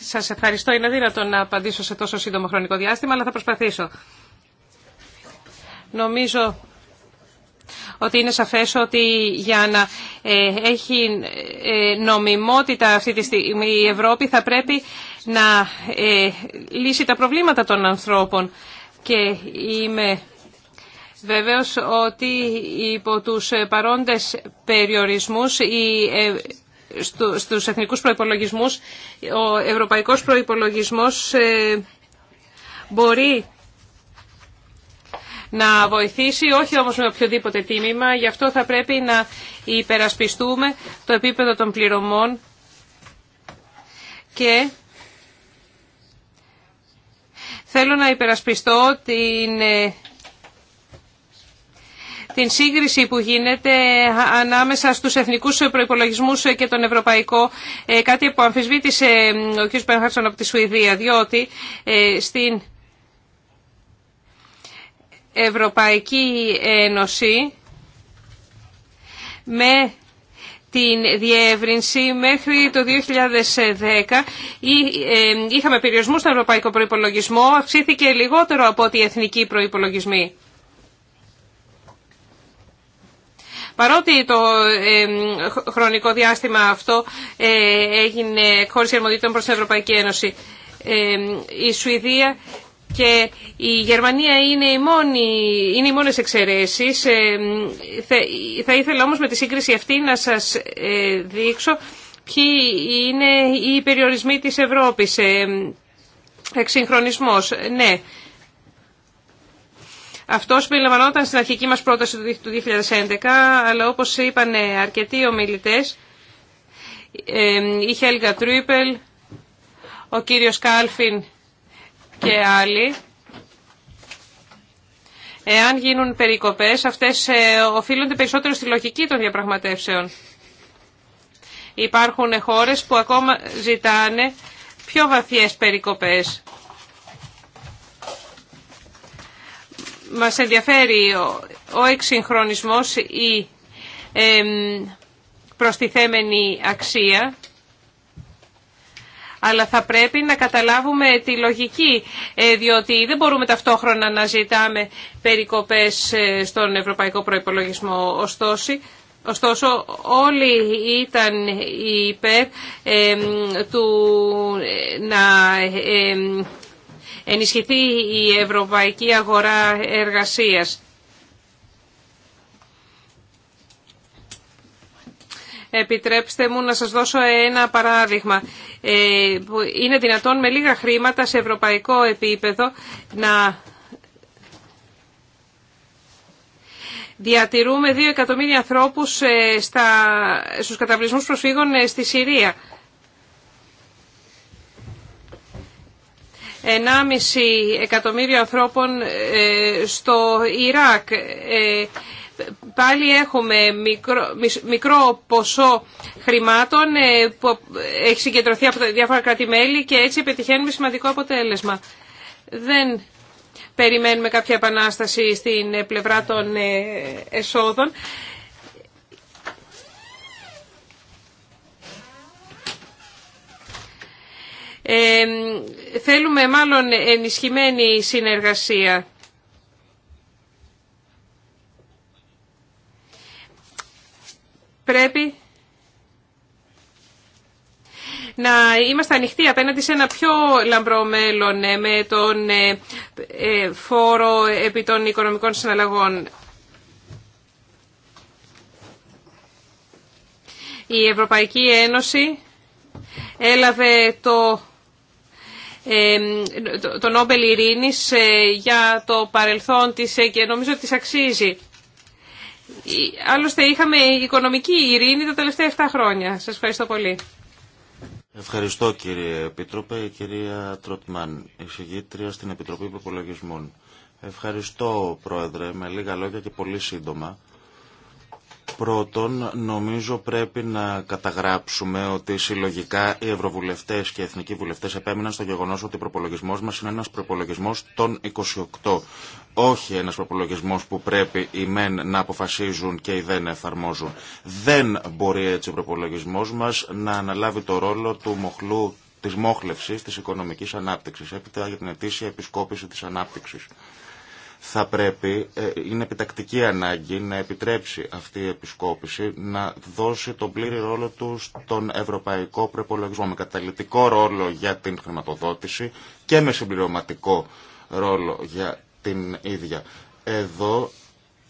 Σας ευχαριστώ. Είναι δύνατο να απαντήσω σε τόσο σύντομο χρονικό διάστημα, αλλά θα προσπαθήσω. Νομίζω ότι είναι σαφές ότι για να ε, έχει ε, νομιμότητα αυτή τη στιγμή η Ευρώπη θα πρέπει να ε, λύσει τα προβλήματα των ανθρώπων. Και είμαι Βεβαίως ότι υπό τους παρόντες περιορισμούς ε, οι στους εθνικούς προϋπολογισμούς ο ευρωπαϊκός προϋπολογισμός ε, μπορεί να βοηθήσει, όχι όμως με οποιοδήποτε τίμημα, γι' αυτό θα πρέπει να υπερασπιστούμε το επίπεδο των πληρωμών και θέλω να υπερασπιστώ την ε, την σύγκριση που γίνεται ανάμεσα στους εθνικούς προϋπολογισμούς και τον ευρωπαϊκό, ε, κάτι που αμφισβήτησε ε, ο κ. Πενχάρτσον από τη Σουηδία, διότι ε, στην Ευρωπαϊκή Ένωση με την διεύρυνση μέχρι το 2010 είχαμε περιορισμού στον ευρωπαϊκό προϋπολογισμό, αυξήθηκε λιγότερο από ό,τι οι εθνικοί προϋπολογισμοί. Παρότι το ε, χρονικό διάστημα αυτό ε, έγινε χωρίς αρμοδιότητων προς την Ευρωπαϊκή Ένωση, ε, η Σουηδία και η Γερμανία είναι οι, μόνοι, είναι οι μόνες εξαιρέσεις. θα, ήθελα όμως με τη σύγκριση αυτή να σας δείξω ποιοι είναι οι περιορισμοί της Ευρώπης. εξυγχρονισμός, ναι. Αυτό περιλαμβανόταν στην αρχική μας πρόταση του 2011, αλλά όπως είπαν ε, αρκετοί ομιλητές, η ε, Χέλγα Τρούιπελ, ο κύριος Κάλφιν και άλλοι, εάν γίνουν περικοπές, αυτές ε, οφείλονται περισσότερο στη λογική των διαπραγματεύσεων. Υπάρχουν χώρες που ακόμα ζητάνε πιο βαθιές περικοπές. Μας ενδιαφέρει ο εξυγχρονισμός, η προστιθέμενη αξία, αλλά θα πρέπει να καταλάβουμε τη λογική, ε, διότι δεν μπορούμε ταυτόχρονα να ζητάμε περικοπές ε, στον ευρωπαϊκό προϋπολογισμό. Ωστόσο, Ωστόσο, όλοι ήταν υπέρ ε, του να ε, ενισχυθεί η ευρωπαϊκή αγορά εργασίας. Επιτρέψτε μου να σας δώσω ένα παράδειγμα. Ε, είναι δυνατόν με λίγα χρήματα σε ευρωπαϊκό επίπεδο να διατηρούμε δύο εκατομμύρια ανθρώπους ε, στα, στους καταβλισμούς προσφύγων ε, στη Συρία. 1,5 εκατομμύριο ανθρώπων ε, στο Ιράκ. Ε, πάλι έχουμε μικρό, μικρό ποσό χρημάτων ε, που έχει συγκεντρωθεί από διάφορα κράτη-μέλη και έτσι πετυχαίνουμε σημαντικό αποτέλεσμα. Δεν περιμένουμε κάποια επανάσταση στην πλευρά των εσόδων. θέλουμε μάλλον ενισχυμένη συνεργασία. Πρέπει να είμαστε ανοιχτοί απέναντι σε ένα πιο λαμπρό μέλλον ε, με τον ε, ε, φόρο επί των οικονομικών συναλλαγών. Η Ευρωπαϊκή Ένωση έλαβε το το Νόμπελ Ειρήνης ε, για το παρελθόν της ε, και νομίζω ότι της αξίζει. Άλλωστε είχαμε οικονομική ειρήνη τα τελευταία 7 χρόνια. Σας ευχαριστώ πολύ. Ευχαριστώ κύριε Επίτροπε, η κυρία Τροτμάν, εισηγήτρια στην Επιτροπή Προπολογισμών. Ευχαριστώ πρόεδρε, με λίγα λόγια και πολύ σύντομα. Πρώτον, νομίζω πρέπει να καταγράψουμε ότι συλλογικά οι Ευρωβουλευτέ και οι Εθνικοί Βουλευτέ επέμειναν στο γεγονό ότι ο προπολογισμό μα είναι ένα προπολογισμό των 28. Όχι ένα προπολογισμό που πρέπει οι μεν να αποφασίζουν και οι δεν να εφαρμόζουν. Δεν μπορεί έτσι ο προπολογισμό μα να αναλάβει το ρόλο του μοχλού τη μόχλευση τη οικονομική ανάπτυξη. Έπειτα για την ετήσια επισκόπηση τη ανάπτυξη θα πρέπει, ε, είναι επιτακτική ανάγκη να επιτρέψει αυτή η επισκόπηση να δώσει τον πλήρη ρόλο του στον ευρωπαϊκό προπολογισμό με καταλητικό ρόλο για την χρηματοδότηση και με συμπληρωματικό ρόλο για την ίδια. Εδώ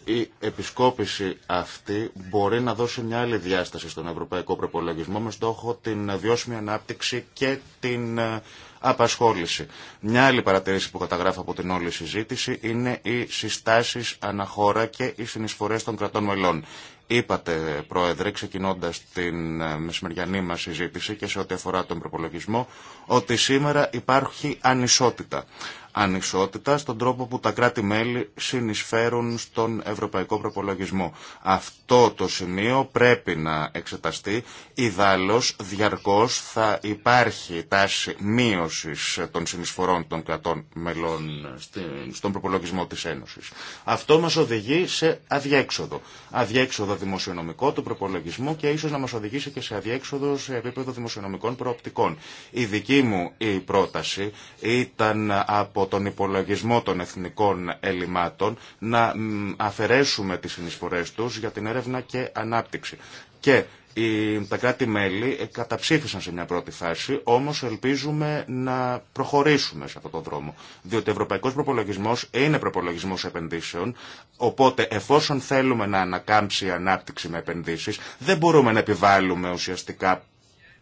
η επισκόπηση αυτή μπορεί να δώσει μια άλλη διάσταση στον ευρωπαϊκό προπολογισμό με στόχο την βιώσιμη ανάπτυξη και την ε, Απασχόληση. Μια άλλη παρατηρήση που καταγράφω από την όλη συζήτηση είναι οι συστάσει αναχώρα και οι συνεισφορέ των κρατών μελών. Είπατε, Πρόεδρε, ξεκινώντα την ε, μεσημεριανή μα συζήτηση και σε ό,τι αφορά τον προπολογισμό, ότι σήμερα υπάρχει ανισότητα ανισότητα στον τρόπο που τα κράτη-μέλη συνεισφέρουν στον ευρωπαϊκό προπολογισμό. Αυτό το σημείο πρέπει να εξεταστεί. Ιδάλλως, διαρκώς θα υπάρχει τάση μείωσης των συνεισφορών των κρατών μελών στον προπολογισμό της Ένωσης. Αυτό μας οδηγεί σε αδιέξοδο. Αδιέξοδο δημοσιονομικό του προπολογισμού και ίσως να μας οδηγήσει και σε αδιέξοδο σε επίπεδο δημοσιονομικών προοπτικών. Η δική μου η πρόταση ήταν από από τον υπολογισμό των εθνικών ελλημάτων να αφαιρέσουμε τις συνεισφορές τους για την έρευνα και ανάπτυξη. Και τα κράτη-μέλη ε, καταψήφισαν σε μια πρώτη φάση, όμως ελπίζουμε να προχωρήσουμε σε αυτόν τον δρόμο. Διότι ο ευρωπαϊκός προπολογισμός είναι προπολογισμός επενδύσεων, οπότε εφόσον θέλουμε να ανακάμψει η ανάπτυξη με επενδύσεις, δεν μπορούμε να επιβάλλουμε ουσιαστικά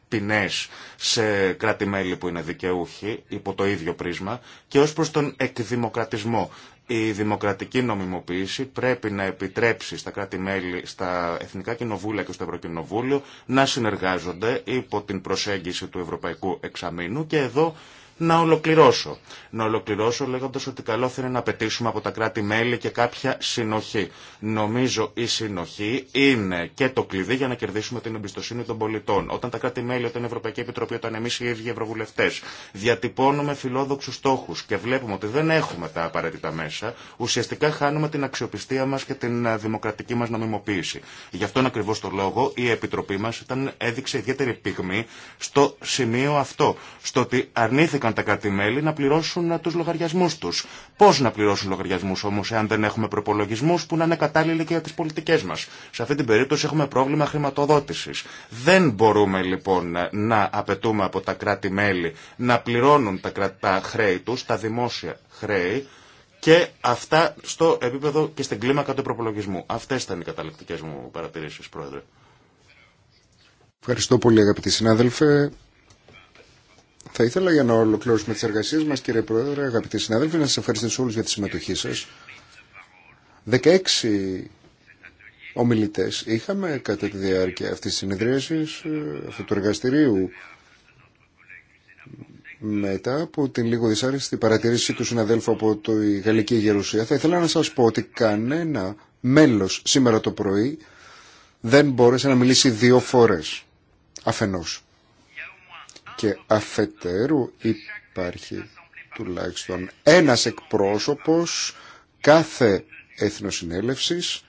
ποινέ σε κράτη-μέλη που είναι δικαιούχοι υπό το ίδιο πρίσμα και ω προς τον εκδημοκρατισμό. Η δημοκρατική νομιμοποίηση πρέπει να επιτρέψει στα κράτη-μέλη, στα Εθνικά Κοινοβούλια και στο Ευρωκοινοβούλιο να συνεργάζονται υπό την προσέγγιση του Ευρωπαϊκού Εξαμήνου και εδώ να ολοκληρώσω. Να ολοκληρώσω λέγοντας ότι καλό θα είναι να πετύσουμε από τα κράτη-μέλη και κάποια συνοχή. Νομίζω η συνοχή είναι και το κλειδί για να κερδίσουμε την εμπιστοσύνη των πολιτών. Όταν τα κράτη-μέλη, όταν η Ευρωπαϊκή Επιτροπή, όταν εμείς οι ίδιοι ευρωβουλευτές διατυπώνουμε φιλόδοξους στόχους και βλέπουμε ότι δεν έχουμε τα απαραίτητα μέσα, ουσιαστικά χάνουμε την αξιοπιστία μας και την ε, δημοκρατική μας νομιμοποίηση. Γι' αυτόν ακριβώ το λόγο η Επιτροπή μας ήταν, έδειξε ιδιαίτερη πυγμή στο σημείο αυτό, στο ότι τα κρατη να πληρώσουν ε, τους λογαριασμούς τους. Πώς να πληρώσουν λογαριασμούς όμως, εάν δεν έχουμε προπολογισμούς που να είναι κατάλληλοι και για τις πολιτικές μας. Σε αυτή την περίπτωση έχουμε πρόβλημα χρηματοδότησης. Δεν μπορούμε λοιπόν ε, να απαιτούμε από τα κρατη να πληρώνουν τα χρέη τους, τα δημόσια χρέη, και αυτά στο επίπεδο και στην κλίμακα του προπολογισμού. Αυτές ήταν οι καταληκτικές μου παρατηρήσεις, Πρόεδρε. Ευχαριστώ πολύ, αγαπητοί συνάδελφε. Θα ήθελα για να ολοκληρώσουμε τι εργασίε μα, κύριε Πρόεδρε, αγαπητοί συνάδελφοι, να σα ευχαριστήσω όλου για τη συμμετοχή σα. 16 ομιλητέ, είχαμε κατά τη διάρκεια αυτή τη συνεδρίαση, ε, αυτού του εργαστηρίου, μετά από την λίγο δυσάρεστη παρατηρήση του συναδέλφου από τη Γαλλική Γερουσία, θα ήθελα να σα πω ότι κανένα μέλο σήμερα το πρωί δεν μπόρεσε να μιλήσει δύο φορέ αφενός και αφετέρου υπάρχει τουλάχιστον ένας εκπρόσωπος κάθε εθνοσυνέλευσης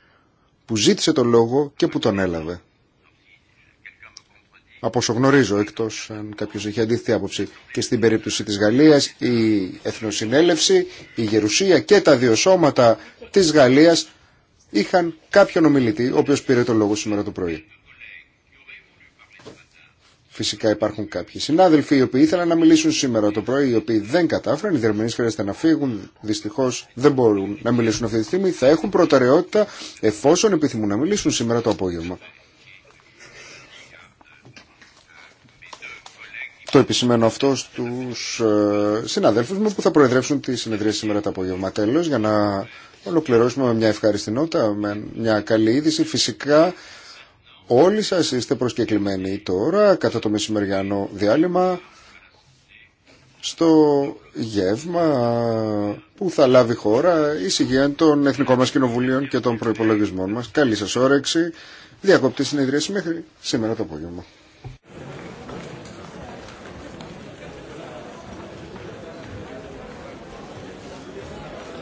που ζήτησε το λόγο και που τον έλαβε. Από όσο γνωρίζω, εκτός αν κάποιος έχει αντίθετη άποψη. Και στην περίπτωση της Γαλλίας η Εθνοσυνέλευση, η Γερουσία και τα δύο σώματα της Γαλλίας είχαν κάποιον ομιλητή ο οποίος πήρε το λόγο σήμερα το πρωί. Φυσικά υπάρχουν κάποιοι συνάδελφοι οι οποίοι ήθελαν να μιλήσουν σήμερα το πρωί, οι οποίοι δεν κατάφεραν, οι διερμηνεί χρειάζεται να φύγουν, δυστυχώ δεν μπορούν να μιλήσουν αυτή τη στιγμή, θα έχουν προτεραιότητα εφόσον επιθυμούν να μιλήσουν σήμερα το απόγευμα. Το επισημαίνω αυτό στου ε, συνάδελφου μου που θα προεδρεύσουν τη συνεδρία σήμερα το απόγευμα. τέλο, για να ολοκληρώσουμε με μια ευχαριστηνότητα, με μια καλή είδηση. Φυσικά Όλοι σας είστε προσκεκλημένοι τώρα κατά το μεσημεριανό διάλειμμα στο γεύμα που θα λάβει χώρα η συγγένεια των Εθνικών μας Κοινοβουλίων και των προϋπολογισμών μας. Καλή σας όρεξη. Διακόπτη συνεδρίαση μέχρι σήμερα το απόγευμα.